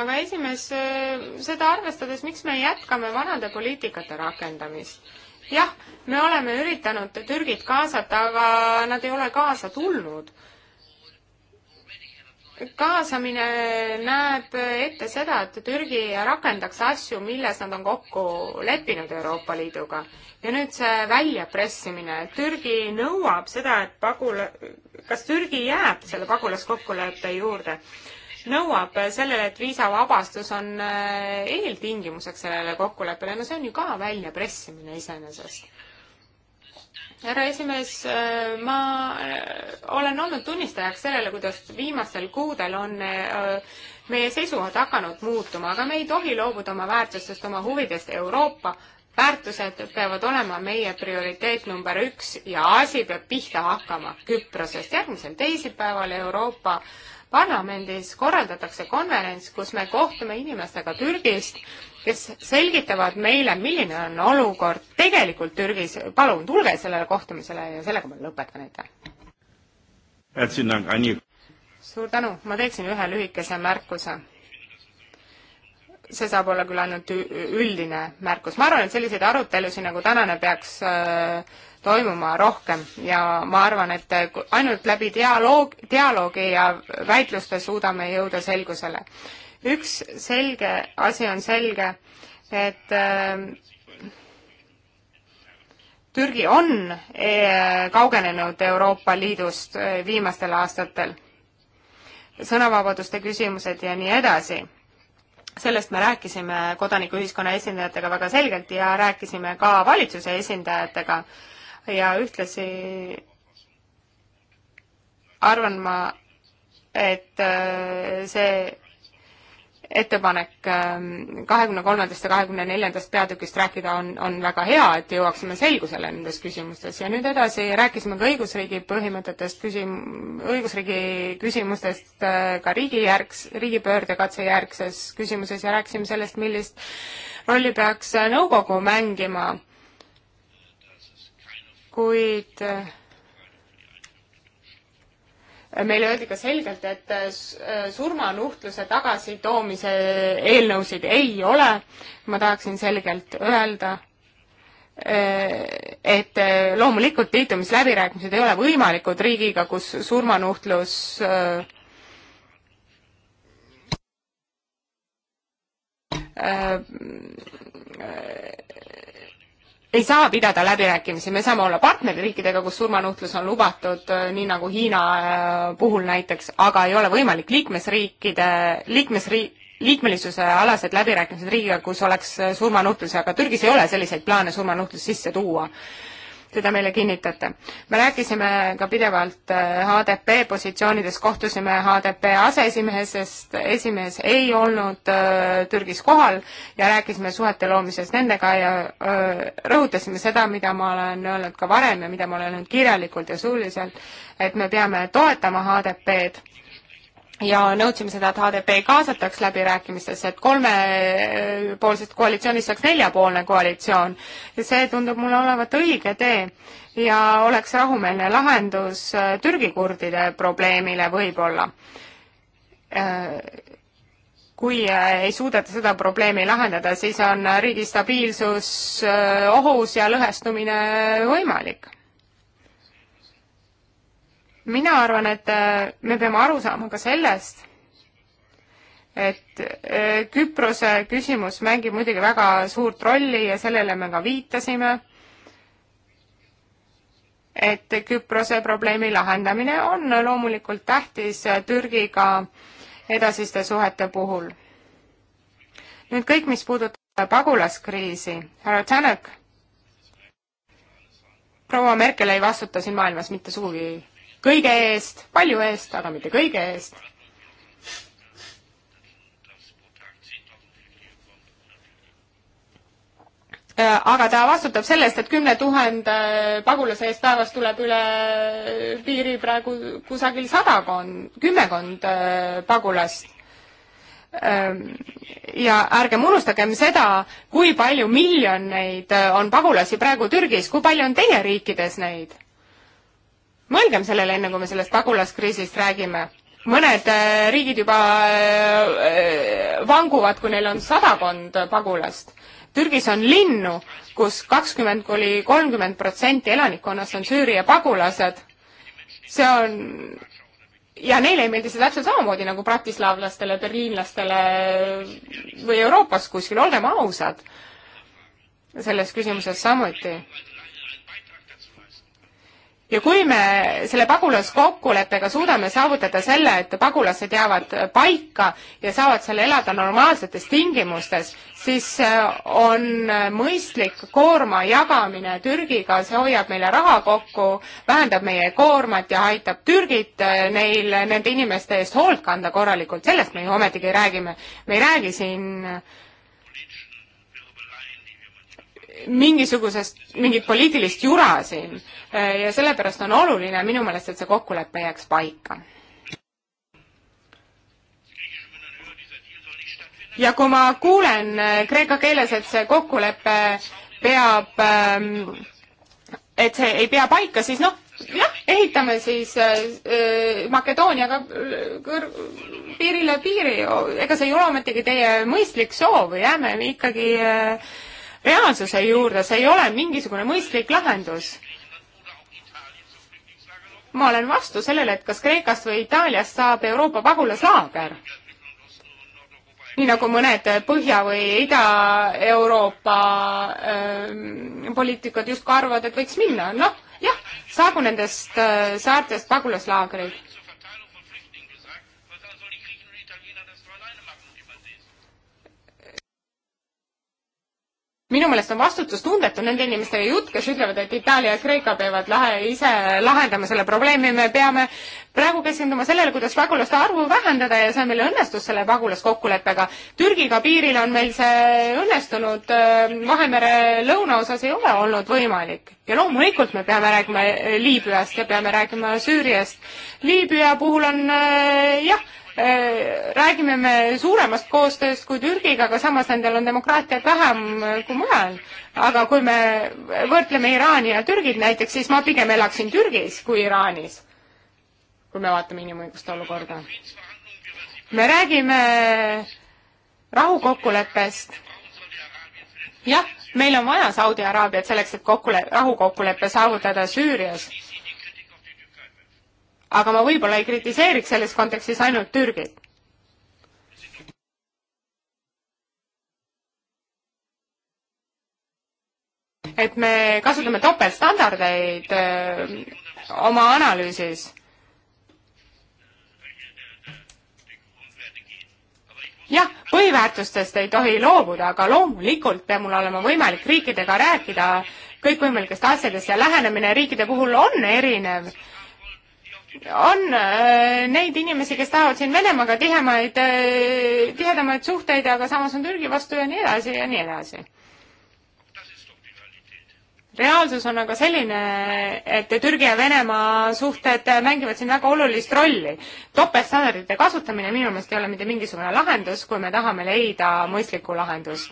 Speaker 3: aga esimees, äh, seda arvestades, miks me jätkame vanade poliitikate rakendamist? jah, me oleme üritanud Türgit kaasata, aga nad ei ole kaasa tulnud kaasamine näeb ette seda, et Türgi rakendaks asju, milles nad on kokku leppinud Euroopa Liiduga. ja nüüd see väljapressimine. Türgi nõuab seda, et pagula-, kas Türgi jääb selle pagulaskokkuleppe juurde? nõuab sellele, et viisavabastus on äh, eeltingimuseks sellele kokkuleppele, no see on ju ka väljapressimine iseenesest härra esimees, äh, ma äh, olen olnud tunnistajaks sellele, kuidas viimastel kuudel on äh, meie seisukohad hakanud muutuma, aga me ei tohi loobuda oma väärtustest, oma huvidest Euroopa väärtused peavad olema meie prioriteet number üks ja asi peab pihta hakkama Küprosest. järgmisel teisipäeval Euroopa Parlamendis korraldatakse konverents, kus me kohtume inimestega Türgist kes selgitavad meile, milline on olukord tegelikult Türgis. palun tulge sellele kohtumisele ja sellega ma lõpetan, aitäh. suur tänu, ma teeksin ühe lühikese märkuse. see saab olla küll ainult üldine märkus. ma arvan, et selliseid arutelusid nagu tänane peaks äh, toimuma rohkem ja ma arvan, et äh, ainult läbi dialoog, dialoogi ja väitluste suudame jõuda selgusele üks selge asi on selge, et äh, Türgi on äh, kaugenenud Euroopa Liidust äh, viimastel aastatel, sõnavabaduste küsimused ja nii edasi. sellest me rääkisime kodanikuühiskonna esindajatega väga selgelt ja rääkisime ka valitsuse esindajatega ja ühtlasi arvan ma, et see ettepanek ähm, kahekümne kolmandast ja kahekümne neljandast peatükist rääkida on, on väga hea, et jõuaksime selgusele nendes küsimustes ja nüüd edasi rääkisime ka õigusriigi põhimõtetest, küsim-, õigusriigi küsimustest äh, ka riigijärgs, riigipöördekatse järgses küsimuses ja rääkisime sellest, millist rolli peaks äh, nõukogu mängima, kuid äh, meile öeldi ka selgelt, et äh, äh, surmanuhtluse tagasitoomise eelnõusid ei ole. ma tahaksin selgelt öelda, äh, et loomulikult liitumisläbirääkimised ei ole võimalikud riigiga, kus surmanuhtlus ei saa pidada läbirääkimisi, me saame olla partnerriikidega, kus surmanuhtlus on lubatud, äh, nii nagu Hiina äh, puhul näiteks, aga ei ole võimalik liikmesriikide, liikmesriik, liikmelisuse alased läbirääkimised riigiga, kus oleks äh, surmanuhtlus, aga Türgis ei ole selliseid plaane surmanuhtlust sisse tuua seda meile kinnitate. me rääkisime ka pidevalt HDP äh, positsioonides, kohtusime HDP aseesimehe, sest esimees ei olnud öö, äh, Türgis kohal ja rääkisime suhete loomisest nendega ja öö, äh, rõhutasime seda, mida ma olen öelnud ka varem ja mida ma olen öelnud kirjalikult ja suuliselt, et me peame toetama HDP-d ja nõudsime seda, et HDP kaasataks läbirääkimistesse, et kolmepoolsest koalitsioonist saaks neljapoolne koalitsioon. see tundub mulle olevat õige tee ja oleks rahumeelne lahendus äh, Türgi kurdide probleemile võib-olla äh, kui äh, ei suudeta seda probleemi lahendada, siis on riigi stabiilsus ohus ja lõhestumine võimalik mina arvan, et äh, me peame aru saama ka sellest, et äh, Küprose küsimus mängib muidugi väga suurt rolli ja sellele me ka viitasime, et Küprose probleemi lahendamine on loomulikult tähtis äh, Türgiga edasiste suhete puhul. nüüd kõik, mis puudutab pagulaskriisi, härra Tänak, proua Merkel ei vastuta siin maailmas mitte sugugi kõige eest, palju eest, aga mitte kõige eest. Äh, aga ta vastutab selle eest, et kümne tuhande pagulase eest päevas tuleb üle piiri praegu kusagil sadakond, kümmekond äh, pagulast ähm, ja ärgem unustagem seda, kui palju miljoneid äh, on pagulasi praegu Türgis, kui palju on teie riikides neid? mõelgem sellele, enne kui me sellest pagulaskriisist räägime. mõned äh, riigid juba äh, äh, vanguvad, kui neil on sadakond pagulast. Türgis on linnu kus, kus kakskümmend kuni kolmkümmend protsenti elanikkonnast on Süüria pagulased. see on ja neile ei meeldi see täpselt samamoodi nagu bratislavlastele, berliinlastele või Euroopas kuskil, olgem ausad selles küsimuses samuti ja kui me selle pagulaskokkuleppega suudame saavutada selle, et pagulased jäävad paika ja saavad seal elada normaalsetes tingimustes, siis äh, on mõistlik koorma jagamine Türgiga, see hoiab meile raha kokku, vähendab meie koormat ja aitab Türgit äh, neil, nende inimeste eest hoolt kanda korralikult, sellest me ju ometigi räägime. me ei räägi siin äh, mingisugusest, mingit poliitilist jura siin ja sellepärast on oluline minu meelest, et see kokkulepe jääks paika. ja kui ma kuulen äh, kreeka keeles, et see kokkulepe peab, ähm, et see ei pea paika, siis noh, jah, ehitame siis äh, äh Makedooniaga äh, kõr-, piirile piiri, ega see ei ole ometigi teie mõistlik soov, jääme ikkagi äh, reaalsuse juurde, see ei ole mingisugune mõistlik lahendus. ma olen vastu sellele, et kas Kreekast või Itaaliast saab Euroopa pagulaslaager. nii nagu mõned Põhja- või Ida-Euroopa ähm, poliitikud justkui arvavad, et võiks minna, noh jah, saagu nendest äh, saartest pagulaslaagrid minu meelest on vastutustundetu nende inimestega jutt, kes ütlevad, et Itaalia ja Kreeka peavad lahe, ise lahendama selle probleemi, me peame praegu keskenduma sellele, kuidas pagulaste arvu vähendada ja see meil õnnestus selle pagulaskokkuleppega. Türgiga piiril on meil see õnnestunud, äh, Vahemere lõunaosas ei ole olnud võimalik. ja loomulikult me peame rääkima Liibüast ja peame rääkima Süüriast. Liibüa puhul on äh, jah, Äh, räägime me suuremast koostööst kui Türgiga, aga samas nendel on demokraatiat vähem kui mujal. aga kui me võrdleme Iraani ja Türgit näiteks, siis ma pigem elaksin Türgis kui Iraanis, kui me vaatame inimõiguste olukorda. me räägime rahukokkuleppest. jah, meil on vaja Saudi Araabiat selleks, et kokkule-, rahukokkulepe saavutada Süürias aga ma võib-olla ei kritiseeriks selles kontekstis ainult Türgit. et me kasutame topeltstandardeid öö, äh, oma analüüsis jah, põhiväärtustest ei tohi loobuda, aga loomulikult peab mul olema võimalik riikidega rääkida kõikvõimalikest asjadest ja lähenemine riikide puhul on erinev on äh, neid inimesi, kes tahavad siin Venemaaga tihemaid, äh, tihedamaid suhteid, aga samas on Türgi vastu ja nii edasi ja nii edasi. reaalsus on aga selline, et Türgi ja Venemaa suhted mängivad siin väga olulist rolli. topeltstandardite kasutamine minu meelest ei ole mitte mingisugune lahendus, kui me tahame leida mõistlikku lahendust.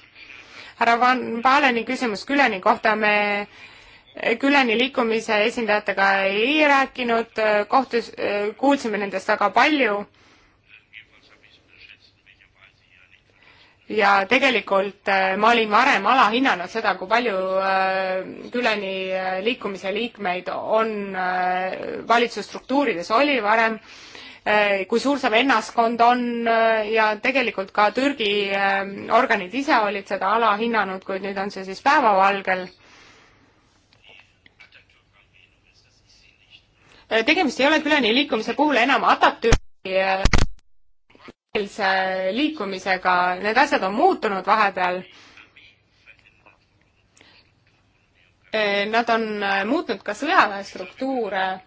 Speaker 3: härra Van Baleni küsimus Küleni kohta me äh, Küleni liikumise esindajatega ei rääkinud, kohtus, kuulsime nendest väga palju. ja tegelikult äh, ma olin varem alahinnanud seda, kui palju äh, Küleni äh, liikumise liikmeid on valitsusstruktuurides, oli varem, kui suur see vennaskond on ja tegelikult ka Türgi organid ise olid seda alahinnanud, kuid nüüd on see siis päevavalgel tegemist ei ole Güleni liikumise puhul enam Atatürki äh, liikumisega, need asjad on muutunud vahepeal äh, Nad on äh, muutnud ka sõjaväestruktuure,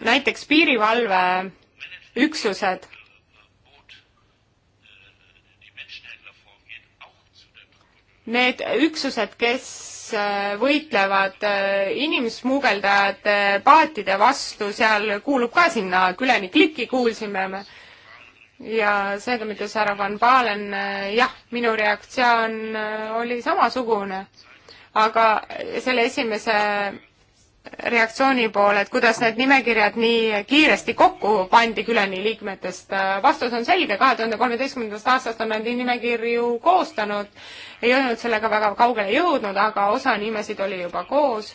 Speaker 3: näiteks piirivalveüksused. Need üksused, kes Äh, võitlevad äh, inimsmugeldajate paatide vastu, seal kuulub ka sinna Küleni kliki, kuulsime me. ja seega, mida ütles härra Van Balen, äh, jah, minu reaktsioon oli samasugune. aga selle esimese reaktsiooni poole, et kuidas need nimekirjad nii kiiresti kokku pandi Küleni liikmetest. vastus on selge, kahe tuhande kolmeteistkümnendast aastast on nad nimekirju koostanud, ei olnud sellega väga kaugele jõudnud, aga osa nimesid oli juba koos.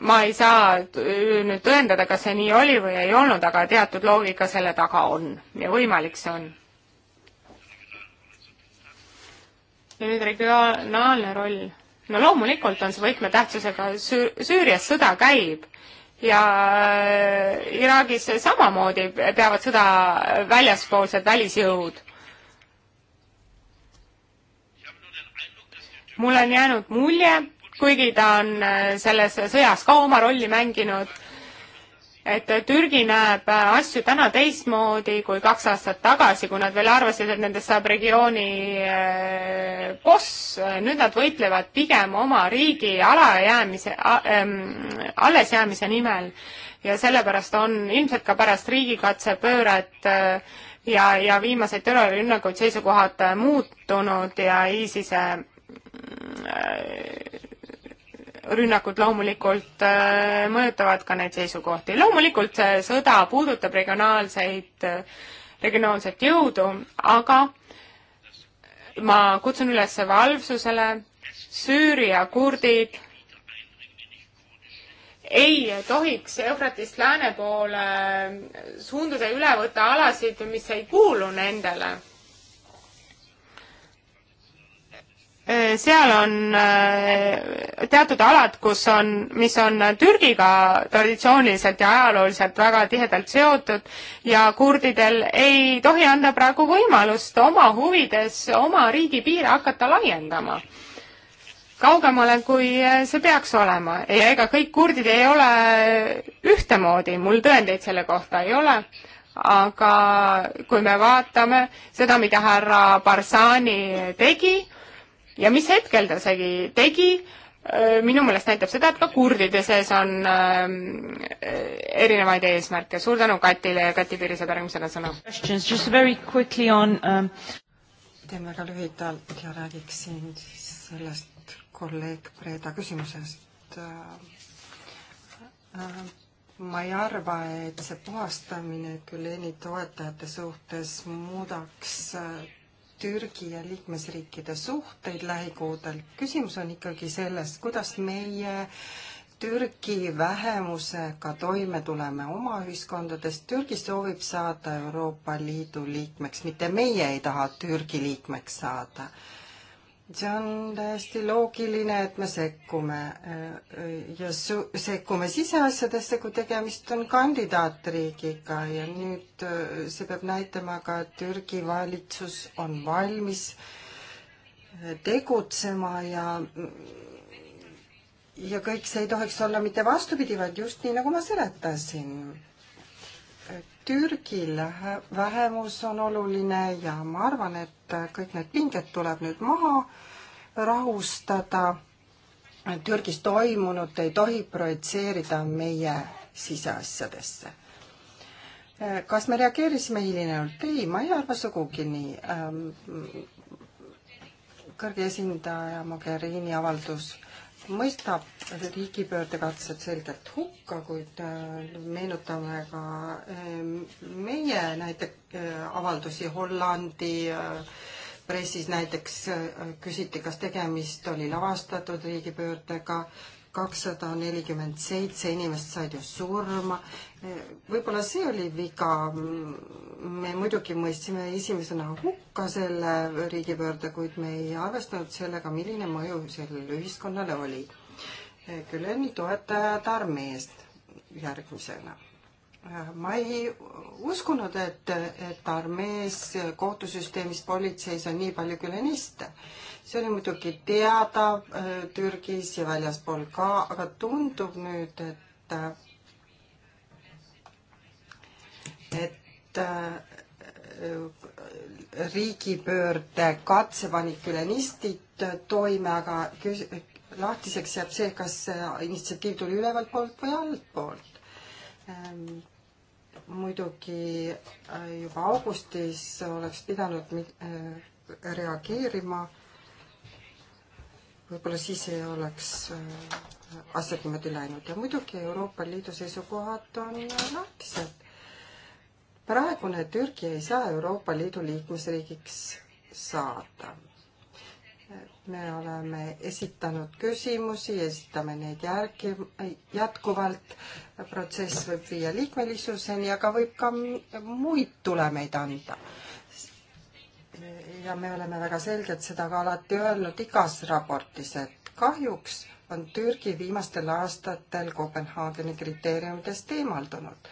Speaker 3: ma ei saa nüüd tõendada, kas see nii oli või ei olnud, aga teatud loogika selle taga on ja võimalik see on. ja nüüd regionaalne roll no loomulikult on see võtmetähtsusega, Süürias sõda käib ja äh, Iraagis samamoodi peavad sõda väljaspoolsed välisjõud. mulle on jäänud mulje, kuigi ta on äh, selles sõjas ka oma rolli mänginud et Türgi näeb asju täna teistmoodi kui kaks aastat tagasi, kui nad veel arvasid, et nendest saab regiooni eh, boss. nüüd nad võitlevad pigem oma riigi alajäämise, ehm, allesjäämise nimel ja sellepärast on ilmselt ka pärast riigikatsepööret eh, ja, ja viimaseid terrorirünnakuid seisukohad muutunud ja ISISe mm, rünnakud loomulikult äh, mõjutavad ka neid seisukohti. loomulikult see sõda puudutab regionaalseid, äh, regionaalset jõudu, aga ma kutsun üles valvsusele, Süüria kurdid ei tohiks Eufratist lääne poole suunduda üle võtta alasid, mis ei kuulu nendele Äh, seal on äh, teatud alad, kus on, mis on Türgiga traditsiooniliselt ja ajalooliselt väga tihedalt seotud ja kurdidel ei tohi anda praegu võimalust oma huvides oma riigi piire hakata laiendama kaugemale, kui äh, see peaks olema ja ega kõik kurdid ei ole ühtemoodi, mul tõendeid selle kohta ei ole aga kui me vaatame seda, mida härra Barzani tegi, ja mis hetkel ta segi tegi, äh, minu meelest näitab seda, et ka kurdide sees on ähm, äh, erinevaid eesmärke. suur tänu Katile ja Kati Piiri saab järgmisena sõna.
Speaker 1: teen väga lühidalt ja räägiksin siis sellest kolleeg Breda küsimusest. Äh, ma ei arva, et see puhastamine Küleni toetajate suhtes muudaks Türgi ja liikmesriikide suhteid lähikuudel. küsimus on ikkagi selles, kuidas meie Türgi vähemusega toime tuleme oma ühiskondades. Türgi soovib saada Euroopa Liidu liikmeks, mitte meie ei taha Türgi liikmeks saada see on täiesti loogiline, et me sekkume äh, ja su-, sekkume siseasjadesse, kui tegemist on kandidaatriigiga ja nüüd äh, see peab näitama ka, et Türgi valitsus on valmis äh, tegutsema ja ja kõik see ei tohiks olla mitte vastupidi, vaid just nii, nagu ma seletasin Türgil vähemus on oluline ja ma arvan, et kõik need pinged tuleb nüüd maha rahustada. Türgis toimunut ei tohi projitseerida meie siseasjadesse. kas me reageerisime hilinenult? ei, ma ei arva sugugi nii. Ehm, kõrge esindaja Mogherini avaldus mõistab riigipöördekatsed selgelt hukka, kuid äh, meenutame ka äh, meie näiteks äh, avaldusi Hollandi pressis näiteks küsiti, kas tegemist oli lavastatud riigipöördega kakssada nelikümmend seitse inimest said ju surma. võib-olla see oli viga. me muidugi mõistsime esimesena hukka selle riigipöörde, kuid me ei arvestanud sellega, milline mõju sellel ühiskonnale oli. Güleni toetajad armeest järgmisena Äh, ma ei uskunud, et, et armees, kohtusüsteemis, politseis on nii palju küleniste. see oli muidugi teada äh, Türgis ja väljaspool ka, aga tundub nüüd, et äh, et riigipöörde katse panid külenistid toime, aga küs-, lahtiseks jääb see, kas initsiatiiv tuli ülevalt poolt või altpoolt muidugi äh, juba augustis oleks pidanud äh, reageerima. võib-olla siis ei oleks äh, asjad niimoodi läinud ja muidugi Euroopa Liidu seisukohad on lahtised. praegune Türgi ei saa Euroopa Liidu liikmesriigiks saada me oleme esitanud küsimusi, esitame neid järgi, jätkuvalt. protsess võib viia liikmelisuseni, aga võib ka muid tulemeid anda. ja me oleme väga selgelt seda ka alati öelnud igas raportis, et kahjuks on Türgi viimastel aastatel Kopenhaageni kriteeriumidest eemaldunud.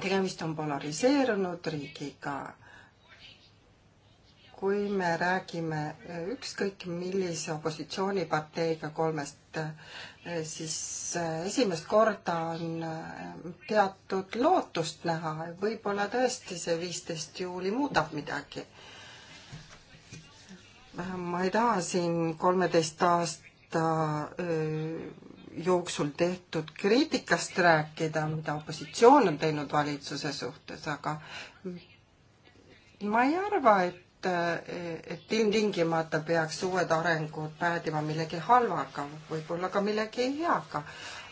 Speaker 1: tegemist on polariseerunud riigiga kui me räägime eh, ükskõik millise opositsiooniparteiga kolmest, eh, siis eh, esimest korda on teatud lootust näha, võib-olla tõesti see viisteist juuli muudab midagi. ma ei taha siin kolmeteist aasta jooksul tehtud kriitikast rääkida, mida opositsioon on teinud valitsuse suhtes, aga ma ei arva, et et, eh, et ilmtingimata peaks uued arengud päädima millegi halvaga, võib-olla ka millegi heaga.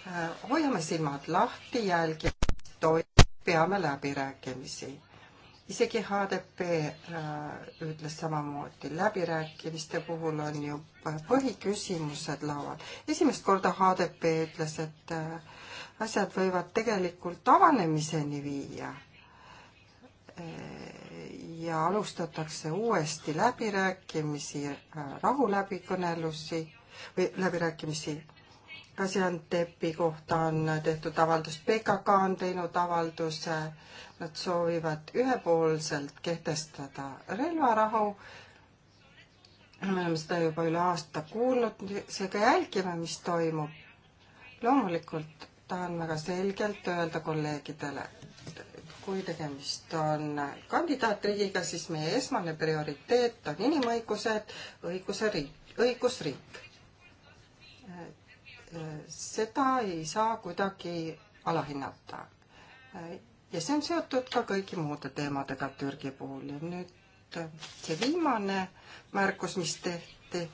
Speaker 1: Eh, hoiame silmad lahti, jälgime, peame läbirääkimisi. isegi HDP eh, ütles samamoodi, läbirääkimiste puhul on ju põhiküsimused laual. esimest korda HDP ütles, et asjad võivad tegelikult avanemiseni viia ja alustatakse uuesti läbirääkimisi, äh, rahuläbikõnelusi või läbirääkimisi. Gaziantepi kohta on tehtud avaldus, PKK on teinud avalduse, nad soovivad ühepoolselt kehtestada relvarahu. me oleme seda juba üle aasta kuulnud, seega jälgime, mis toimub. loomulikult tahan väga selgelt öelda kolleegidele, kui tegemist on kandidaatriigiga, siis meie esmane prioriteet on inimõigused, õiguse riik, õigusriik. seda ei saa kuidagi alahinnata. ja see on seotud ka kõigi muude teemadega Türgi puhul ja nüüd see viimane märkus, mis tehti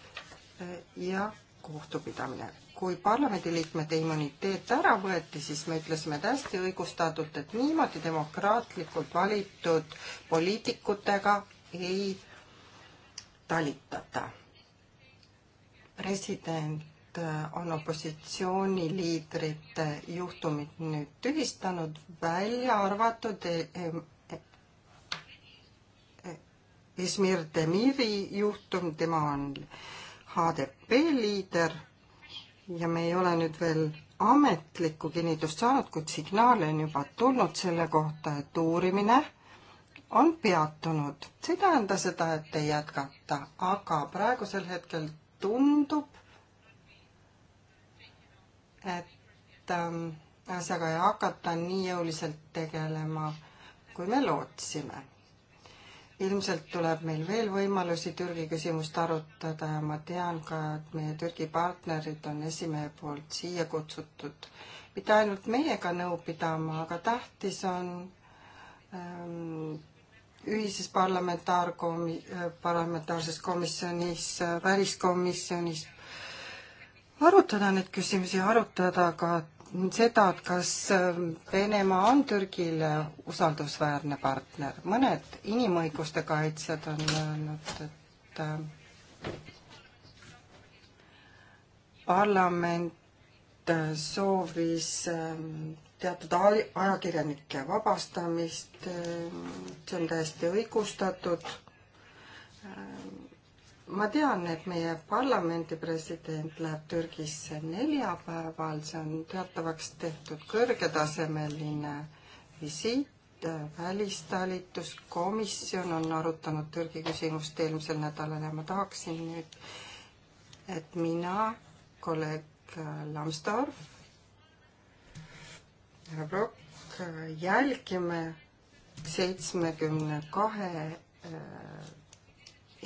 Speaker 1: ja kohtupidamine kui parlamendiliikmete immuniteet ära võeti, siis me ütlesime täiesti õigustatult, et niimoodi demokraatlikult valitud poliitikutega ei talitata. president äh, on opositsiooniliidrite juhtumid nüüd tühistanud, välja arvatud eh, eh, eh, Esmir Demiri juhtum, tema on HDP liider ja me ei ole nüüd veel ametlikku kinnitust saanud, kuid signaale on juba tulnud selle kohta, et uurimine on peatunud. see ei tähenda seda, et ei jätkata, aga praegusel hetkel tundub, et ähm, asjaga ei hakata nii jõuliselt tegelema, kui me lootsime ilmselt tuleb meil veel võimalusi Türgi küsimust arutada ja ma tean ka, et meie Türgi partnerid on esimehe poolt siia kutsutud mitte ainult meiega nõu pidama, aga tähtis on ähm, ühises parlamentaarkomi-, äh, parlamentaarses komisjonis, äh, väliskomisjonis arutada neid küsimusi, arutada ka seda, et kas ähm, Venemaa on Türgile usaldusväärne partner. mõned inimõiguste kaitsjad on öelnud, et ähm, parlament äh, soovis ähm, teatud ajakirjanike vabastamist, see on täiesti õigustatud ma tean, et meie parlamendi president läheb Türgisse neljapäeval, see on teatavaks tehtud kõrgetasemeline visiit, äh, välistalistuskomisjon on arutanud Türgi küsimust eelmisel nädalal ja ma tahaksin nüüd, et mina, kolleeg äh, Lambsdorff, härra Brock, äh, jälgime seitsmekümne kahe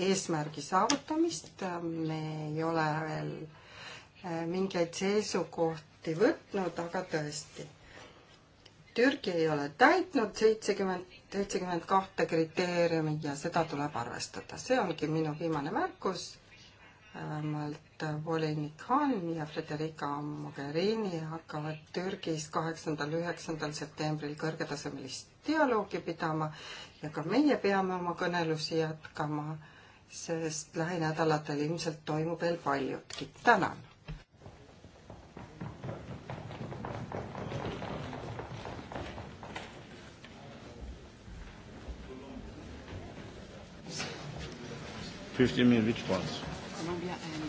Speaker 1: eesmärgi saavutamist, me ei ole veel äh, mingeid seisukohti võtnud, aga tõesti. Türgi ei ole täitnud seitsekümmend, seitsekümmend kahte kriteeriumi ja seda tuleb arvestada. see ongi minu viimane märkus. vähemalt volinik Han ja Frederica Mogherini hakkavad Türgis kaheksandal, üheksandal septembril kõrgetasemelist dialoogi pidama ja ka meie peame oma kõnelusi jätkama sest lähinädalatel ilmselt toimub veel paljutki. tänan! Fifteen minutes, which ones?
Speaker 3: Colombia and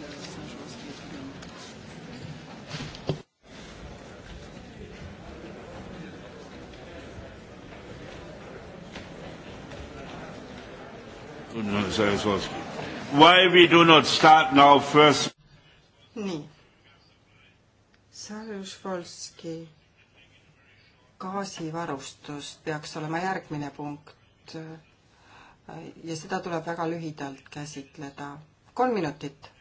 Speaker 1: Saryusz-Wolski. Why we do not start now first? nii. Saryusz-Wolski gaasivarustus peaks olema järgmine punkt ja seda tuleb väga lühidalt käsitleda. kolm minutit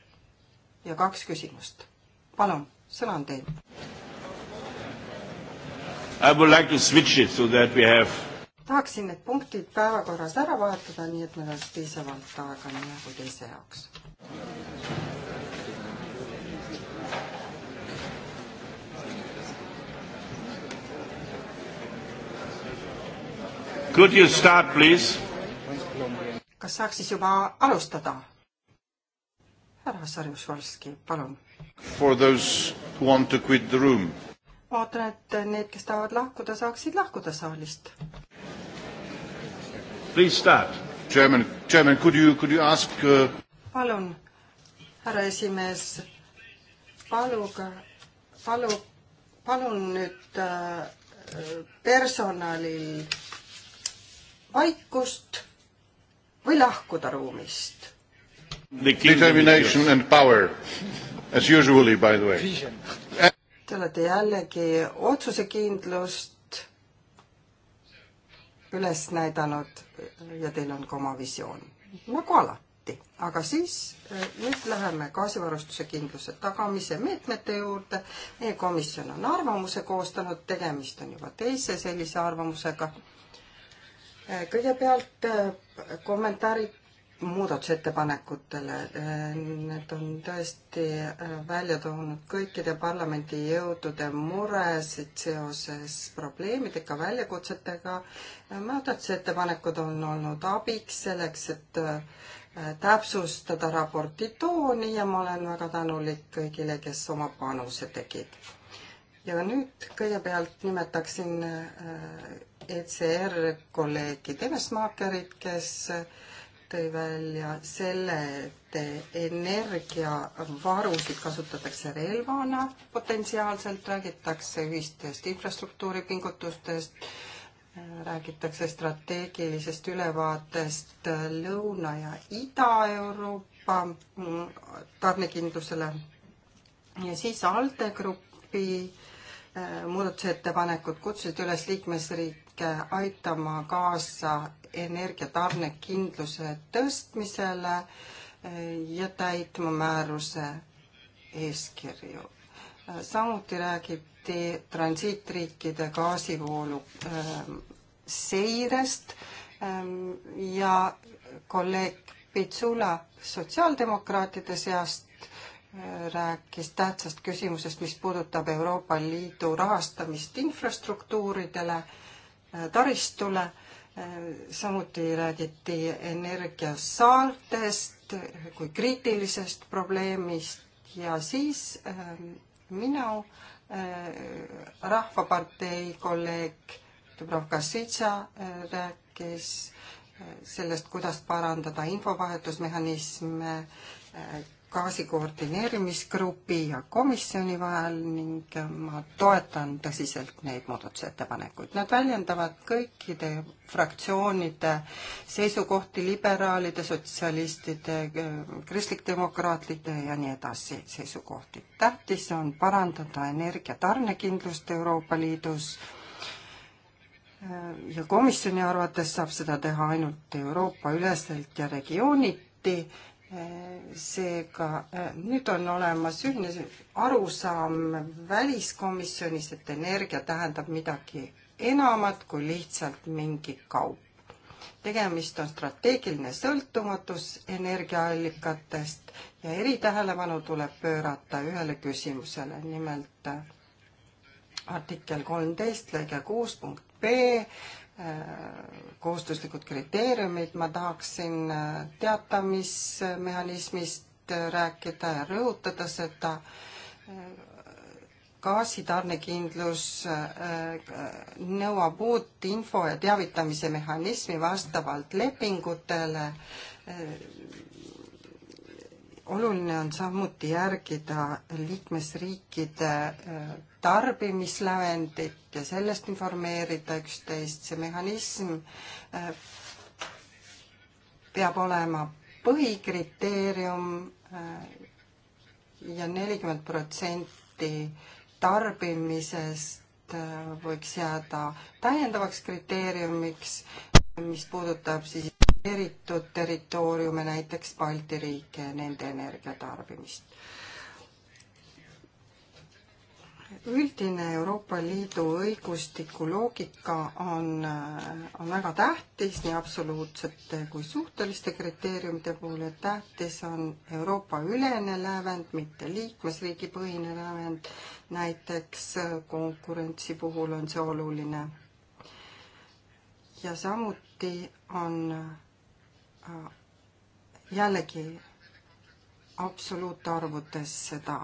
Speaker 1: ja kaks küsimust. palun, sõna on teil. I would like to switch it so that we have tahaksin need punktid päevakorras ära vahetada, nii et meil oleks piisavalt aega nii nagu teise jaoks. Could you start, please? kas saaks siis juba alustada? härra Sarjusvalski, palun. For those who want to quit the room. ootan, et need, kes tahavad lahkuda, saaksid lahkuda saalist.
Speaker 2: Please start. Chairman, Chairman, could you, could you ask uh...
Speaker 1: palun, härra esimees, paluge, palu, palun nüüd äh, personalil vaikust või lahkuda ruumist.
Speaker 2: Determination and power, as usually by the
Speaker 1: way. Te olete jällegi otsusekindlust üles näidanud ja teil on ka oma visioon, nagu alati. aga siis eh, nüüd läheme gaasivarustuse kindluse tagamise meetmete juurde. meie komisjon on arvamuse koostanud, tegemist on juba teise sellise arvamusega. Eh, kõigepealt eh, kommentaarid muudatusettepanekutele. Need on tõesti äh, välja toonud kõikide parlamendijõudude muresid seoses probleemidega, väljakutsetega. muudatusettepanekud on olnud abiks selleks, et äh, täpsustada raporti tooni ja ma olen väga tänulik kõigile, kes oma panuse tegid. ja nüüd kõigepealt nimetaksin äh, ECR kolleegi Demesmaakerit, kes tõi välja selle, et energiavarusid kasutatakse relvana potentsiaalselt, räägitakse ühistest infrastruktuuripingutustest, räägitakse strateegilisest ülevaatest Lõuna- ja Ida-Euroopa tarnekindlusele ja siis ALDE grupi äh, muudatusettepanekud kutsusid üles liikmesriike aitama kaasa energiatarnekindluse tõstmisele eh, ja täitma määruse eeskirju. Eh, samuti räägiti transiitriikide gaasivoolu eh, seirest ja kolleeg Pitsula sotsiaaldemokraatide seast rääkis tähtsast küsimusest, mis puudutab Euroopa Liidu rahastamist infrastruktuuridele, taristule samuti räägiti energiasaartest kui kriitilisest probleemist ja siis ähm, minu äh, Rahvapartei kolleeg Dubravka Sitsa äh, rääkis äh, sellest, kuidas parandada infovahetusmehhanisme, gaasi koordineerimisgrupi ja komisjoni vahel ning ma toetan tõsiselt neid muudatusettepanekuid. Nad väljendavad kõikide fraktsioonide seisukohti, liberaalide, sotsialistide, kristlikdemokraatide ja nii edasi seisukohti. tähtis on parandada energia tarnekindlust Euroopa Liidus ja komisjoni arvates saab seda teha ainult Euroopa üleselt ja regiooniti seega äh, nüüd on olemas ühine arusaam väliskomisjonis, et energia tähendab midagi enamat kui lihtsalt mingi kaup. tegemist on strateegiline sõltumatus energiaallikatest ja eritähelepanu tuleb pöörata ühele küsimusele, nimelt äh, artikkel kolmteist lõige kuus punkt B kohustuslikud kriteeriumid, ma tahaksin äh, teatamismehhanismist äh, rääkida ja rõhutada seda, äh, gaasitarnekindlus nõuab uut info ja teavitamise mehhanismi vastavalt lepingutele oluline on samuti järgida liikmesriikide äh, tarbimislävendit ja sellest informeerida üksteist. see mehhanism äh, peab olema põhikriteerium äh, ja nelikümmend protsenti tarbimisest võiks jääda täiendavaks kriteeriumiks, mis puudutab siis okupeeritud territooriume, näiteks Balti riike ja nende energiatarbimist. üldine Euroopa Liidu õigustiku loogika on, on väga tähtis nii absoluutsete kui suhteliste kriteeriumite puhul, et tähtis on Euroopa ülene lävend, mitte liikmesriigi põhine lävend. näiteks konkurentsi puhul on see oluline ja samuti on jällegi absoluutarvudes seda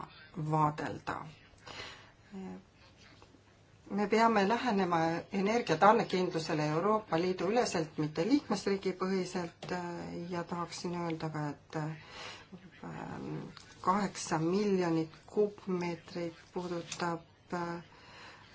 Speaker 1: vaadelda. me peame lähenema energia tarnekindlusele Euroopa Liidu üleselt, mitte liikmesriigi põhiselt ja tahaksin öelda ka, et ähm, kaheksa miljonit kuupmeetrit puudutab äh,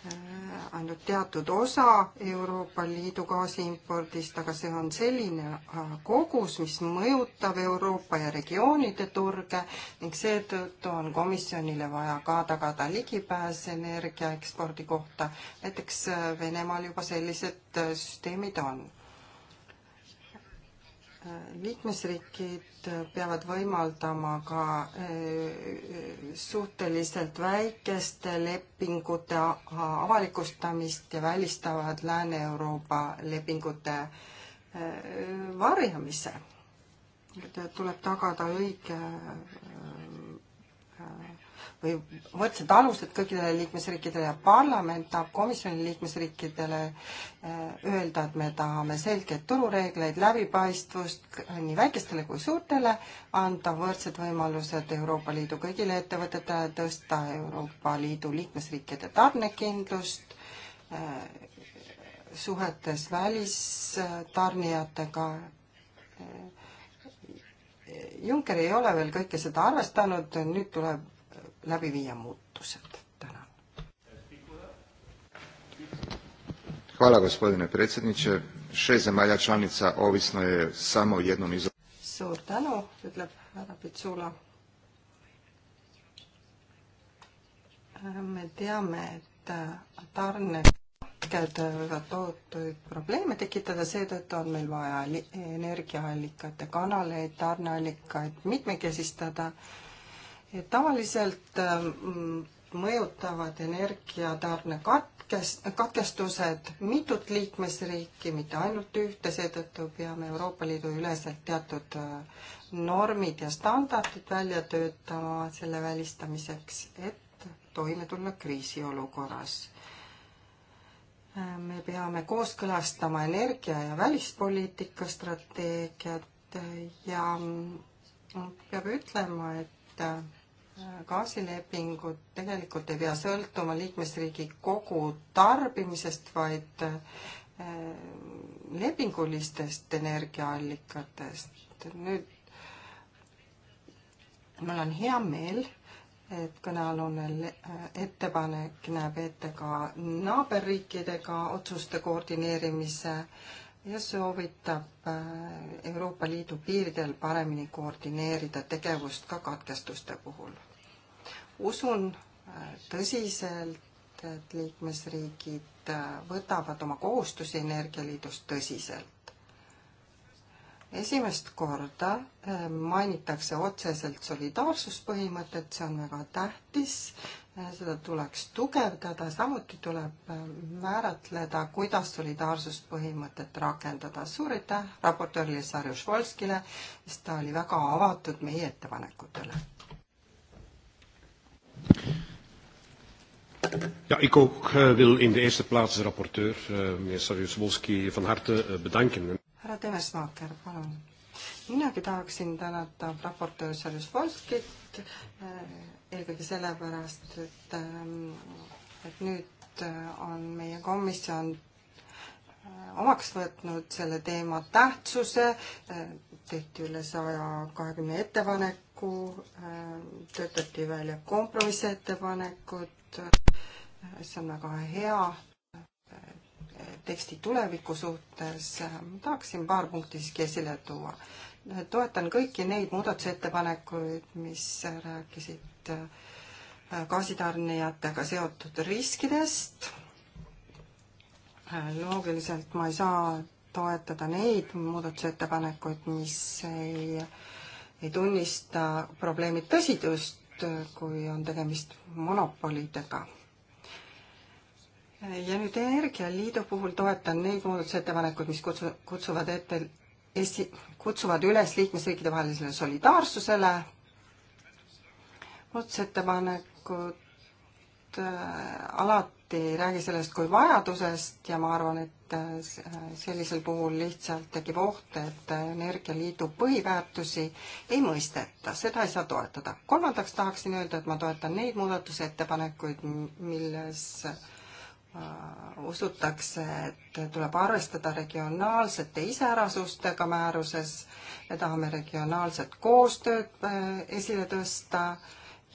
Speaker 1: Äh, ainult teatud osa Euroopa Liidu gaasiimpordist, aga see on selline äh, kogus, mis mõjutab Euroopa ja regioonide turge ning seetõttu on komisjonile vaja ka tagada ligipääs energia ekspordi kohta. näiteks äh, Venemaal juba sellised süsteemid on liikmesriigid peavad võimaldama ka eh, suhteliselt väikeste lepingute avalikustamist ja välistavad Lääne-Euroopa lepingute eh, varjamise. tuleb tagada õige või võrdsed alused kõikidele liikmesriikidele ja parlament tahab komisjoni liikmesriikidele eh, öelda, et me tahame selgeid turureegleid, läbipaistvust nii väikestele kui suurtele, anda võrdsed võimalused Euroopa Liidu kõigile ettevõtetele, tõsta Euroopa Liidu liikmesriikide tarnekindlust, eh, suhetes välistarnijatega. Eh, Juncker ei ole veel kõike seda arvestanud, nüüd tuleb läbi viia muutused. tänan.
Speaker 3: Hvala gospodine predsjedniče. Šest zemalja članica ovisno je
Speaker 2: samo o jednom iz...
Speaker 1: Suur tänu, ütleb härra Pitsula. me teame, et tarned hetked võivad tohutuid probleeme tekitada, seetõttu on meil vaja energiaallikate kanaleid, tarneallikaid mitmekesistada et tavaliselt mm, mõjutavad energiatarne katkes, katkestused mitut liikmesriiki, mitte ainult ühte, seetõttu peame Euroopa Liidu üleselt teatud äh, normid ja standardid välja töötama selle välistamiseks, et toime tulla kriisiolukorras. Äh, me peame kooskõlastama energia ja välispoliitika strateegiat äh, ja mm, peab ütlema, et gaasilepingud tegelikult ei pea sõltuma liikmesriigi kogu tarbimisest, vaid äh, lepingulistest energiaallikatest. nüüd mul on hea meel, et kõnealune äh, ettepanek näeb ette ka naaberriikidega otsuste koordineerimise ja soovitab äh, Euroopa Liidu piiridel paremini koordineerida tegevust ka katkestuste puhul usun äh, tõsiselt, et liikmesriigid äh, võtavad oma kohustusi Energialiidus tõsiselt. esimest korda äh, mainitakse otseselt solidaarsuspõhimõtet, see on väga tähtis, seda tuleks tugevdada, samuti tuleb määratleda, kuidas solidaarsuspõhimõtet rakendada. suur aitäh raportöörile Sarjušvolskile, sest ta oli väga avatud meie ettepanekutele. Ja, ik ook uh, wil in de eerste plaats de rapporteur, uh, meneer Sarjus-Wolski, van harte uh, bedanken. Härra Tõmesmaaker, palun. Minagi tahaksin tänata raportöör Sarjus-Volskit eelkõige sellepärast, et, et nüüd on meie komisjon omaks võtnud selle teema tähtsuse, tehti üle saja kahekümne ettepaneku, kokku, ähm, töötati välja kompromissettepanekud, see on väga hea äh, teksti tuleviku suhtes. Ähm, tahaksin paar punkti siiski esile tuua. Äh, toetan kõiki neid muudatusettepanekuid, mis rääkisid äh, gaasitarnijatega seotud riskidest. loogiliselt ma ei saa toetada neid muudatusettepanekuid, mis ei äh, ei tunnista probleemi tõsidust, kui on tegemist monopolidega. ja nüüd Energialiidu puhul toetan neid muudatusettepanekuid, mis kutsu-, kutsuvad ette Eesti, kutsuvad üles liikmesriikide vahelisele solidaarsusele, muudatusettepanekud äh, alati ei räägi sellest kui vajadusest ja ma arvan, et äh, sellisel puhul lihtsalt tekib oht, et äh, Energialiidu põhiväärtusi ei mõisteta, seda ei saa toetada. kolmandaks tahaksin öelda, et ma toetan neid muudatusettepanekuid, milles äh, usutakse, et tuleb arvestada regionaalsete iseärasustega määruses, me tahame regionaalset koostööd esile tõsta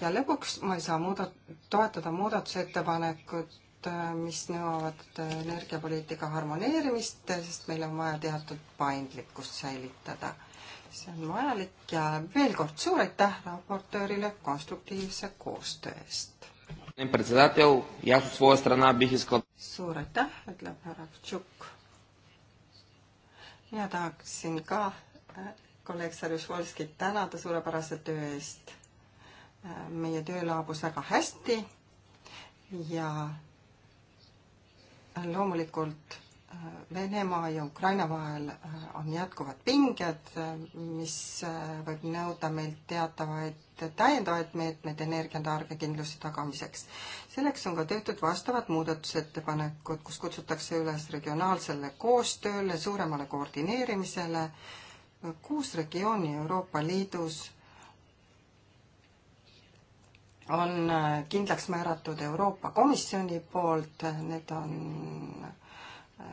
Speaker 1: ja lõpuks ma ei saa muuda-, toetada muudatusettepanekut, Äh, mis nõuavad äh, energiapoliitika harmoneerimist, äh, sest meil on vaja teatud paindlikkust säilitada. see on vajalik ja veel kord suur aitäh raportöörile konstruktiivse koostöö eest. suur aitäh, ütleb härra Tšukk. mina tahaksin ka kolleeg Sarjus Volskit tänada suurepärase töö eest. meie töö laabus väga hästi ja loomulikult äh, Venemaa ja Ukraina vahel äh, on jätkuvad pinged, äh, mis võib nõuda meilt teatavaid täiendavaid meetmeid energiatarvekindluse tagamiseks. selleks on ka tehtud vastavad muudatusettepanekud, kus kutsutakse üles regionaalsele koostööle, suuremale koordineerimisele. kuus regiooni Euroopa Liidus on äh, kindlaks määratud Euroopa Komisjoni poolt, need on äh,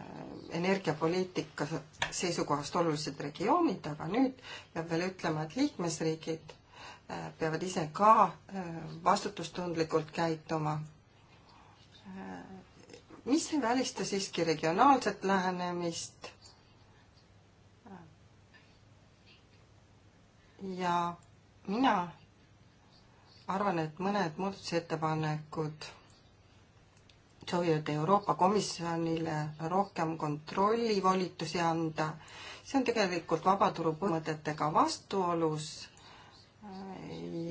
Speaker 1: energiapoliitika seisukohast olulised regioonid, aga nüüd peab veel ütlema, et liikmesriigid äh, peavad ise ka vastutustundlikult käituma. mis ei välista siiski regionaalset lähenemist ja mina arvan, et mõned muudatusettepanekud soovivad Euroopa Komisjonile rohkem kontrollivolitusi anda. see on tegelikult vabaturu põhimõtetega vastuolus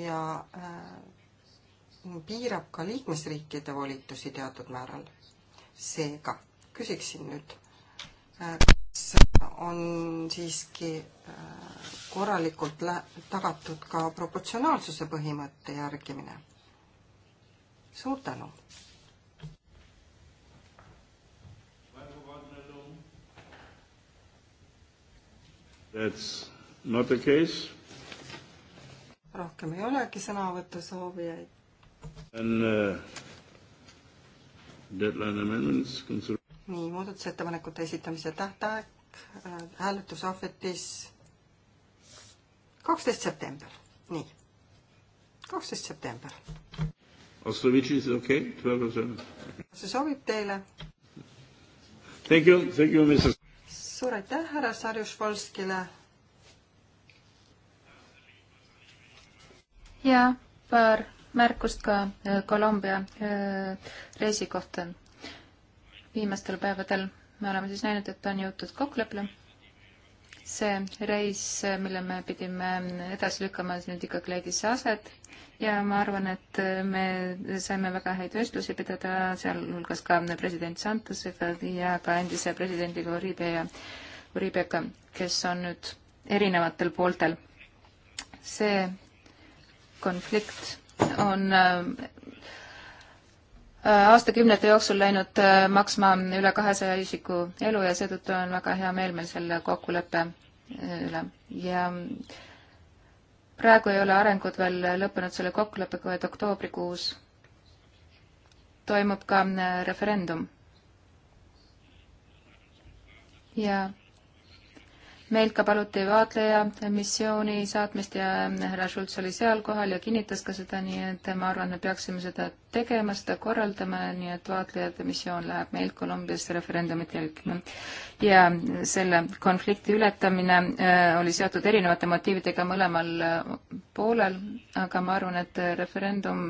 Speaker 1: ja äh, piirab ka liikmesriikide volitusi teatud määral. seega küsiksin nüüd äh, on siiski äh, korralikult tagatud ka proportsionaalsuse põhimõtte järgimine. suur tänu! That's not the case. rohkem ei olegi sõnavõtusoovijaid. And uh, deadline amendments consider nii, muudatusettepanekute esitamise tähtaeg äh, hääletus ahvetis kaksteist september, nii, kaksteist september. Ostrovitši is okei okay?, twelve of seven. see sobib teile? Thank you, thank you, Mrs. suur aitäh härra Sarjušvolskile.
Speaker 2: ja paar märkust ka äh, Kolumbia äh, reisi kohta viimastel päevadel me oleme siis näinud, et on jõutud kokkuleppele. see reis, mille me pidime edasi lükkama, nüüd ikkagi leidis aset ja ma arvan, et me saime väga häid vestlusi pidada, sealhulgas ka president Santosega ja ka endise presidendiga Uribe ja Uribega, kes on nüüd erinevatel pooltel. see konflikt on aastakümnete jooksul läinud äh, maksma üle kahesaja isiku elu ja seetõttu on väga hea meel meil selle kokkuleppe äh, üle ja mm, praegu ei ole arengud veel lõppenud selle kokkuleppega, et oktoobrikuus toimub ka äh, referendum. ja meilt ka paluti vaatleja missiooni saatmist ja härra Schulz oli seal kohal ja kinnitas ka seda, nii et ma arvan, me peaksime seda tegema, seda korraldama, nii et vaatlejate missioon läheb meilt Kolumbiasse referendumit jälgima. ja selle konflikti ületamine äh, oli seotud erinevate motiividega mõlemal äh, poolel, aga ma arvan, et referendum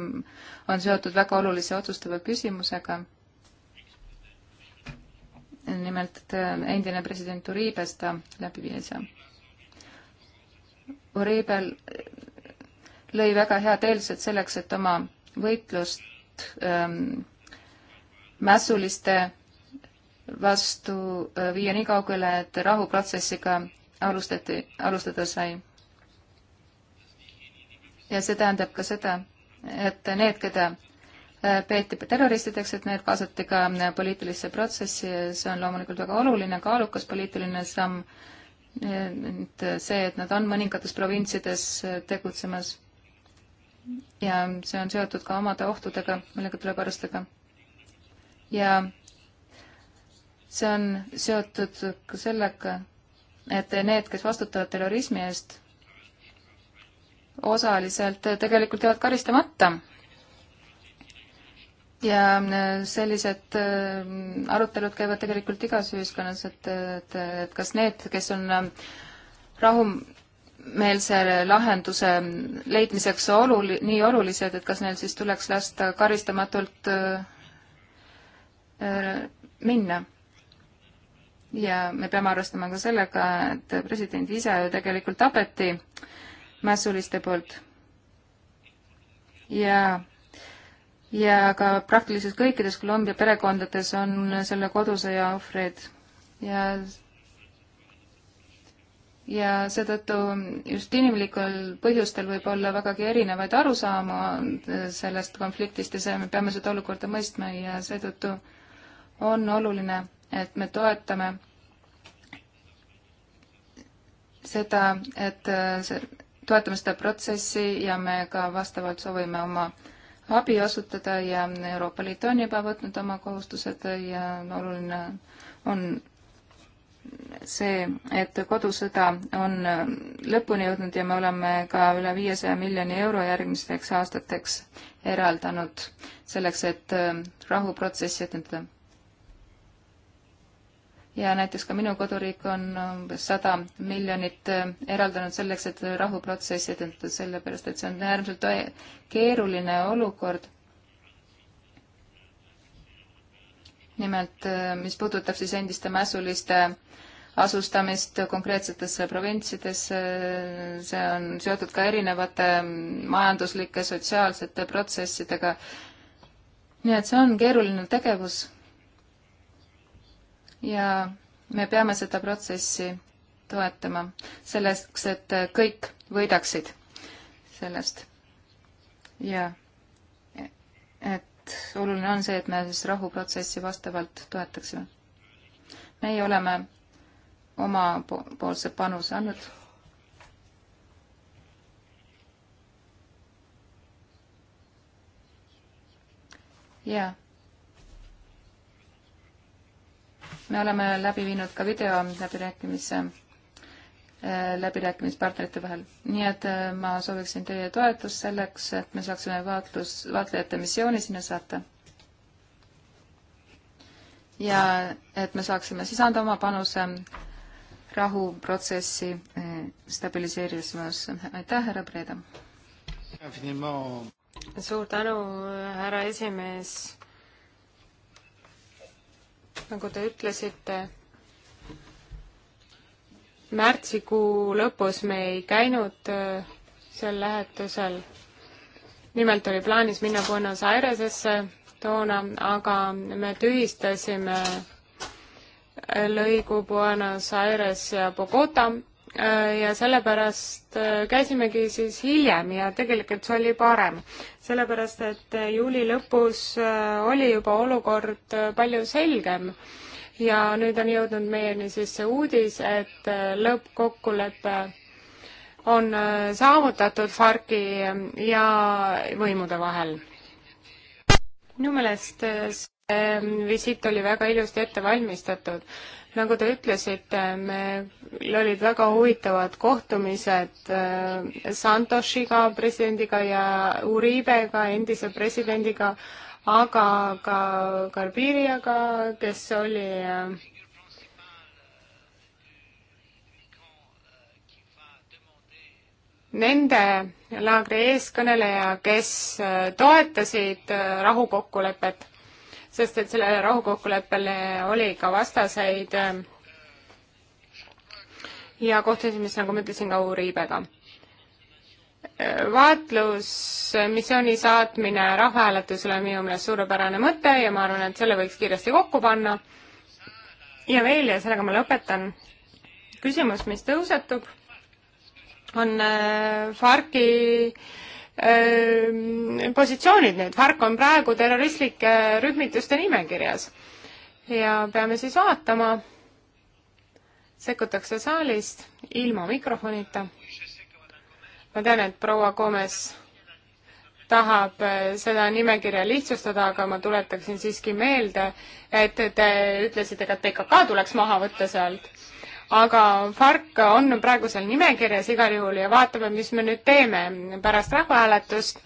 Speaker 2: on seotud väga olulise otsustava küsimusega nimelt äh, endine president Uribes ta läbi viis. Uribel lõi väga head eeldused selleks, et oma võitlust ähm, mässuliste vastu äh, viia nii kaugele, et rahuprotsessiga alustati, alustada sai. ja see tähendab ka seda, et need, keda Äh, peeti terroristideks, et need kaasati ka äh, poliitilisse protsessi ja see on loomulikult väga oluline, kaalukas poliitiline samm. et see, et nad on mõningates provintsides äh, tegutsemas ja see on seotud ka omade ohtudega, millega tuleb arvestada. ja see on seotud ka sellega, et need, kes vastutavad terrorismi eest, osaliselt tegelikult jäävad karistamata ja äh, sellised äh, arutelud käivad tegelikult igas ühiskonnas, et, et, et kas need, kes on äh, rahumeelse lahenduse leidmiseks oluli-, nii olulised, et kas neil siis tuleks lasta karistamatult minna. ja me peame arvestama ka sellega, et president ise ju tegelikult tapeti mässuliste poolt. ja ja ka praktiliselt kõikides Kolumbia perekondades on selle kodusõja ohvreid ja ja seetõttu just inimlikul põhjustel võib olla vägagi erinevaid arusaamu sellest konfliktist ja see, me peame seda olukorda mõistma ja seetõttu on oluline, et me toetame seda, et see, toetame seda protsessi ja me ka vastavalt soovime oma äh, abi osutada ja Euroopa Liit on juba võtnud oma kohustused ja oluline on see, et kodusõda on lõpuni jõudnud ja me oleme ka üle viiesaja miljoni euro järgmisteks aastateks eraldanud selleks, et rahuprotsessi etendada ja näiteks ka minu koduriik on umbes sada miljonit äh, eraldanud selleks, et rahuprotsessi edendada, sellepärast et see on äärmiselt keeruline olukord. nimelt, äh, mis puudutab siis endiste mässuliste asustamist konkreetsetesse provintsidesse, see on seotud ka erinevate majanduslike, sotsiaalsete protsessidega. nii et see on keeruline tegevus ja me peame seda protsessi toetama selleks, et kõik võidaksid sellest. ja et oluline on see, et me siis rahuprotsessi vastavalt toetaksime. meie oleme omapoolse panuse andnud. jaa me oleme läbi viinud ka videoläbirääkimise äh, läbirääkimispartnerite vahel. nii et äh, ma sooviksin teie toetust selleks, et me saaksime vaatlus, vaatlejate missiooni sinna saata. ja et me saaksime siis anda oma panuse rahuprotsessi äh, stabiliseerimisesse. aitäh, härra Breda! suur tänu, härra esimees!
Speaker 3: nagu te ütlesite, märtsikuu lõpus me ei käinud äh, sel lähetusel. nimelt oli plaanis minna Buenos Airesesse toona, aga me tühistasime äh, lõigu Buenos Aires ja Bogota Äh, ja sellepärast äh, käisimegi siis hiljem ja tegelikult see oli parem, sellepärast et äh, juuli lõpus oli juba olukord palju selgem ja nüüd on jõudnud meieni siis see uudis, et lõppkokkulepe on saavutatud FARC-i ja võimude vahel. minu meelest see visiit oli väga ilusti ette valmistatud nagu te ütlesite, meil olid väga huvitavad kohtumised äh, Santosiga, presidendiga ja Uribega, endise presidendiga, aga ka Garbiriaga, kes oli äh, nende laagri eeskõneleja, kes äh, toetasid rahukokkulepet sest et sellele rahukokkuleppele oli ka vastaseid ähm, ja kohtusime siis, nagu ma ütlesin, ka Uriibega. Äh, vaatlusmissiooni saatmine rahvahääletusele on minu meelest suurepärane mõte ja ma arvan, et selle võiks kiiresti kokku panna. ja veel, ja sellega ma lõpetan, küsimus, mis tõusetub, on FARC-i äh, Ehm, positsioonid nüüd, FARC on praegu terroristlike rühmituste nimekirjas. ja peame siis vaatama, sekkutakse saalist ilma mikrofonita. ma tean, et proua Gomes tahab eh, seda nimekirja lihtsustada, aga ma tuletaksin siiski meelde, et te ütlesite ka, et PKK tuleks maha võtta sealt aga FARC on praegu seal nimekirjas igal juhul ja vaatame, mis me nüüd teeme pärast rahvahääletust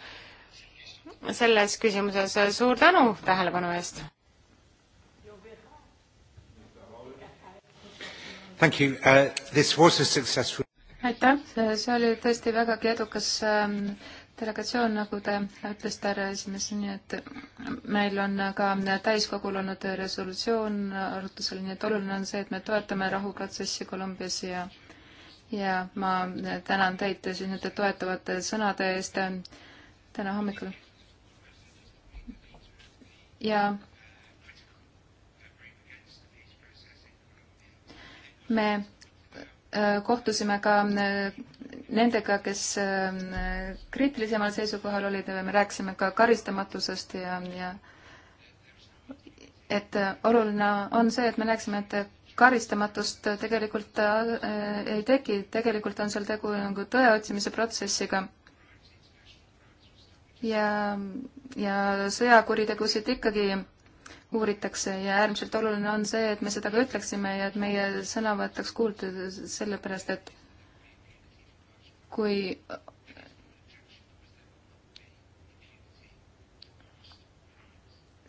Speaker 3: selles küsimuses. suur tänu tähelepanu eest!
Speaker 1: Uh,
Speaker 2: aitäh, see oli tõesti vägagi edukas ähm, delegatsioon, nagu te ütlesite, härra esimees, nii et meil on ka täiskogul olnud resolutsioon arutlusel, nii et oluline on see, et me toetame rahuprotsessi Kolumbias ja ja ma tänan teid siis nende toetavate sõnade eest täna hommikul. ja me äh, kohtusime ka äh, nendega, kes ähm, kriitilisemal seisukohal olid, me rääkisime ka karistamatusest ja, ja et oluline on see, et me näeksime, et karistamatust tegelikult äh, ei teki, tegelikult on seal tegu nagu tõe otsimise protsessiga. ja, ja sõjakuritegusid ikkagi uuritakse ja äärmiselt oluline on see, et me seda ka ütleksime ja et meie sõna võetaks kuulda, sellepärast et kui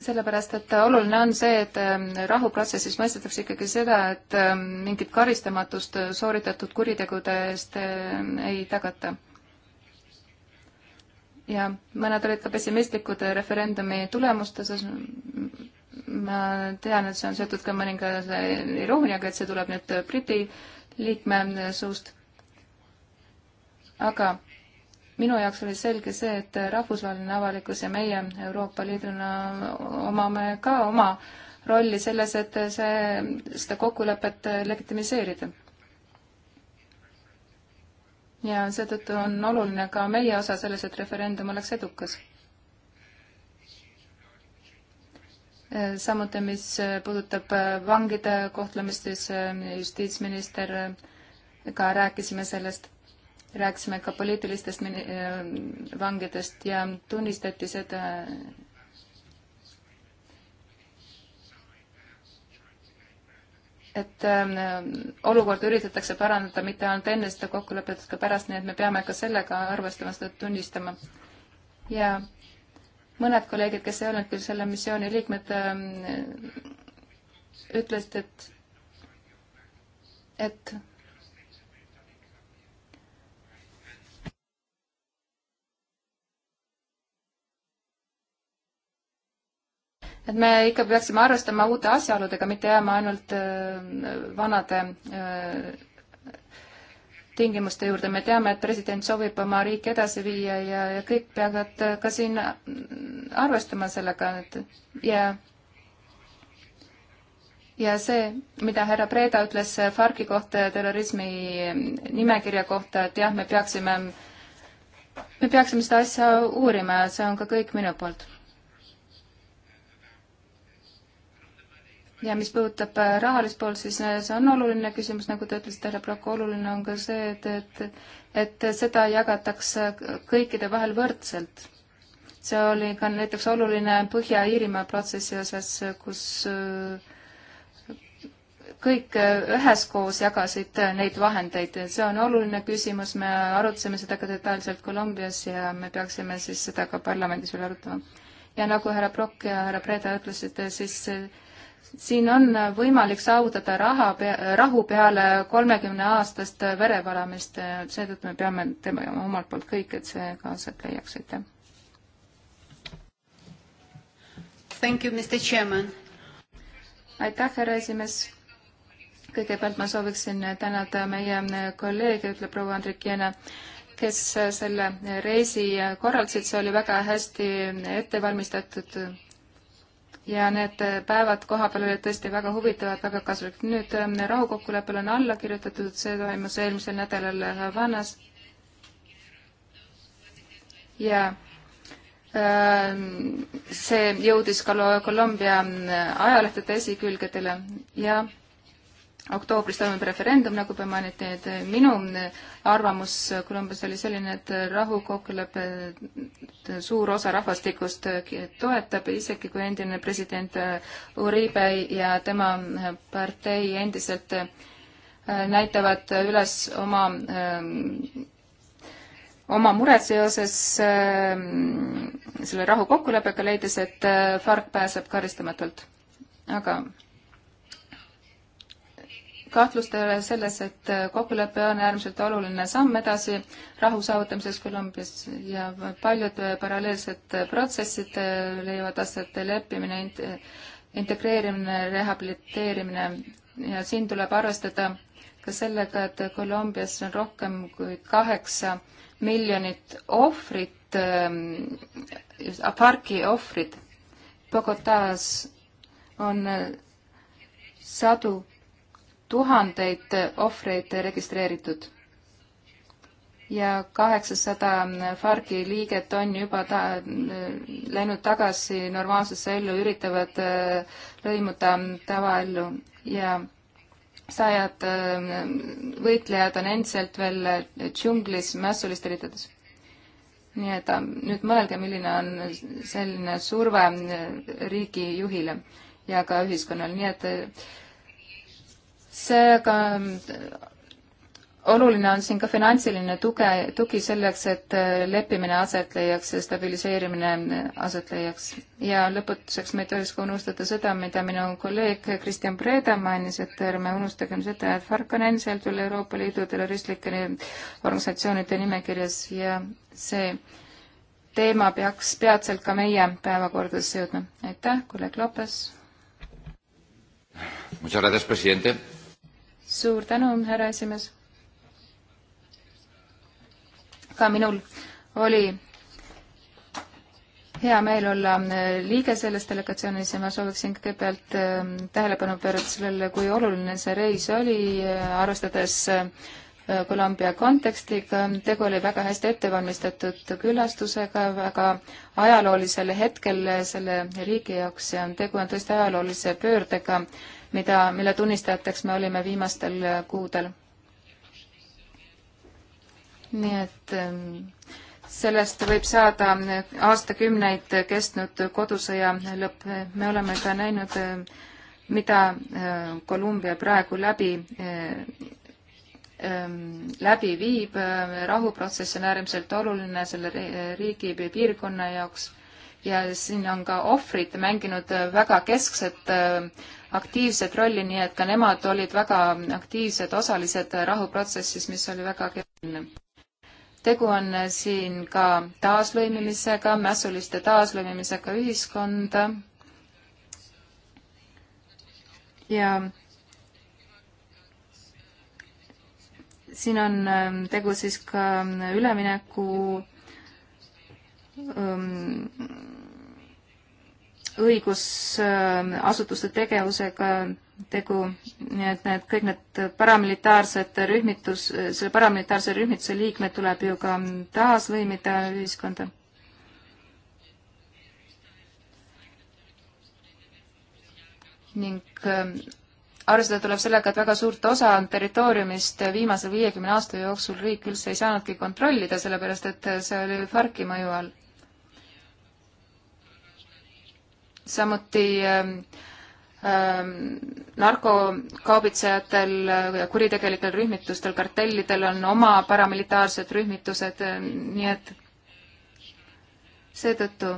Speaker 2: sellepärast, et oluline on see, et ähm, rahuprotsessis mõistetakse ikkagi seda, et ähm, mingit karistamatust sooritatud kuritegude eest ähm, ei tagata. ja mõned olid ka pessimistlikud referendumi tulemustes, ma tean, et see on seotud ka mõningase irooniaga, et see tuleb nüüd Briti liikme suust aga minu jaoks oli selge see, et rahvusvaheline avalikkus ja meie Euroopa Liiduna omame ka oma rolli selles, et see, seda kokkulepet legitimiseerida. ja seetõttu on oluline ka meie osa selles, et referendum oleks edukas. samuti, mis puudutab vangide kohtlemist, siis justiitsminister ka rääkisime sellest rääkisime ka poliitilistest äh, vangidest ja tunnistati seda, et ähm, olukorda üritatakse parandada mitte ainult enne seda kokkulepet, ka pärast, nii et me peame ka sellega arvestama, seda tunnistama. ja mõned kolleegid, kes ei olnud küll selle missiooni liikmed, ähm, ütlesid, et, et et me ikka peaksime arvestama uute asjaoludega, mitte jääma ainult äh, vanade äh, tingimuste juurde. me teame, et president soovib oma riiki edasi viia ja, ja kõik peavad äh, ka siin arvestama sellega, et ja ja see, mida härra Preda ütles FARC-i kohta ja terrorismi nimekirja kohta, et jah, me peaksime, me peaksime seda asja uurima ja see on ka kõik minu poolt ja mis puudutab äh, rahalist poolt, siis äh, see on oluline küsimus, nagu te ütlesite, härra Prokk, oluline on ka see, et, et et seda jagatakse kõikide vahel võrdselt. see oli ka näiteks oluline Põhja-Iirimaa protsessi osas, kus äh, kõik üheskoos jagasid neid vahendeid, see on oluline küsimus, me arutasime seda ka detailselt Kolumbias ja me peaksime siis seda ka parlamendis veel arutama. ja nagu härra Prokk ja härra Preda ütlesid, siis siin on võimalik saavutada raha, rahu peale kolmekümne aastast verevalamist, seetõttu me peame tema omalt poolt kõik, et see kaasat leiaks, aitäh. Thank you, Mr Chairman. aitäh, härra esimees. kõigepealt ma sooviksin tänada meie kolleege, ütleb proua Andrikiene kes selle reisi korraldasid, see oli väga hästi ette valmistatud ja need äh, päevad kohapeal olid tõesti väga huvitavad, väga kasulikud. nüüd ähm, rahukokkuleppele on alla kirjutatud, see toimus eelmisel nädalal Havanas. ja ähm, see jõudis ka Kolumbia äh, ajalehtede esikülgedele ja oktoobris toimub referendum, nagu juba mainiti, et minu arvamus Kolumbias oli selline, et rahukokkulepe suur osa rahvastikust toetab, isegi kui endine president Uribe ja tema partei endiselt näitavad üles oma, oma mured seoses ähm, selle rahukokkuleppega, leides, et FARC pääseb karistamatult. aga kahtlust ei ole selles, et kokkulepe on äärmiselt oluline samm edasi rahu saavutamises Kolumbias ja paljud paralleelsed protsessid leiavad aset leppimine, integreerimine, rehabiliteerimine ja siin tuleb arvestada ka sellega, et Kolumbias on rohkem kui kaheksa miljonit ohvrit, aparki ähm, ohvrid. Bogotas on sadu tuhandeid ohvreid registreeritud ja kaheksasada FARC-i liiget on juba ta, läinud tagasi normaalsesse ellu, üritavad äh, lõimuda tavaellu ja sajad äh, võitlejad on endiselt veel äh, džunglis mässulist üritades. nii et nüüd mõelge, milline on selline surve riigijuhile ja ka ühiskonnale, nii et seega oluline on siin ka finantsiline tuge, tugi selleks, et leppimine aset leiaks ja stabiliseerimine aset leiaks. ja lõpetuseks me ei tohiks ka unustada seda, mida minu kolleeg Kristjan Preda mainis, et ärme unustagem seda, et FARC on endiselt veel Euroopa Liidu terroristlike organisatsioonide nimekirjas ja see teema peaks peatselt ka meie päevakordadesse jõudma. aitäh, kolleeg Lopes! Muchas gracias, presidente suur tänu, härra esimees. ka minul oli hea meel olla äh, liige selles delegatsioonis ja ma sooviksin kõigepealt äh, tähelepanu pöörata sellele, kui oluline see reis oli, äh, arvestades Kolumbia kontekstiga, tegu oli väga hästi ettevalmistatud külastusega, väga ajaloolisel hetkel selle riigi jaoks ja tegu on tõesti ajaloolise pöördega äh, mida, mille tunnistajateks me olime viimastel äh, kuudel. nii et ähm, sellest võib saada äh, aastakümneid kestnud kodusõja lõpp. me oleme ka näinud, äh, mida Kolumbia praegu läbi, ähm, läbi viib. rahuprotsess on äärmiselt oluline selle riigi või piirkonna jaoks ja siin on ka ohvrid mänginud väga keskset aktiivset rolli, nii et ka nemad olid väga aktiivsed osalised rahuprotsessis, mis oli väga keeruline. tegu on siin ka taaslõimimisega, mässuliste taaslõimimisega ühiskonda ja siin on ähm, tegu siis ka ülemineku um, õigusasutuste tegevusega tegu, nii et need, kõik need paramilitaarsed rühmitus, selle paramilitaarse rühmituse liikmed tuleb ju ka taaslõimida ühiskonda. ning äh, arvestada tuleb sellega, et väga suurt osa territooriumist viimase viiekümne aasta jooksul riik üldse ei saanudki kontrollida, sellepärast et see oli FARC-i mõju all samuti ähm, ähm, narkokaubitsejatel ja kuritegelikel rühmitustel, kartellidel on oma paramilitaarsed rühmitused, ähm, nii et seetõttu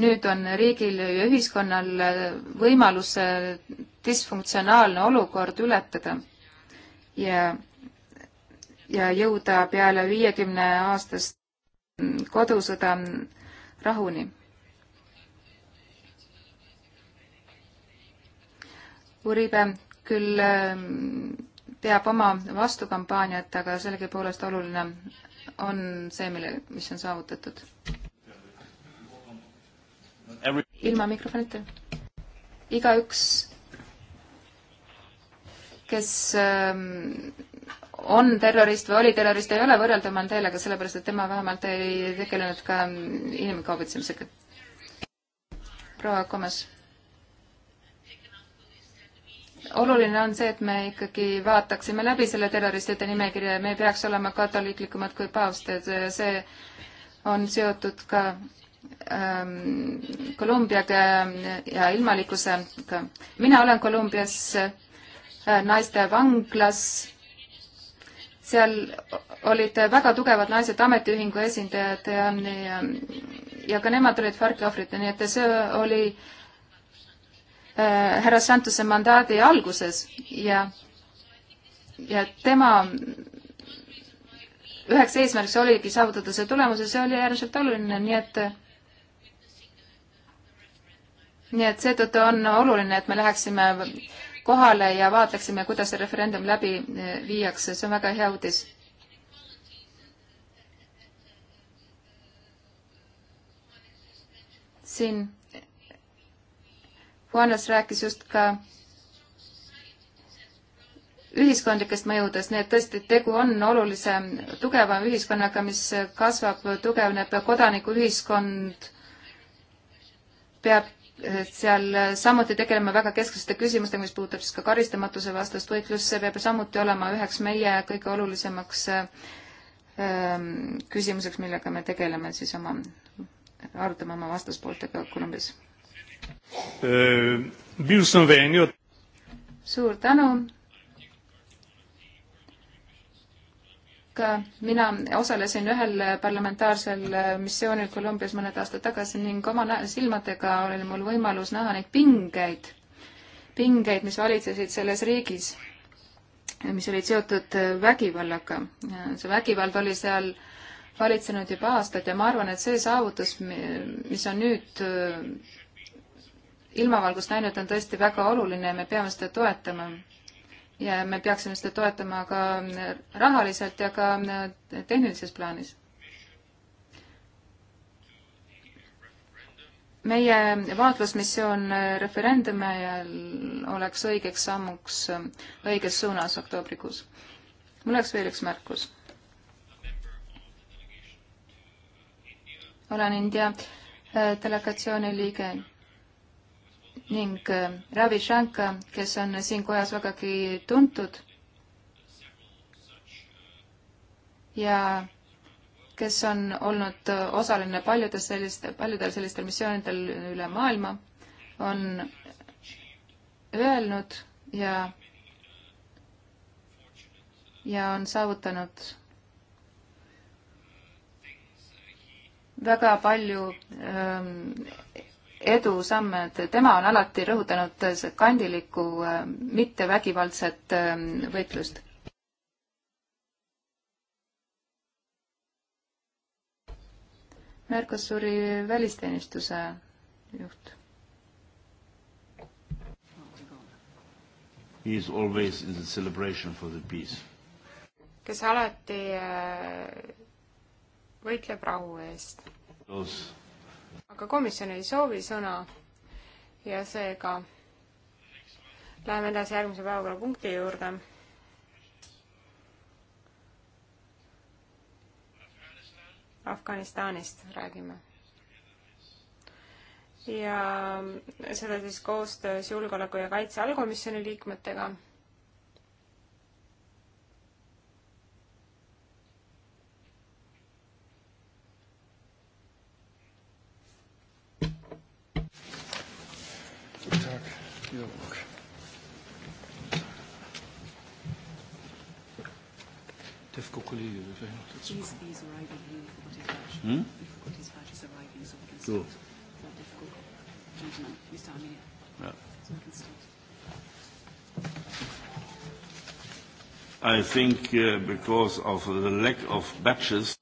Speaker 2: nüüd on riigil ja ühiskonnal võimalus disfunktsionaalne olukord ületada ja, ja jõuda peale viiekümne aastast kodusõda rahuni Uribe küll ähm, peab oma vastukampaaniat, aga sellegipoolest oluline on see, mille, mis on saavutatud. ilma mikrofonita. igaüks, kes ähm, on terrorist või oli terrorist, ei ole võrreldav Mandelaga, sellepärast et tema vähemalt ei tegelenud ka ähm, inimkaubitsemisega. proua Komes oluline on see, et me ikkagi vaataksime läbi selle terroristide nimekirja ja me ei peaks olema katoliiklikumad kui paavst, et see on seotud ka ähm, Kolumbiaga ja ilmalikkusega. mina olen Kolumbias äh, naiste vanglas, seal olid väga tugevad naised, ametiühingu esindajad ja, ja, ja ka nemad olid FARC-i ohvrid, nii et see oli äh, Äh, härra Santuse mandaadi alguses ja, ja tema üheks eesmärgiks oligi saavutada see tulemus ja see oli äärmiselt oluline, nii et nii et seetõttu on oluline, et me läheksime kohale ja vaatleksime, kuidas see referendum läbi äh, viiakse, see on väga hea uudis. siin Juanes rääkis just ka ühiskondlikest mõjudest, nii et tõesti, tegu on olulise tugeva ühiskonnaga, mis kasvab, tugevneb, kodanikuühiskond peab eh, seal samuti tegelema väga kesksete küsimustega, mis puudutab siis ka karistamatuse vastast võitlust, see peab samuti olema üheks meie kõige olulisemaks ehm, küsimuseks, millega me tegeleme siis oma, arutame oma vastaspooltega Kolumbias
Speaker 1: Eh,
Speaker 2: suur tänu. ka mina osalesin ühel parlamentaarsel missioonil Kolumbias mõned aastad tagasi ning oma silmadega oli mul võimalus näha neid pingeid, pingeid, mis valitsesid selles riigis, mis olid seotud vägivallaga. see vägivald oli seal valitsenud juba aastaid ja ma arvan, et see saavutus, mis on nüüd ilmavalgust näinud, on tõesti väga oluline ja me peame seda toetama. ja me peaksime seda toetama ka rahaliselt ja ka tehnilises plaanis. meie vaatlusmissioon referendumi ajal oleks õigeks sammuks õiges suunas oktoobrikuus. mul oleks veel üks märkus. olen India äh, delegatsiooni liige ning äh, Ravi Shankar, kes on siin kojas vägagi tuntud ja kes on olnud osaline paljudes selliste, paljudel sellistel missioonidel üle maailma, on öelnud ja, ja on saavutanud väga palju ähm, edusamme, et tema on alati rõhutanud kandilikku äh, mittevägivaldset ähm, võitlust. Mercosuri välisteenistuse juht.
Speaker 1: He is always in the celebration for the peace.
Speaker 2: kes
Speaker 3: alati äh, võitleb rahu eest. Those aga komisjon ei soovi sõna ja seega läheme edasi järgmise päevakorrapunkti juurde. Afganistanist räägime. ja seda siis koostöös Julgeoleku ja Kaitse allkomisjoni liikmetega
Speaker 2: He's, he's arriving. He forgot his badge. Hmm? He forgot his badge.
Speaker 1: He's arriving, so
Speaker 2: we can start. Cool.
Speaker 3: Not difficult. Gentlemen, Mr. Amir.
Speaker 2: Yeah. So we
Speaker 1: can start. I think uh, because of the lack of batches.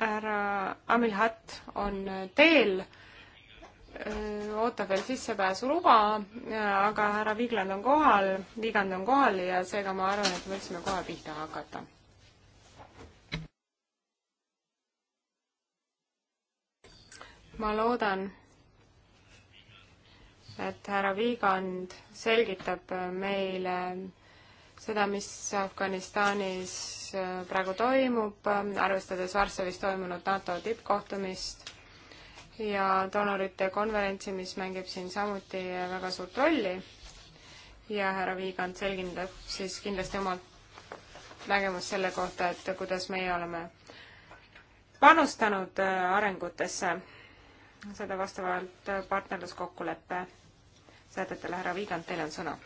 Speaker 3: härra Amilhat on teel Äh, ootab veel sissepääsuluba, äh, aga härra Vigland on kohal, Vigand on kohal ja seega ma arvan, et võiksime kohe pihta hakata. ma loodan, et härra Vigand selgitab meile seda, mis Afganistanis äh, praegu toimub, arvestades Varssavis toimunud NATO tippkohtumist ja doonorite konverentsi, mis mängib siin samuti väga suurt rolli. ja härra Viigand selgindab siis kindlasti oma nägemust selle kohta, et kuidas meie oleme panustanud äh, arengutesse, seda vastavalt partnerluskokkuleppe sätetele. härra Viigand, teil on sõna.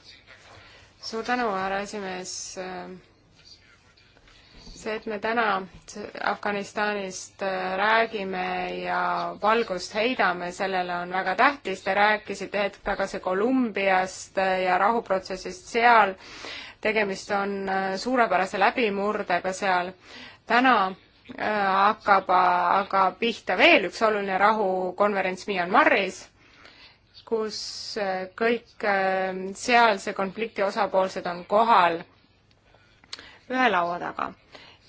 Speaker 3: suur tänu, härra esimees äh, see, et me täna Afganistanist äh, räägime ja valgust heidame, sellele on väga tähtis. Te rääkisite hetk tagasi Kolumbiast äh, ja rahuprotsessist seal. tegemist on äh, suurepärase läbimurdega seal. täna hakkab aga pihta veel üks oluline rahukonverents Myanmaris kus kõik sealse konflikti osapoolsed on kohal ühe laua taga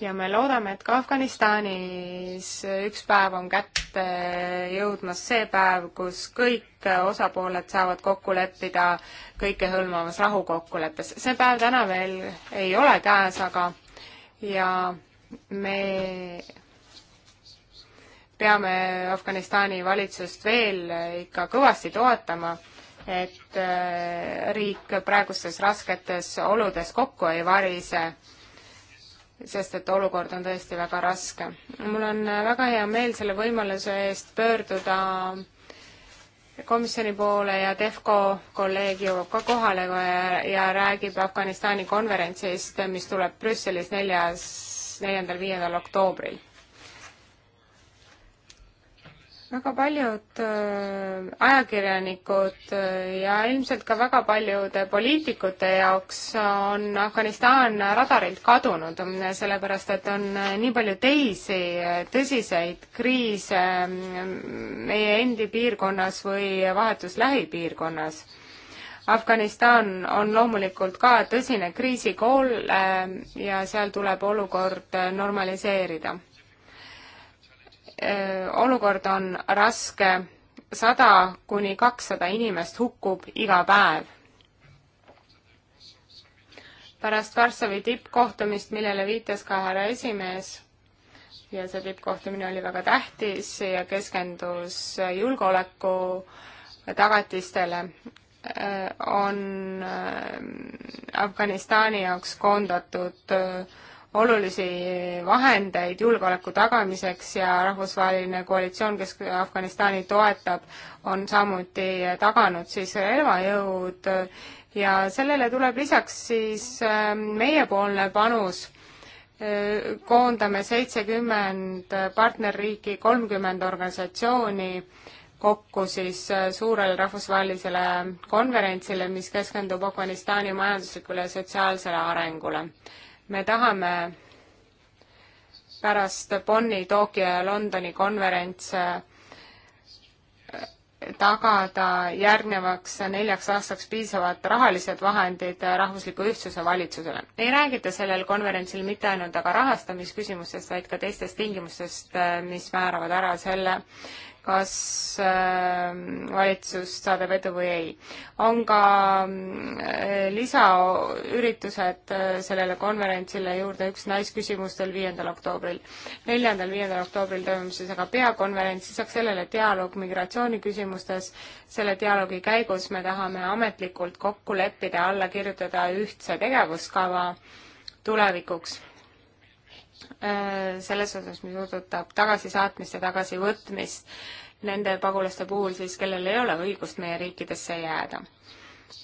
Speaker 3: ja me loodame, et ka Afganistanis üks päev on kätte jõudmas see päev, kus kõik osapooled saavad kokku leppida kõikehõlmavas rahukokkuleppes. see päev täna veel ei ole käes, aga ja me peame Afganistani valitsust veel ikka kõvasti toetama, et äh, riik praegustes rasketes oludes kokku ei varise sest et olukord on tõesti väga raske. mul on väga hea meel selle võimaluse eest pöörduda komisjoni poole ja Defco kolleeg jõuab ka kohale ja, ja räägib Afganistani konverentsist, mis tuleb Brüsselis neljas, neljandal-viiendal oktoobril väga paljud äh, ajakirjanikud äh, ja ilmselt ka väga paljude poliitikute jaoks on Afganistan radarilt kadunud, sellepärast et on äh, nii palju teisi tõsiseid kriise mm, meie endi piirkonnas või vahetus lähipiirkonnas. Afganistan on loomulikult ka tõsine kriisikool ja seal tuleb olukord normaliseerida Äh, olukord on raske, sada kuni kakssada inimest hukkub iga päev pärast Varssavi tippkohtumist, millele viitas ka härra esimees, ja see tippkohtumine oli väga tähtis ja keskendus julgeoleku tagatistele, äh, on äh, Afganistani jaoks koondatud olulisi vahendeid julgeoleku tagamiseks ja rahvusvaheline koalitsioon, kes Afganistani toetab, on samuti taganud siis relvajõud ja sellele tuleb lisaks siis ähm, meiepoolne panus äh, koondame seitsekümmend partnerriiki, kolmkümmend organisatsiooni kokku siis äh, suurele rahvusvahelisele konverentsile, mis keskendub Afganistani majanduslikule ja sotsiaalsele arengule me tahame pärast Bonni, Tokyo ja Londoni konverentse eh, tagada järgnevaks neljaks aastaks piisavad rahalised vahendid rahvusliku ühtsuse valitsusele. ei räägita sellel konverentsil mitte ainult aga rahastamisküsimustest, vaid ka teistest tingimustest, eh, mis määravad ära selle, kas ähm, valitsus saadab edu või ei. on ka äh, lisaüritused äh, sellele konverentsile juurde, üks naisküsimustel viiendal oktoobril. neljandal, viiendal oktoobril toimub siis aga peakonverents, lisaks sellele dialoog migratsiooniküsimustes. selle dialoogi käigus me tahame ametlikult kokku leppida, alla kirjutada ühtse tegevuskava tulevikuks Äh, selles osas, mis puudutab tagasisaatmist ja tagasivõtmist nende pagulaste puhul siis, kellel ei ole õigust meie riikidesse jääda.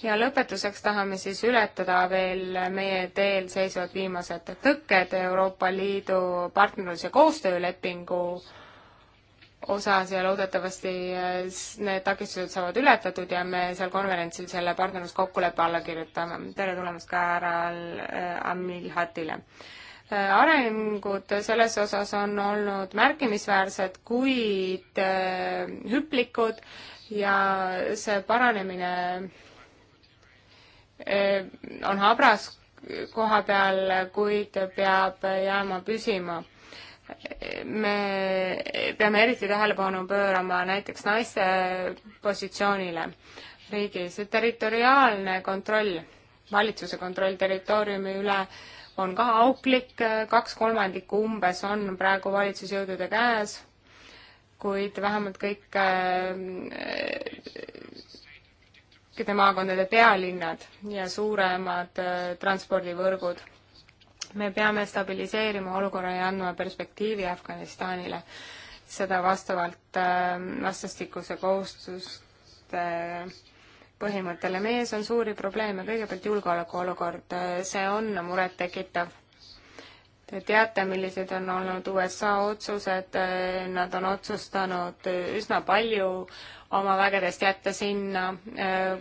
Speaker 3: ja lõpetuseks tahame siis ületada veel meie teel seisvad viimased tõkked Euroopa Liidu partnerlus- ja koostöölepingu osas ja loodetavasti äh, need takistused saavad ületatud ja me seal konverentsil selle partnerluskokkuleppe alla kirjutame. tere tulemast ka härra äh, Amil Hatile! Äh, arengud selles osas on olnud märkimisväärsed, kuid äh, hüplikud ja see paranemine äh, on habras koha peal, kuid peab jääma püsima. me peame eriti tähelepanu pöörama näiteks naiste positsioonile riigis, territoriaalne kontroll, valitsuse kontroll territooriumi üle äh, on ka auklik, kaks kolmandikku umbes on praegu valitsusjõudude käes, kuid vähemalt kõik kõikide äh, äh, maakondade pealinnad ja suuremad äh, transpordivõrgud. me peame stabiliseerima olukorra ja andma perspektiivi Afganistanile, seda vastavalt vastastikuse kohustuste äh, põhimõttele. meie ees on suuri probleeme, kõigepealt julgeolekuolukord, see on murettekitav. Te teate, millised on olnud USA otsused, nad on otsustanud üsna palju oma vägedest jätta sinna,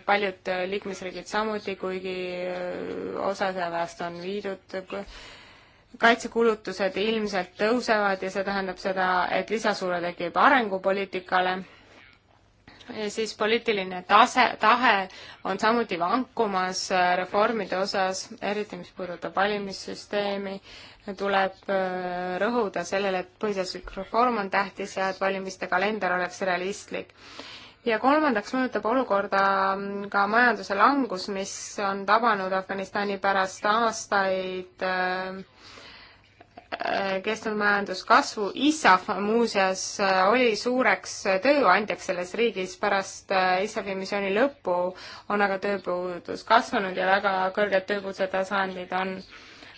Speaker 3: paljud liikmesriigid samuti, kuigi osa sõjaväest on viidud kaitsekulutused ilmselt tõusevad ja see tähendab seda, et lisasurve tekib arengupoliitikale siis poliitiline tase, tahe on samuti vankumas äh, reformide osas, eriti mis puudutab valimissüsteemi, tuleb äh, rõhuda sellele, et põhiseaduslik reform on tähtis ja et valimiste kalender oleks realistlik. ja kolmandaks mõjutab olukorda mm, ka majanduse langus, mis on tabanud Afganistani pärast aastaid äh, Äh, kestnud majanduskasvu. ISAF muuseas äh, oli suureks äh, tööandjaks selles riigis, pärast ISAF-i missiooni lõppu on aga tööpuudus kasvanud ja väga kõrged tööpuuduse tasandid on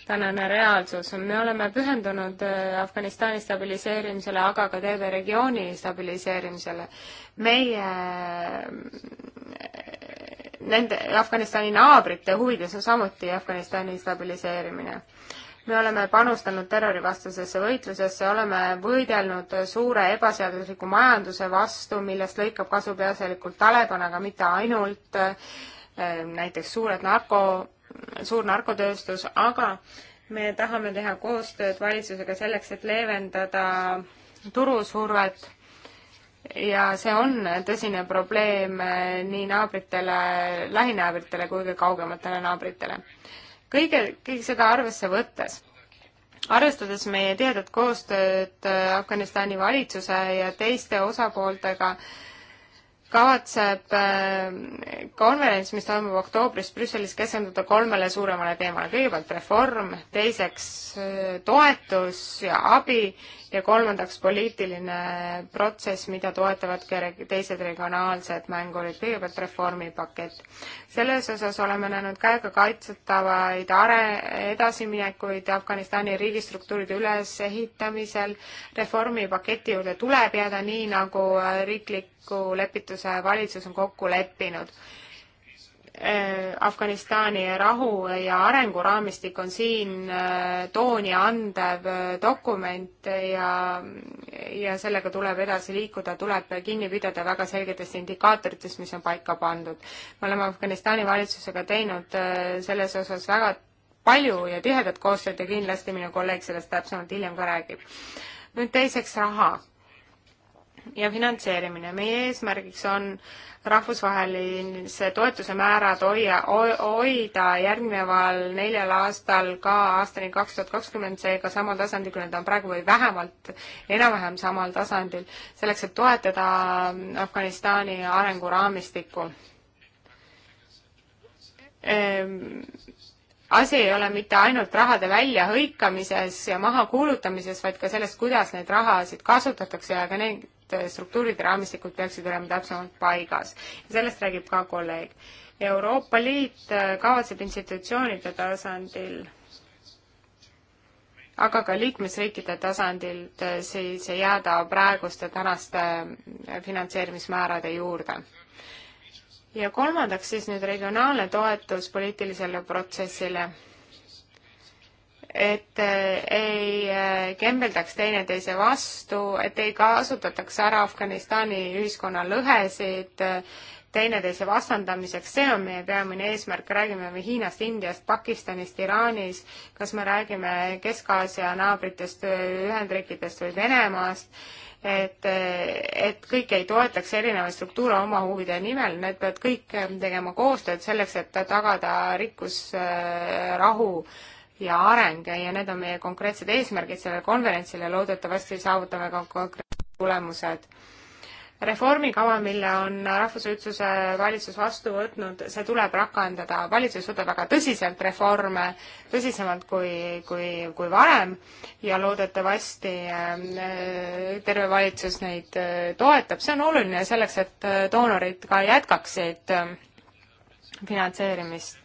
Speaker 3: tänane reaalsus. me oleme pühendunud Afganistani stabiliseerimisele, aga ka terve regiooni stabiliseerimisele. meie nende Afganistani naabrite huvides on samuti Afganistani stabiliseerimine me oleme panustanud terrorivastasesse võitlusesse, oleme võidelnud suure ebaseadusliku majanduse vastu, millest lõikab kasu peaasjalikult Taliban, aga mitte ainult, ehm, näiteks suured narko, suur narkotööstus, aga me tahame teha koostööd valitsusega selleks, et leevendada turusurvet ja see on tõsine probleem eh, nii naabritele, lähinaabritele kui ka kaugematele naabritele kõige, kõige seda arvesse võttes, arvestades meie tihedat koostööd äh, Afganistani valitsuse ja teiste osapooltega äh, kavatseb äh, konverents, mis toimub oktoobris Brüsselis, keskenduda kolmele suuremale teemale. kõigepealt reform, teiseks äh, toetus ja abi ja kolmandaks poliitiline protsess, mida toetavad ka teised regionaalsed mängurid. kõigepealt reformipakett. selles osas oleme näinud käegakaitsetavaid are-, edasiminekuid Afganistani riigistruktuuride ülesehitamisel. reformipaketi juurde tuleb jääda nii, nagu äh, riiklik kokkulepituse valitsus on kokku leppinud. Äh, Afganistani rahu ja arenguraamistik on siin äh, tooni andev äh, dokument ja, ja sellega tuleb edasi liikuda, tuleb kinni pidada väga selgetest indikaatoritest, mis on paika pandud. me oleme Afganistani valitsusega teinud selles osas väga palju ja tihedat koostööd ja kindlasti minu kolleeg sellest täpsemalt hiljem ka räägib. nüüd teiseks raha ja finantseerimine. meie eesmärgiks on rahvusvahelise toetuse määrad hoia, hoida järgneval neljal aastal ka aastani kaks tuhat kakskümmend seega samal tasandil, kui nad on praegu või vähemalt enam-vähem samal tasandil, selleks et toetada Afganistani arenguraamistikku ehm, asi ei ole mitte ainult rahade väljahõikamises ja mahakuulutamises, vaid ka selles, kuidas neid rahasid kasutatakse ja ka neid et struktuurid ja raamistikud peaksid olema täpsemalt paigas. sellest räägib ka kolleeg. Euroopa Liit äh, kavatseb institutsioonide tasandil aga ka liikmesriikide tasandilt äh, siis jääda praeguste tänaste äh, finantseerimismäärade juurde. ja kolmandaks siis nüüd regionaalne toetus poliitilisele protsessile et äh, ei äh, kembeldaks teineteise vastu, et ei kasutataks ära Afganistani ühiskonna lõhesid äh, teineteise vastandamiseks, see on meie peamine eesmärk, räägime me Hiinast, Indiast, Pakistanist, Iraanist, kas me räägime Kesk-Aasia naabritest, Ühendriikidest või Venemaast, et, et kõik ei toetaks erinevaid struktuure oma huvide nimel, need peavad kõik tegema koostööd selleks, et tagada rikkus, rahu äh, ja areng ja need on meie konkreetsed eesmärgid sellel konverentsil ja loodetavasti saavutame ka konkreetsed tulemused. reformikava, mille on rahvusüldsuse valitsus vastu võtnud, see tuleb rakendada, valitsus võtab väga tõsiselt reforme, tõsisemalt kui, kui, kui varem ja loodetavasti äh, terve valitsus neid äh, toetab, see on oluline selleks, et äh, doonorid ka jätkaksid finantseerimist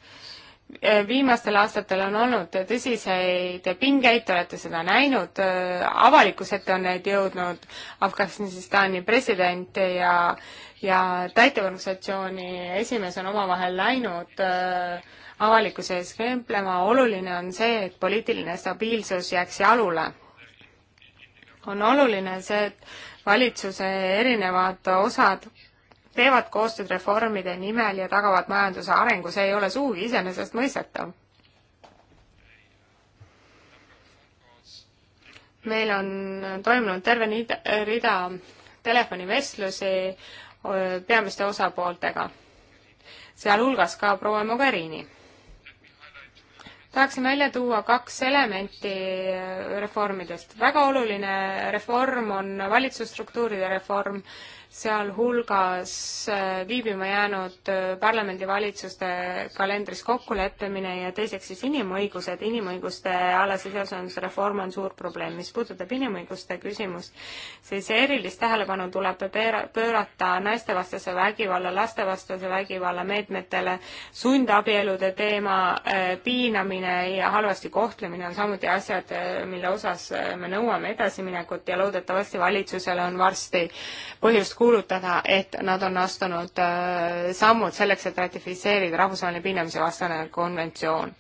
Speaker 3: Äh, viimastel aastatel on olnud tõsiseid pingeid, te olete seda näinud, äh, avalikkuse ette on need jõudnud Afganistani president ja ja täitevorganisatsiooni esimees on omavahel läinud äh, avalikkuse ees kemplema, oluline on see, et poliitiline stabiilsus jääks jalule. on oluline see, et valitsuse erinevad osad teevad koostööd reformide nimel ja tagavad majanduse arengu, see ei ole sugugi iseenesestmõistetav. meil on toimunud terve rida telefonivestlusi peamiste osapooltega, sealhulgas ka proua Mogherini. tahaksin välja tuua kaks elementi reformidest. väga oluline reform on valitsusstruktuuride reform sealhulgas äh, viibima jäänud äh, parlamendivalitsuste kalendris kokkuleppimine ja teiseks siis inimõigused, inimõiguste alase seadusandlusreform on suur probleem. mis puudutab inimõiguste küsimust, siis erilist tähelepanu tuleb pöörata naistevastase vägivalla, lastevastase vägivalla meetmetele, sundabielude teema, äh, piinamine ja halvasti kohtlemine on samuti asjad, mille osas me nõuame edasiminekut ja loodetavasti valitsusele on varsti põhjust kuulutada, et nad on astunud äh, sammud selleks, et ratifitseerida rahvusvaheline piinamise vastane konventsioon.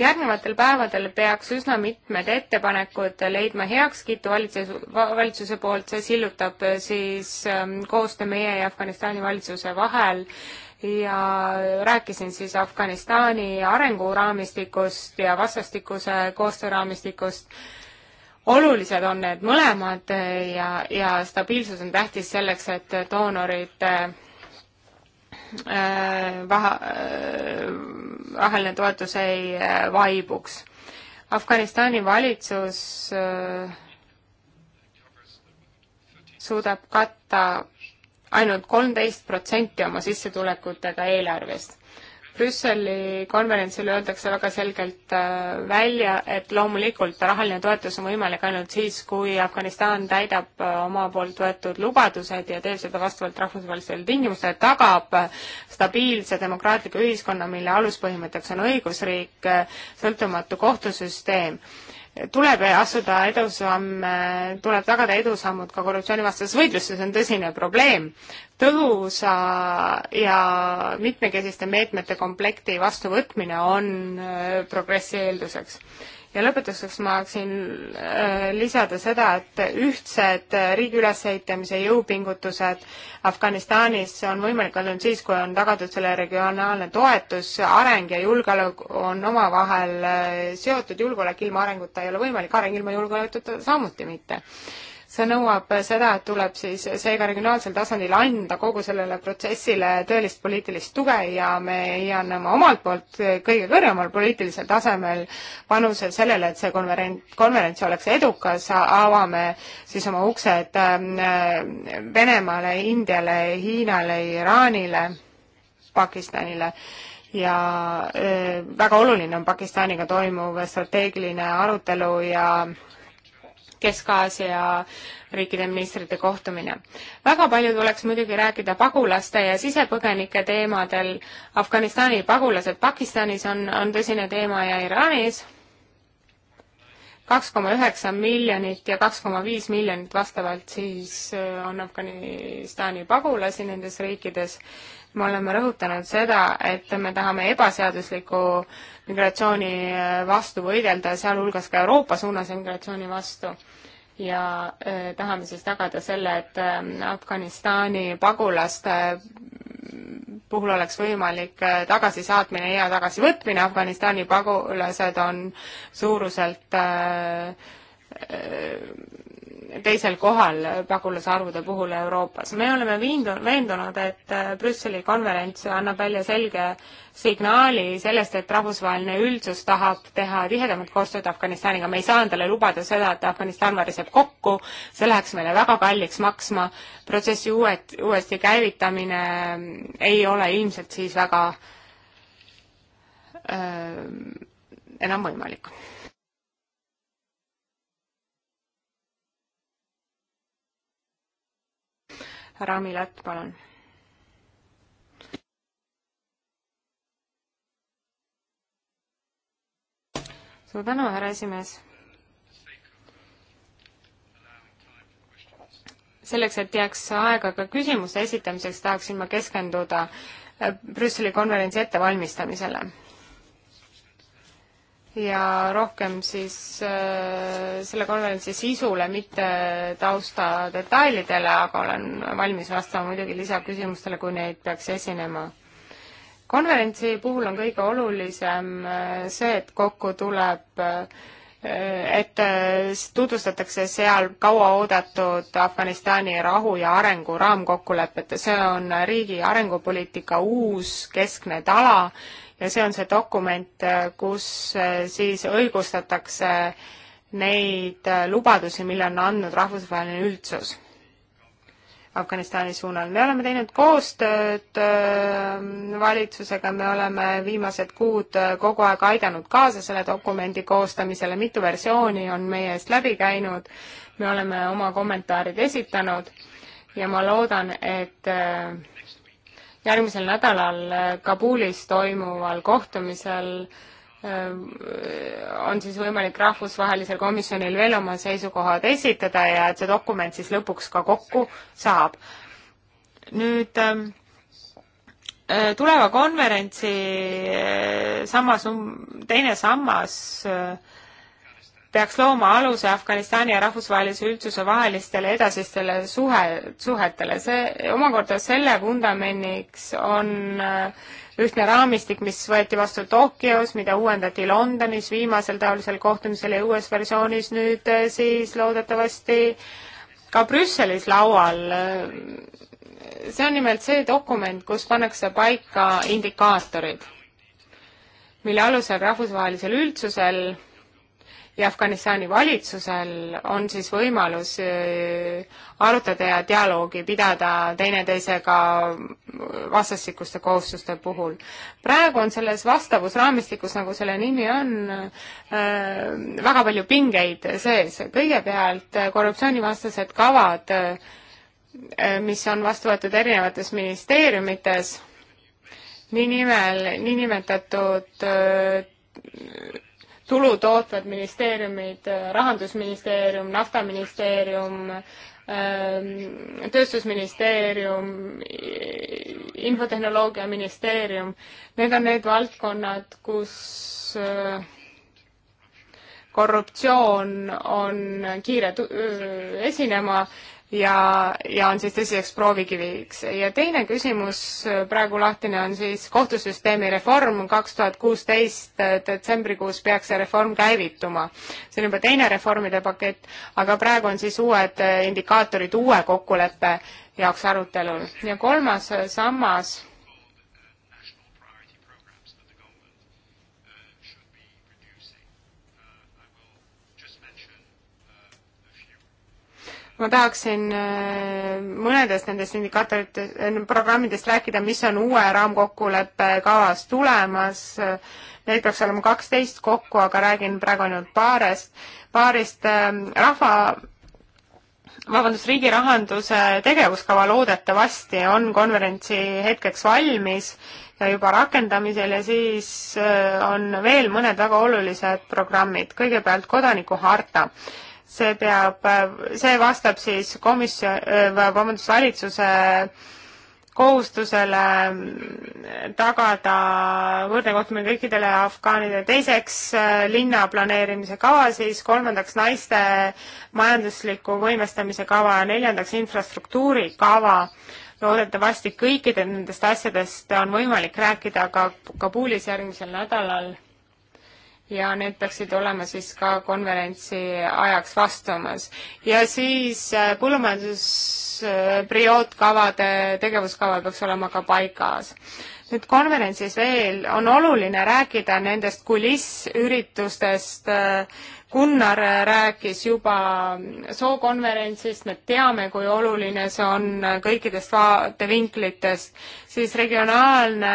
Speaker 3: järgnevatel päevadel peaks üsna mitmed ettepanekud leidma heakskiitu valitsuse, valitsuse poolt, see sillutab äh, siis ähm, koostöö meie ja Afganistani valitsuse vahel ja rääkisin siis Afganistani arenguraamistikust ja vastastikuse koostööraamistikust olulised on need mõlemad eh, ja, ja stabiilsus on tähtis selleks, et doonorite eh, vaha, rahaline eh, toetus ei vaibuks. Afganistani valitsus suudab katta ainult kolmteist protsenti oma sissetulekutega eelarvest Brüsseli konverentsil öeldakse väga selgelt äh, välja, et loomulikult rahaline toetus on võimalik ainult siis, kui Afganistan täidab äh, oma poolt võetud lubadused ja teeb seda vastavalt rahvusvahelistele tingimustele, tagab äh, stabiilse demokraatliku ühiskonna, mille aluspõhimõtteks on õigusriik, sõltumatu kohtusüsteem tuleb astuda edusamme, tuleb tagada edusammud ka korruptsioonivastases võitluses, see on tõsine probleem. tõhusa ja mitmekesiste meetmete komplekti vastuvõtmine on äh, progressi eelduseks ja lõpetuseks ma tahaksin äh, lisada seda, et ühtsed äh, riigi ülesehitamise jõupingutused Afganistanis on võimalik olnud siis, kui on tagatud selle regionaalne toetus, areng ja julgeolek on omavahel äh, seotud, julgeolek ilma arenguta ei ole võimalik, areng ilma julgeolekuta samuti mitte see nõuab seda, et tuleb siis seega regionaalsel tasandil anda kogu sellele protsessile tõelist poliitilist tuge ja me anname omalt poolt kõige kõrgemal poliitilisel tasemel panuse sellele, et see konverent-, konverents oleks edukas, avame siis oma uksed ähm, Venemaale, Indiale, Hiinale, Iraanile, Pakistanile ja öö, äh, väga oluline on Pakistaniga toimuv strateegiline arutelu ja öö, Kesk-Aasia riikide ministrite kohtumine. väga palju tuleks muidugi rääkida pagulaste ja sisepõgenike teemadel. Afganistani pagulased Pakistanis on, on tõsine teema ja Iraanis kaks koma üheksa miljonit ja kaks koma viis miljonit vastavalt siis äh, on Afganistani pagulasi nendes riikides. me oleme rõhutanud seda, et me tahame ebaseadusliku migratsiooni äh, vastu võidelda, sealhulgas ka Euroopa suunas migratsiooni vastu ja äh, tahame siis tagada selle, et ähm, Afganistani pagulaste mm, puhul oleks võimalik äh, tagasisaatmine ja tagasivõtmine, Afganistani pagulased on suuruselt äh, teisel kohal pagulasarvude puhul Euroopas. me oleme viindu-, veendunud, et äh, Brüsseli konverents annab välja selge signaali sellest, et rahvusvaheline üldsus tahab teha tihedamat koostööd Afganistaniga, me ei saa endale lubada seda, et Afganistan variseb kokku, see läheks meile väga kalliks maksma, protsessi uued, uuesti käivitamine äh, ei ole ilmselt siis väga öö, äh, enam võimalik härra Amilat, palun. suur tänu, härra esimees. selleks, et jääks aega ka küsimuste esitamiseks, tahaksin ma keskenduda äh, Brüsseli konverentsi ettevalmistamisele ja rohkem siis äh, selle konverentsi sisule, mitte tausta detailidele, aga olen valmis vastama muidugi lisaküsimustele, kui neid peaks esinema. konverentsi puhul on kõige olulisem äh, see, et kokku tuleb äh, et tutvustatakse seal kauaoodatud Afganistani rahu ja arengu raamkokkulepet ja see on riigi arengupoliitika uus keskne tala ja see on see dokument, kus äh, siis õigustatakse neid äh, lubadusi, mille on andnud rahvusvaheline üldsus Afganistani suunal. me oleme teinud koostööd äh, valitsusega, me oleme viimased kuud kogu aeg aidanud kaasa selle dokumendi koostamisele, mitu versiooni on meie eest läbi käinud, me oleme oma kommentaarid esitanud ja ma loodan, et äh, järgmisel nädalal äh, Kabulis toimuval kohtumisel äh, on siis võimalik rahvusvahelisel komisjonil veel oma seisukohad esitada ja et see dokument siis lõpuks ka kokku saab. nüüd ähm, äh, tuleva konverentsi sammas, um-, teine sammas peaks looma aluse Afganistani ja rahvusvahelise üldsuse vahelistele edasistele suhe, suhetele. see omakorda selle vundamendiks on äh, ühtne raamistik, mis võeti vastu Tokyos, mida uuendati Londonis viimasel taolisel kohtumisel ja uues versioonis nüüd äh, siis loodetavasti ka Brüsselis laual. Äh, see on nimelt see dokument, kus pannakse paika indikaatorid, mille alusel rahvusvahelisel üldsusel ja Afganistani valitsusel on siis võimalus äh, arutada ja dialoogi pidada teineteisega vastassikuste kohustuste puhul. praegu on selles vastavusraamistikus, nagu selle nimi on, äh, väga palju pingeid sees. kõigepealt äh, korruptsioonivastased kavad, mis on vastu võetud erinevates ministeeriumites, nii nimel, niinimetatud tulu tootvad ministeeriumid, Rahandusministeerium, Naftaministeerium, ähm, tööstusministeerium, infotehnoloogiaministeerium, need on need valdkonnad, kus äh, korruptsioon on kiire esinema ja, ja on siis tõsiseks proovikiviks. ja teine küsimus äh, praegu lahtine on siis kohtusüsteemi reform, kaks tuhat kuusteist äh, detsembrikuus peaks see reform käivituma. see on juba teine reformide pakett, aga praegu on siis uued äh, indikaatorid uue kokkuleppe jaoks arutelul. ja kolmas sammas ma tahaksin äh, mõnedest nendest indikaatoritest, äh, programmidest rääkida, mis on uue raamkokkuleppe kavas tulemas. Neid peaks olema kaksteist kokku, aga räägin praegu ainult paarest, paarist ähm, rahva vabandust, riigi rahanduse tegevuskava loodetavasti on konverentsi hetkeks valmis ja juba rakendamisel ja siis äh, on veel mõned väga olulised programmid. kõigepealt kodanikuharta see peab, see vastab siis komisjon, äh, vabandust, valitsuse kohustusele tagada võrdne kohtumine kõikidele afgaanidele, teiseks äh, linna planeerimise kava siis, kolmandaks naiste majandusliku võimestamise kava ja neljandaks infrastruktuuri kava. loodetavasti kõikidest nendest asjadest on võimalik rääkida ka Kabulis järgmisel nädalal ja need peaksid olema siis ka konverentsi ajaks vastumas. ja siis äh, põllumajandusprioodkavade äh, tegevuskava peaks olema ka paigas. nüüd konverentsis veel on oluline rääkida nendest kulissüritustest, äh, Gunnar rääkis juba sookonverentsist, me teame, kui oluline see on kõikidest vaatevinklitest, siis regionaalne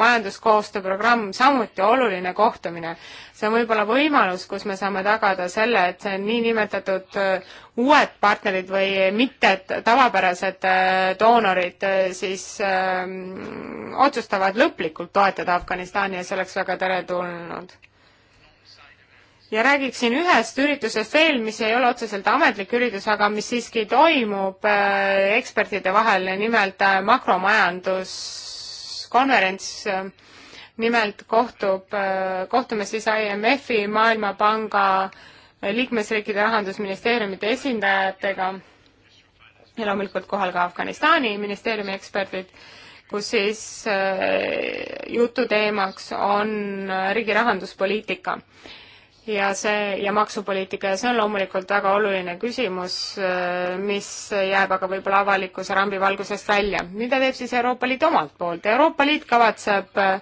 Speaker 3: majanduskoostöö programm, samuti oluline kohtumine. see on võib-olla võimalus, kus me saame tagada selle, et see niinimetatud uued partnerid või mitte tavapärased äh, doonorid äh, siis öö, ähm, otsustavad lõplikult toetada Afganistani ja see oleks väga teretulnud ja räägiksin ühest üritusest veel, mis ei ole otseselt ametlik üritus, aga mis siiski toimub äh, ekspertide vahel, nimelt äh, makromajanduskonverents. Äh, nimelt kohtub, kohtume siis IMF-i, Maailmapanga, liikmesriikide rahandusministeeriumite esindajatega ja loomulikult kohal ka Afganistani ministeeriumi eksperdid kus siis jututeemaks on riigi rahanduspoliitika ja see, ja maksupoliitika ja see on loomulikult väga oluline küsimus, äh, mis jääb aga võib-olla avalikkuse rambivalgusest välja. mida teeb siis Euroopa Liit omalt poolt? Euroopa Liit kavatseb äh,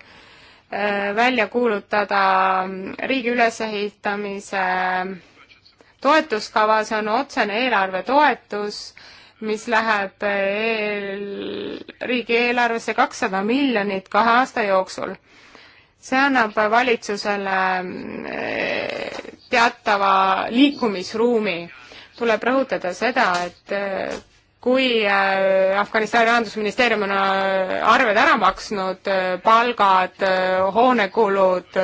Speaker 3: välja kuulutada riigi ülesehitamise toetuskava, see on otsene eelarvetoetus, mis läheb eel, riigieelarvesse kakssada miljonit kahe aasta jooksul see annab valitsusele mm, teatava liikumisruumi. tuleb rõhutada seda, et äh, kui äh, Afganistani rahandusministeerium on äh, arved ära maksnud, palgad, hoonekulud,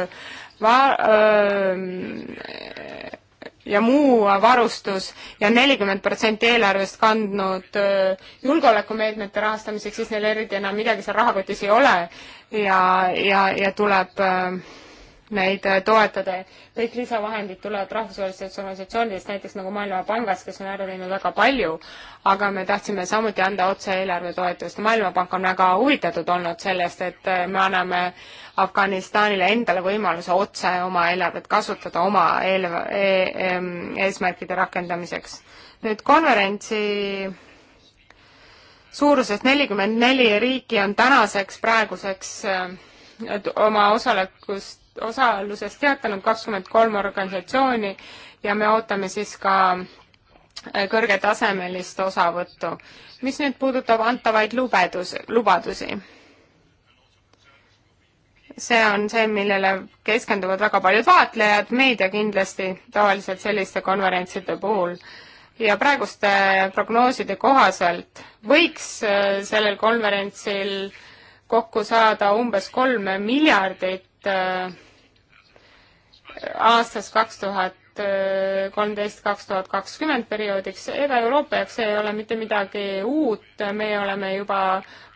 Speaker 3: ja muu varustus ja nelikümmend protsenti eelarvest kandnud julgeolekumeetmete rahastamiseks, siis neil eriti enam midagi seal rahakotis ei ole ja, ja, ja tuleb äh, neid äh, toetada. kõik lisavahendid tulevad rahvusvahelistest organisatsioonidest, näiteks nagu Maailmapangas, kes on ära teinud väga palju, aga me tahtsime samuti anda otse eelarvetoetust. maailmapank on väga huvitatud olnud sellest, et äh, me anname Afganistanile endale võimaluse otse oma eelarvet kasutada oma eel- e, e, eesmärkide rakendamiseks. nüüd konverentsi suuruses nelikümmend neli riiki on tänaseks praeguseks äh, oma osalekust, osalusest teatanud kakskümmend kolm organisatsiooni ja me ootame siis ka äh, kõrgetasemelist osavõttu. mis nüüd puudutab antavaid lubedus, lubadusi? see on see, millele keskenduvad väga paljud vaatlejad, meedia kindlasti tavaliselt selliste konverentside puhul äh, ja praeguste prognooside kohaselt võiks äh, sellel konverentsil kokku saada umbes kolm miljardit äh, aastast kaks tuhat kolmteist, kaks tuhat kakskümmend perioodiks, ega Euroopa jaoks ei ole mitte midagi uut, me oleme juba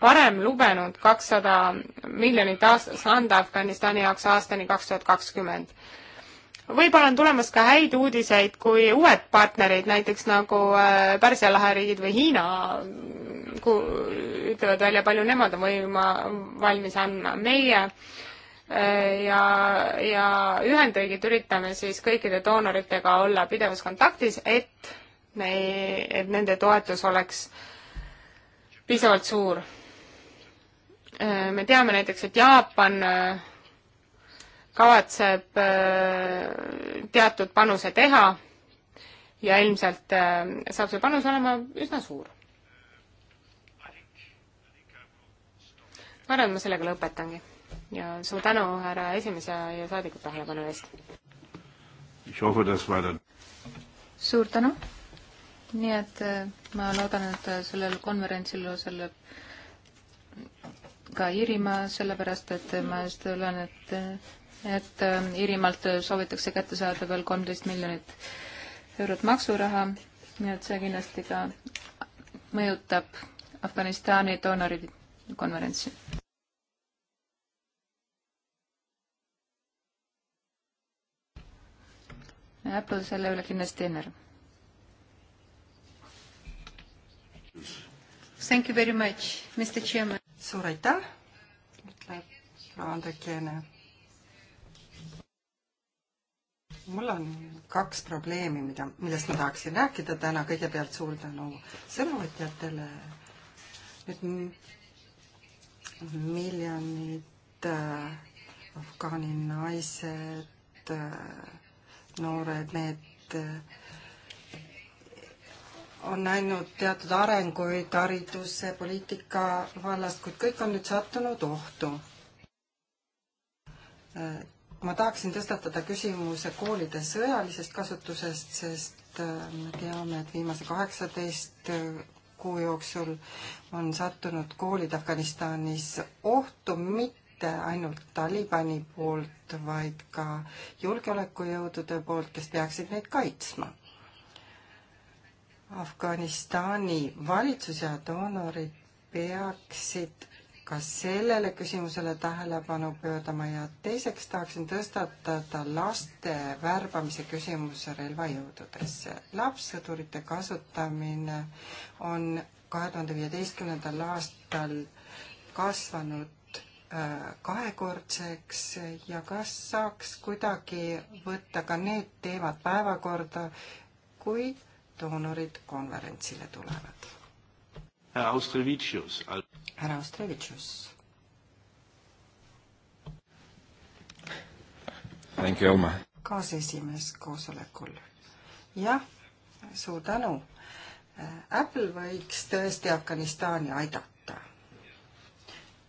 Speaker 3: varem lubanud kakssada miljonit aastas anda Afganistani jaoks aastani kaks tuhat kakskümmend võib-olla on tulemas ka häid uudiseid, kui uued partnerid, näiteks nagu äh, Pärsia lahe riigid või Hiina, ütlevad välja, palju nemad on võima valmis andma. meie äh, ja, ja Ühendriigid üritame siis kõikide doonoritega olla pidevas kontaktis, et me, et nende toetus oleks piisavalt suur. Äh, me teame näiteks, et Jaapan kavatseb äh, teatud panuse teha ja ilmselt äh, saab see panus olema üsna suur. ma arvan, et ma sellega lõpetangi ja suur tänu, härra esimees ja, ja saadikud tähelepanu eest!
Speaker 2: suur tänu! nii et äh, ma loodan, et sellel konverentsil osaleb ka Iirimaa, sellepärast et ma just olen, et et ähm, Iirimaalt soovitakse kätte saada veel kolmteist miljonit eurot maksuraha, nii et see kindlasti ka mõjutab Afganistani doonorikonverentsi. Apple selle üle kindlasti enne. Thank you very much, Mr Chairman. suur aitäh, ütleb
Speaker 1: proua Andrek Jeene mul on kaks probleemi, mida, millest ma tahaksin rääkida täna. kõigepealt suur tänu sõnavõtjatele. nüüd miljonid äh, afgaani naised äh,, noored, need äh, on ainult teatud arenguid hariduse, poliitika vallast, kuid kõik on nüüd sattunud ohtu äh, ma tahaksin tõstatada küsimuse koolide sõjalisest kasutusest, sest äh, me teame, et viimase kaheksateist äh, kuu jooksul on sattunud koolid Afganistanis ohtu mitte ainult Talibani poolt, vaid ka julgeolekujõudude poolt, kes peaksid neid kaitsma. Afganistani valitsus ja doonorid peaksid ka sellele küsimusele tähelepanu pöördama ja teiseks tahaksin tõstatada laste värbamise küsimuse relvajõududesse. lapssõdurite kasutamine on kahe tuhande viieteistkümnendal aastal kasvanud äh, kahekordseks ja kas saaks kuidagi võtta ka need teemad päevakorda, kui doonorid konverentsile tulevad?
Speaker 3: härra Austrevitšius.
Speaker 1: härra Austrevitšius. kaasesimees koosolekul. jah, suur tänu. Äh, Apple võiks tõesti Afganistani aidata.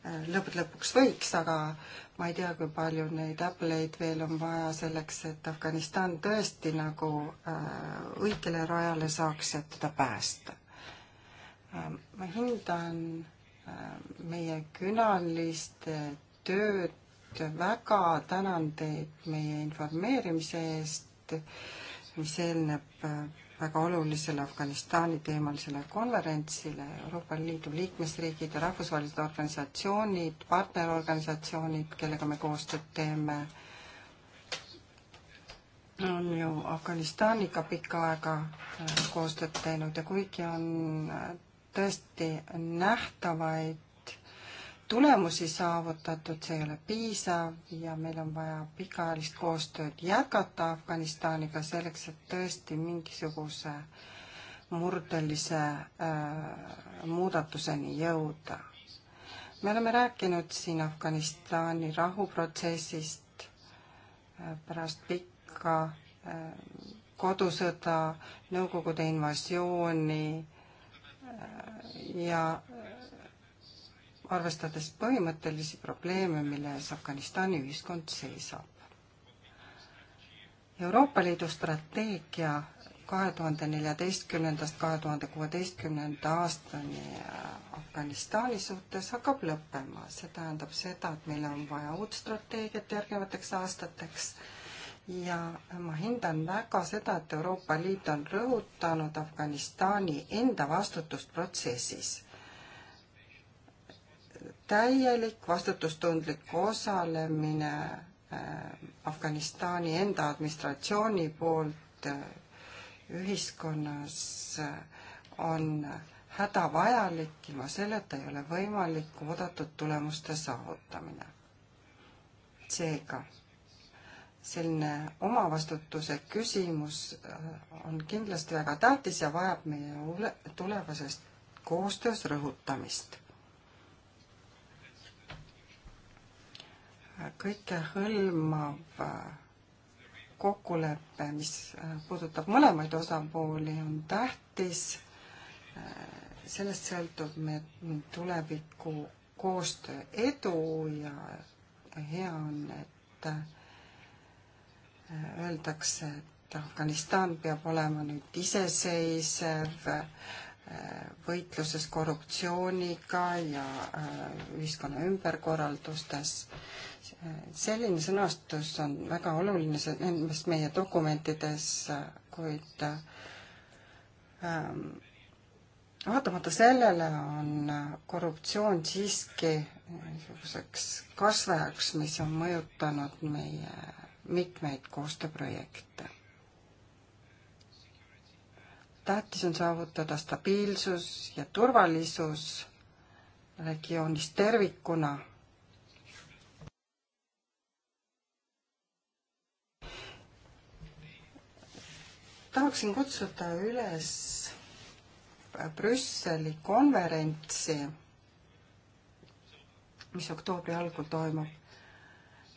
Speaker 1: Äh, lõppude lõpuks võiks, aga ma ei tea, kui palju neid Apple'eid veel on vaja selleks, et Afganistan tõesti nagu äh, õigele rajale saaks, et teda päästa. Ähm, ma hindan ähm, meie külaliste tööd, väga tänan teid meie informeerimise eest, mis eelneb äh, väga olulisele Afganistani teemalisele konverentsile, Euroopa Liidu liikmesriigid ja rahvusvahelised organisatsioonid, partnerorganisatsioonid, kellega me koostööd teeme, on ju Afganistaniga pikka aega äh, koostööd teinud ja kuigi on äh, tõesti nähtavaid tulemusi saavutatud, see ei ole piisav ja meil on vaja pikaajalist koostööd jätkata Afganistaniga selleks, et tõesti mingisuguse murdelise äh, muudatuseni jõuda. me oleme rääkinud siin Afganistani rahuprotsessist äh, pärast pikka äh, kodusõda, Nõukogude invasiooni ja arvestades põhimõttelisi probleeme, milles Afganistani ühiskond seisab. Euroopa Liidu strateegia kahe tuhande neljateistkümnendast kahe tuhande kuueteistkümnenda aastani Afganistani suhtes hakkab lõppema. see tähendab seda, et meil on vaja uut strateegiat järgnevateks aastateks ja ma hindan väga seda, et Euroopa Liit on rõhutanud Afganistani enda vastutust protsessis. täielik vastutustundlik osalemine äh, Afganistani enda administratsiooni poolt äh, ühiskonnas äh, on hädavajalik, ilma selleta ei ole võimalik oodatud tulemuste saavutamine. seega selline omavastutuse küsimus äh, on kindlasti väga tähtis ja vajab meie tulevases koostöös rõhutamist. kõike hõlmav äh, kokkulepe, mis äh, puudutab mõlemaid osapooli, on tähtis. sellest sõltub meie tuleviku koostöö edu ja hea on, et öeldakse, et Afganistan peab olema nüüd iseseisev äh, võitluses korruptsiooniga ja äh, ühiskonna ümberkorraldustes. selline sõnastus on väga oluline nendest meie dokumentides, kuid ähm, vaatamata sellele on korruptsioon siiski niisuguseks kasvajaks, mis on mõjutanud meie mitmeid koostööprojekte. tähtis on saavutada stabiilsus ja turvalisus regioonis tervikuna. tahaksin kutsuda üles Brüsseli konverentsi, mis oktoobri algul toimub,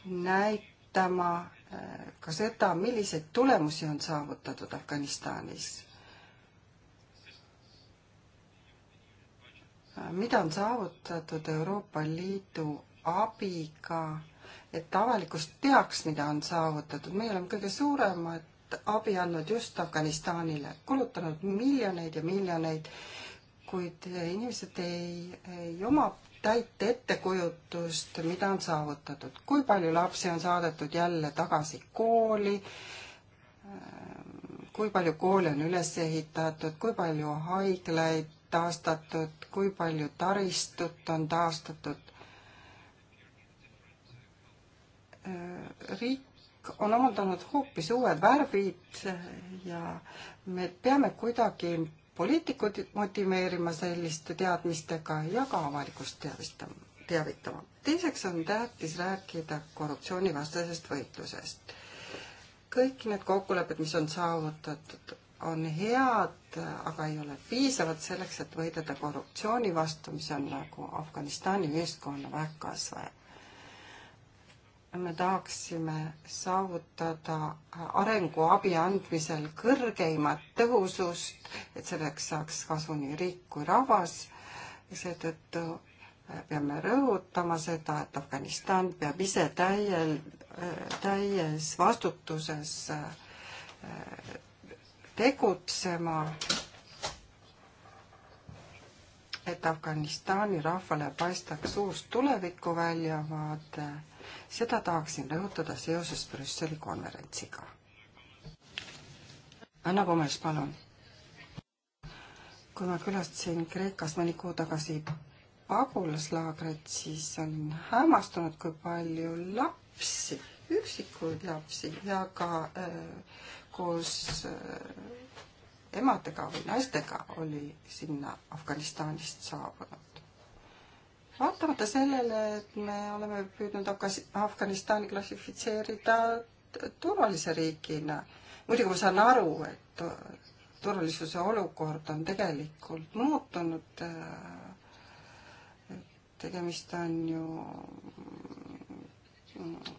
Speaker 1: näit-, hindama äh, ka seda, milliseid tulemusi on saavutatud Afganistanis. mida on saavutatud Euroopa Liidu abiga, et avalikkus teaks, mida on saavutatud, meie oleme kõige suuremad abi andnud just Afganistanile, kulutanud miljoneid ja miljoneid, kuid inimesed ei, ei oma täit ettekujutust, mida on saavutatud, kui palju lapsi on saadetud jälle tagasi kooli, kui palju koole on üles ehitatud, kui palju haiglaid taastatud, kui palju taristut on taastatud. riik on omandanud hoopis uued värvid ja me peame kuidagi poliitikud motiveerima selliste teadmistega ja ka avalikkust teavistama, teavitama. teiseks on tähtis rääkida korruptsioonivastasest võitlusest. kõik need kokkulepped, mis on saavutatud, on head, aga ei ole piisavad selleks, et võidelda korruptsiooni vastu, mis on nagu Afganistani ühiskonna vähkkasvaja me tahaksime saavutada arenguabi andmisel kõrgeimat tõhusust, et selleks saaks kasu nii riik kui rahvas. seetõttu peame rõhutama seda, et Afganistan peab ise täiel, täies vastutuses äh, tegutsema. et Afganistani rahvale paistaks uus tulevikuväljavaade seda tahaksin rõhutada seoses Brüsseli konverentsiga. Anna Komes, palun. kui ma külastasin Kreekas mõni kuu tagasi pagulaslaagrit, siis on hämmastunud, kui palju lapsi, üksikuid lapsi ja ka äh, koos äh, emadega või naistega oli sinna Afganistanist saabunud vaatamata sellele, et me oleme püüdnud Afganistani klassifitseerida turvalise riigina. muidugi ma saan aru, et turvalisuse olukord on tegelikult muutunud. tegemist on ju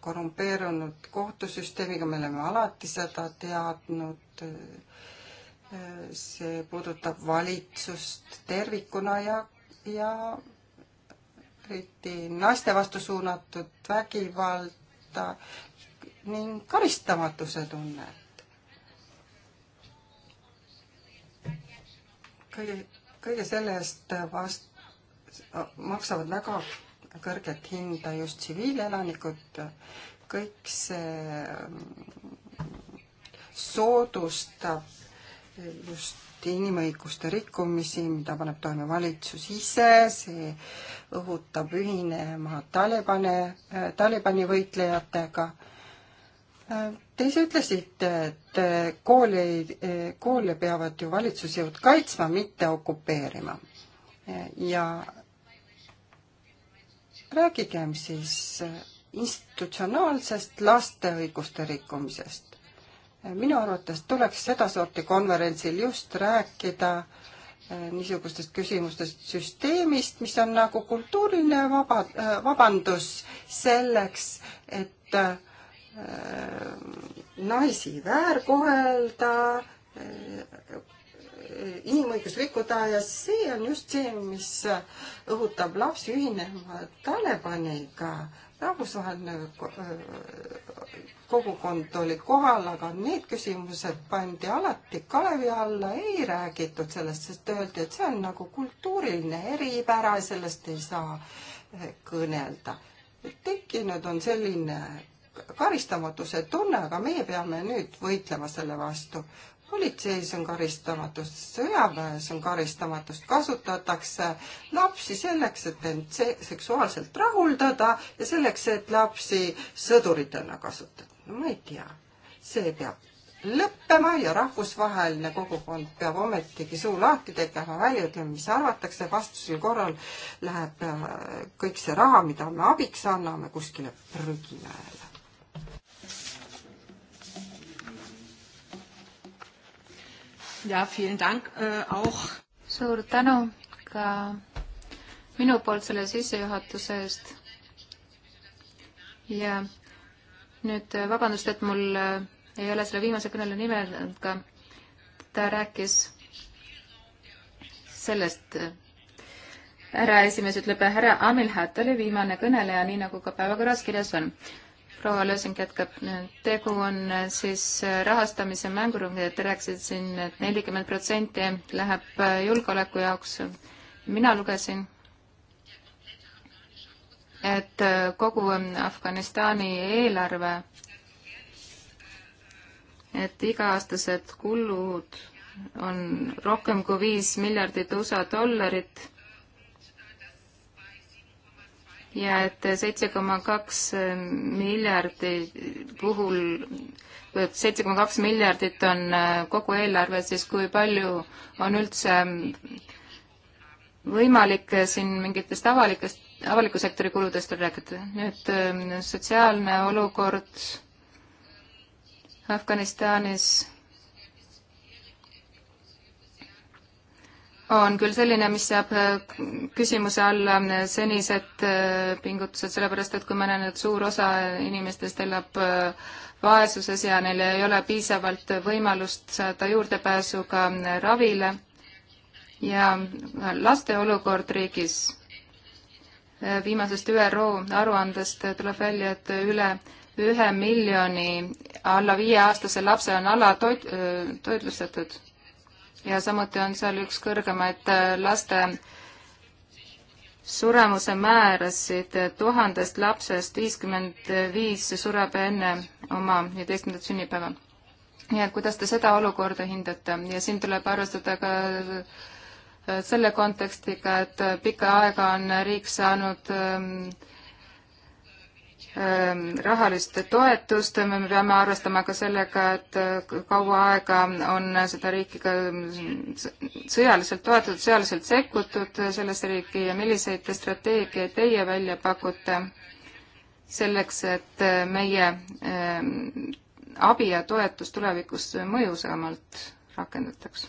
Speaker 1: korrumpeerunud kohtusüsteemiga, me oleme alati seda teadnud. see puudutab valitsust tervikuna ja, ja eriti naiste vastu suunatud vägivalda ning karistamatuse tunnet. kõige, kõige selle eest vast-, maksavad väga kõrget hinda just tsiviilelanikud, kõik see mm, soodustab just samuti inimõiguste rikkumisi, mida paneb toime valitsus ise, see õhutab ühinema Talibane, äh, Talibani võitlejatega. Äh, Te ise ütlesite, et äh, kooli, koole peavad ju valitsusjõud kaitsma, mitte okupeerima. ja rääkigem siis institutsionaalsest laste õiguste rikkumisest minu arvates tuleks sedasorti konverentsil just rääkida eh, niisugustest küsimustest süsteemist, mis on nagu kultuuriline vaba, eh, vabandus selleks, et eh, naisi väärkohelda, inimõigust rikkuda ja see on just see, mis õhutab lapsi ühinema Talibaniga rahvusvaheline äh, kogukond oli kohal, aga need küsimused pandi alati kalevi alla, ei räägitud sellest, sest öeldi, et see on nagu kultuuriline eripära ja sellest ei saa äh, kõnelda. tekkinud on selline karistamatuse tunne, aga meie peame nüüd võitlema selle vastu politseis on karistamatust, sõjaväes on karistamatust, kasutatakse lapsi selleks, et end se seksuaalselt rahuldada ja selleks, et lapsi sõduritena kasutada. no ma ei tea, see peab lõppema ja rahvusvaheline kogukond peab ometigi suu lahti tegema, välja ütlema, mis arvatakse, vastasel korral läheb äh, kõik see raha, mida me abiks anname, kuskile prügimäele.
Speaker 2: ja vielen Dank äh, auch. suur tänu ka minu poolt selle sissejuhatuse eest. ja nüüd äh, vabandust, et mul äh, ei ole selle viimase kõneleja nime, aga ta rääkis sellest, härra äh, esimees ütleb, härra Amilhat oli viimane kõneleja, nii nagu ka päevakorras kirjas on proua Lösing jätkab, tegu on äh, siis äh, rahastamise mänguruumiga, te rääkisite siin, et nelikümmend protsenti läheb äh, julgeoleku jaoks. mina lugesin, et kogu Afganistani eelarve, et iga-aastased kulud on rohkem kui viis miljardit USA dollarit ja et seitse koma kaks miljardi puhul, seitse koma kaks miljardit on äh, kogu eelarve, siis kui palju on üldse ähm, võimalik äh, siin mingitest avalikest, avaliku sektori kuludest veel rääkida. nüüd ähm, sotsiaalne olukord Afganistanis on küll selline, mis jääb äh, küsimuse alla äh, senised äh, pingutused, sellepärast et kui ma näen, et suur osa inimestest elab vaesuses ja neil ei ole piisavalt võimalust saada juurdepääsu ka ravile ja laste olukord riigis, viimasest ÜRO aruandest tuleb välja, et üle ühe miljoni alla viieaastase lapse on alatoit-, toitlustatud ja samuti on seal üks kõrgemaid äh, laste suremuse määrasid tuhandest lapsest viiskümmend viis sureb enne oma viieteistkümnendat sünnipäeva. nii et kuidas te seda olukorda hindate ja siin tuleb arvestada ka äh, selle kontekstiga, et pikka aega on riik saanud ähm, Ähm, rahalist toetust, me peame arvestama ka sellega, et äh, kaua aega on seda riiki ka ähm, sõjaliselt toetatud, sõjaliselt sekkutud äh, sellesse riiki ja milliseid strateegiaid teie välja pakute selleks, et äh, meie ähm, abi ja toetus tulevikus mõjusamalt rakendataks?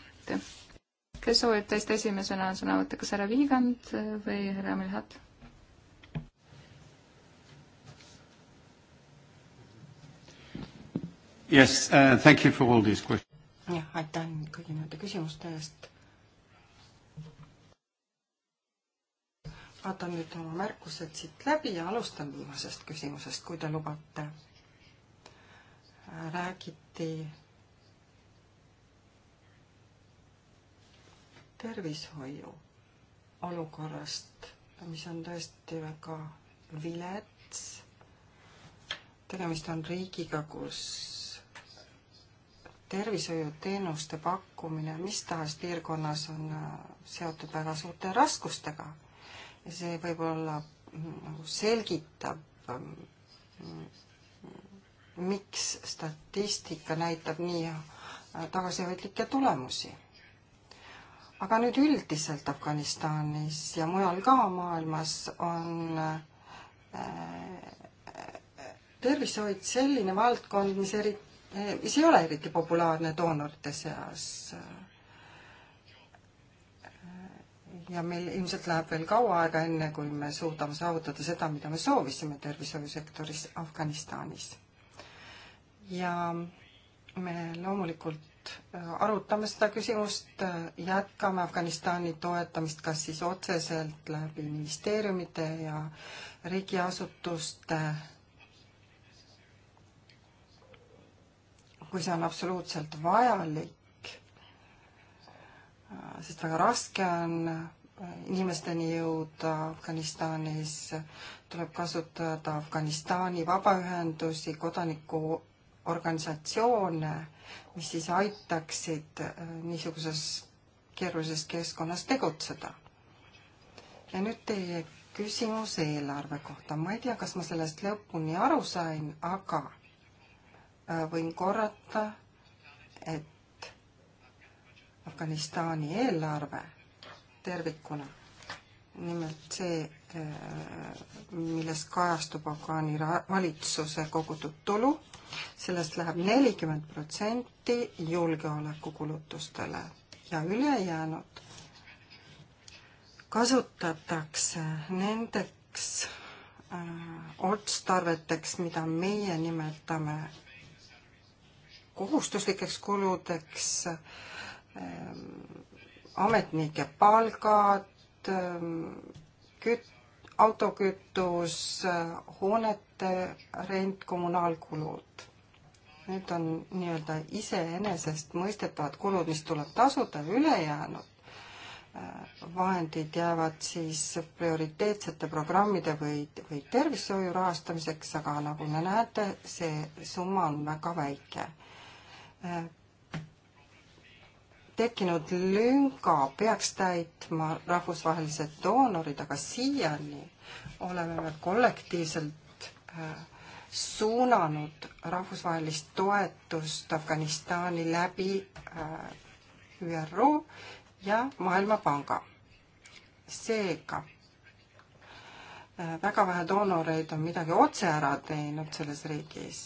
Speaker 2: kes soovib teist esimesena sõna võtta, kas härra Viigand või härra Milhat?
Speaker 1: Yes, uh, thank you for all these questions. jah, aitäh kõigi nende küsimuste eest. vaatan nüüd oma märkused siit läbi ja alustan viimasest küsimusest, kui te lubate. räägiti tervishoiu olukorrast, mis on tõesti väga vilets. tegemist on riigiga, kus tervishoiuteenuste pakkumine mis tahes piirkonnas on äh, seotud väga suurte raskustega. ja see võib-olla mm, nagu selgitab, mm, mm, miks statistika näitab nii äh, tagasihoidlikke tulemusi. aga nüüd üldiselt Afganistanis ja mujal ka maailmas on äh, tervishoid selline valdkond, mis eriti mis ei ole eriti populaarne doonorite seas. ja meil ilmselt läheb veel kaua aega, enne kui me suudame saavutada seda, mida me soovisime tervishoiusektoris Afganistanis. ja me loomulikult äh, arutame seda küsimust, äh, jätkame Afganistani toetamist kas siis otseselt läbi ministeeriumite ja riigiasutuste kui see on absoluutselt vajalik, sest väga raske on inimesteni jõuda Afganistanis, tuleb kasutada Afganistani vabaühendusi, kodanikuorganisatsioone, mis siis aitaksid niisuguses keerulises keskkonnas tegutseda. ja nüüd teie küsimus eelarve kohta. ma ei tea, kas ma sellest lõpuni aru sain, aga Äh, võin korrata, et Afganistani eelarve tervikuna, nimelt see, äh, milles kajastub Afgaani valitsuse kogutud tulu, sellest läheb nelikümmend protsenti julgeolekukulutustele ja ülejäänud kasutatakse nendeks äh, otstarveteks, mida meie nimetame kohustuslikeks kuludeks ähm, ametnike palgad, ähm, küt-, autokütus, äh, hoonete rent, kommunaalkulud. Need on nii-öelda iseenesestmõistetavad kulud, mis tuleb tasuda, ülejäänud äh, vahendid jäävad siis prioriteetsete programmide või, või tervishoiu rahastamiseks, aga nagu te näete, see summa on väga väike tekkinud lünga peaks täitma rahvusvahelised doonorid, aga siiani oleme me kollektiivselt äh, suunanud rahvusvahelist toetust Afganistani läbi äh, ÜRO ja Maailmapanga. seega äh, väga vähe doonoreid on midagi otse ära teinud selles riigis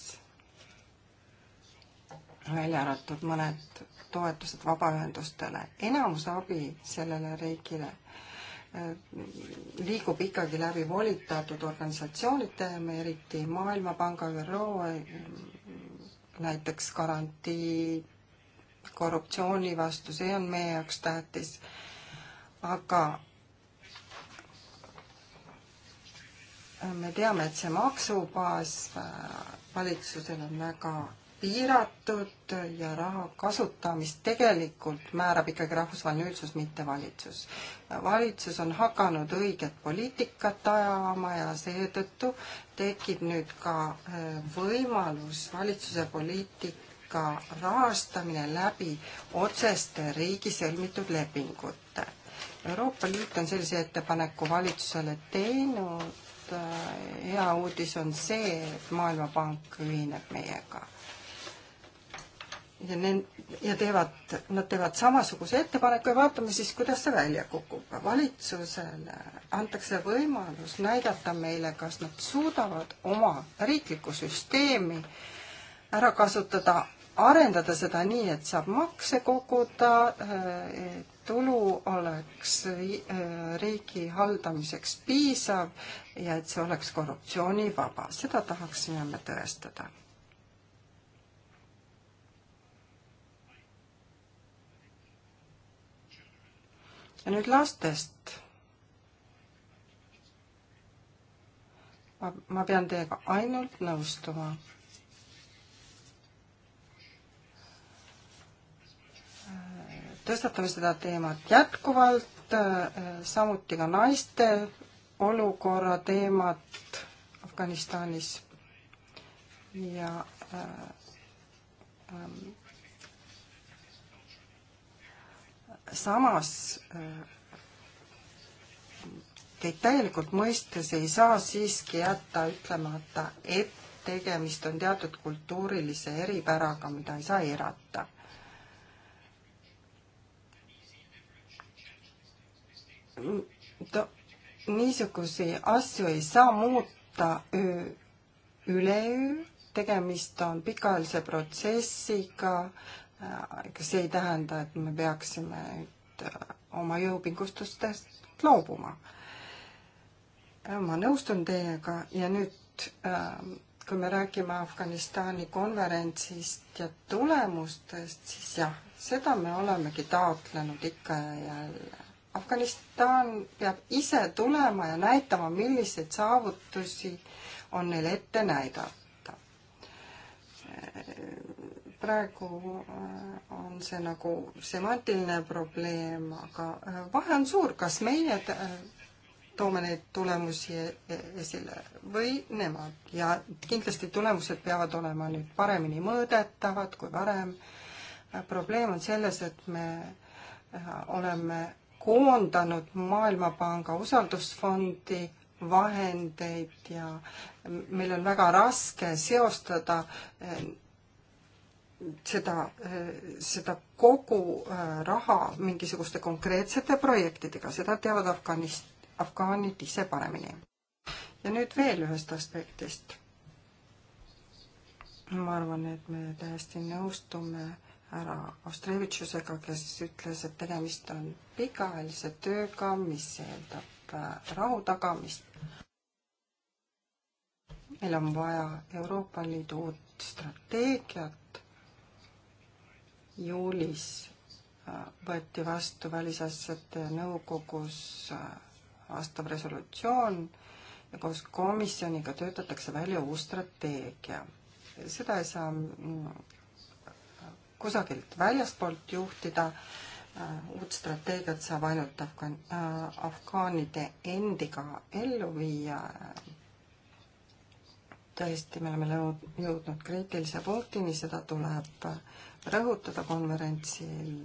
Speaker 1: välja arvatud mõned toetused vabaühendustele. enamus abi sellele riigile eh, liigub ikkagi läbi volitatud organisatsioonide, eriti Maailmapanga, ÜRO näiteks garantii korruptsiooni vastu, see on meie jaoks tähtis. aga me teame, et see maksubaas äh, valitsusel on väga piiratud ja raha kasutamist tegelikult määrab ikkagi rahvusvaheline üldsus, mitte valitsus. valitsus on hakanud õiget poliitikat ajama ja seetõttu tekib nüüd ka äh, võimalus valitsuse poliitika rahastamine läbi otseste riigi sõlmitud lepingute. Euroopa Liit on sellise ettepaneku valitsusele teinud äh, hea uudis on see, et Maailmapank ühineb meiega ja ne-, ja teevad, nad teevad samasuguse ettepaneku ja vaatame siis, kuidas see välja kukub. valitsusele antakse võimalus näidata meile, kas nad suudavad oma riiklikku süsteemi ära kasutada, arendada seda nii, et saab makse koguda, tulu oleks riigi haldamiseks piisav ja et see oleks korruptsioonivaba. seda tahaksime me tõestada ja nüüd lastest. ma, ma pean teiega ainult nõustuma. tõstatame seda teemat jätkuvalt, samuti ka naiste olukorra teemat Afganistanis ja äh, ähm, samas äh, teid täielikult mõistes ei saa siiski jätta ütlemata, et tegemist on teatud kultuurilise eripäraga, mida ei saa eirata. niisuguseid asju ei saa muuta üleöö, tegemist on pikaajalise protsessiga, aga see ei tähenda, et me peaksime nüüd äh, oma jõupingustustest loobuma. Äh, ma nõustun teiega ja nüüd, äh, kui me räägime Afganistani konverentsist ja tulemustest, siis jah, seda me olemegi taotlenud ikka ja jälle. Afganistan peab ise tulema ja näitama, milliseid saavutusi on neil ette näidata praegu äh, on see nagu semantiline probleem, aga äh, vahe on suur, kas meie äh, toome neid tulemusi e-, e-, esile või nemad ja kindlasti tulemused peavad olema nüüd paremini mõõdetavad kui varem. probleem on selles, et me oleme koondanud Maailmapanga usaldusfondi vahendeid ja meil on väga raske seostada seda, seda kogu äh, raha mingisuguste konkreetsete projektidega, seda teavad Afganist, afgaanid ise paremini. ja nüüd veel ühest aspektist. ma arvan, et me täiesti nõustume härra Ostrevitšusega, kes ütles, et tegemist on pikaajalise tööga, mis eeldab äh, rahu tagamist. meil on vaja Euroopa Liidu uut strateegiat, juulis äh, võeti vastu Välisasjade Nõukogus äh, vastav resolutsioon ja koos komisjoniga töötatakse välja uus strateegia. seda ei saa mm, kusagilt väljastpoolt juhtida, äh, uut strateegiat saab ainult afgaan-, afgaanide endiga ellu viia. tõesti, me oleme jõudnud kriitilise punktini, seda tuleb rõhutada konverentsil.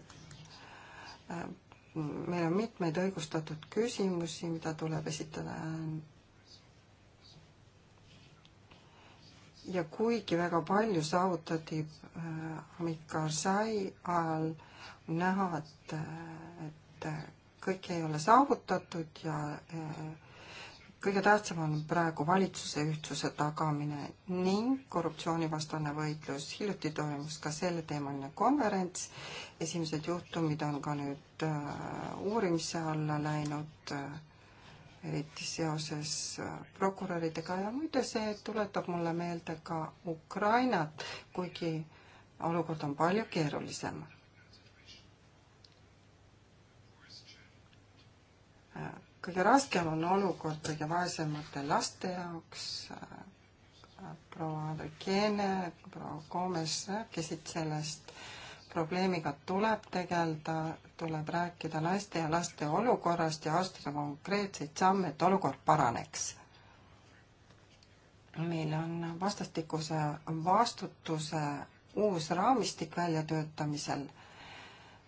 Speaker 1: meil on mitmeid õigustatud küsimusi, mida tuleb esitada. ja kuigi väga palju saavutati äh, Amit Karzai ajal, on näha, et, äh, et kõik ei ole saavutatud ja äh, kõige tähtsam on praegu valitsuse ühtsuse tagamine ning korruptsioonivastane võitlus. hiljuti toimus ka selleteemaline konverents. esimesed juhtumid on ka nüüd äh, uurimise alla läinud, äh, eriti seoses äh, prokuröridega ja muide, see tuletab mulle meelde ka Ukrainat, kuigi olukord on palju keerulisem kõige raskem on olukord kõige vaesemate laste jaoks, äh, proua Andrikiene, proua Koomes rääkisid sellest, probleemiga tuleb tegeleda, tuleb rääkida naiste ja laste olukorrast ja astuda konkreetseid samme, et olukord paraneks. meil on vastastikuse vastutuse uus raamistik väljatöötamisel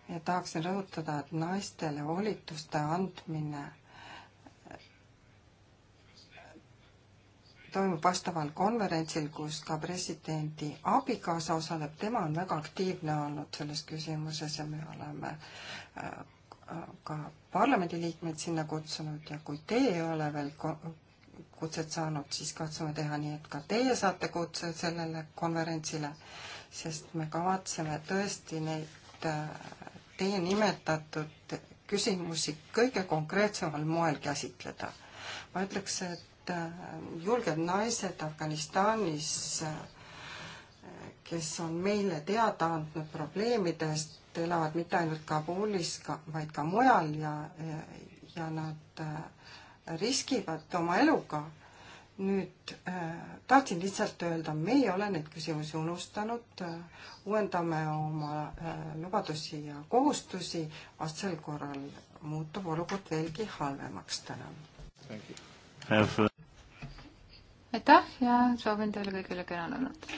Speaker 1: ja tahaksin rõhutada, et naistele volituste andmine toimub vastaval konverentsil, kus ka presidendi abikaasa osaleb, tema on väga aktiivne olnud selles küsimuses ja me oleme äh, äh, ka parlamendiliikmeid sinna kutsunud ja kui teie ei ole veel kutset saanud, siis katsume teha nii, et ka teie saate kutse sellele konverentsile, sest me kavatseme tõesti neid äh, teie nimetatud küsimusi kõige konkreetsemal moel käsitleda. ma ütleks, et Äh, julged naised Afganistanis, äh, kes on meile teada andnud probleemidest, elavad mitte ainult Kabulis, vaid ka mujal ja, ja nad äh, riskivad oma eluga. nüüd tahtsin lihtsalt öelda, me ei ole neid küsimusi unustanud, uuendame oma lubadusi ja kohustusi, vastasel korral muutub olukord veelgi halvemaks täna. Have
Speaker 2: aitäh ja soovin teile kõigile kena lõunat!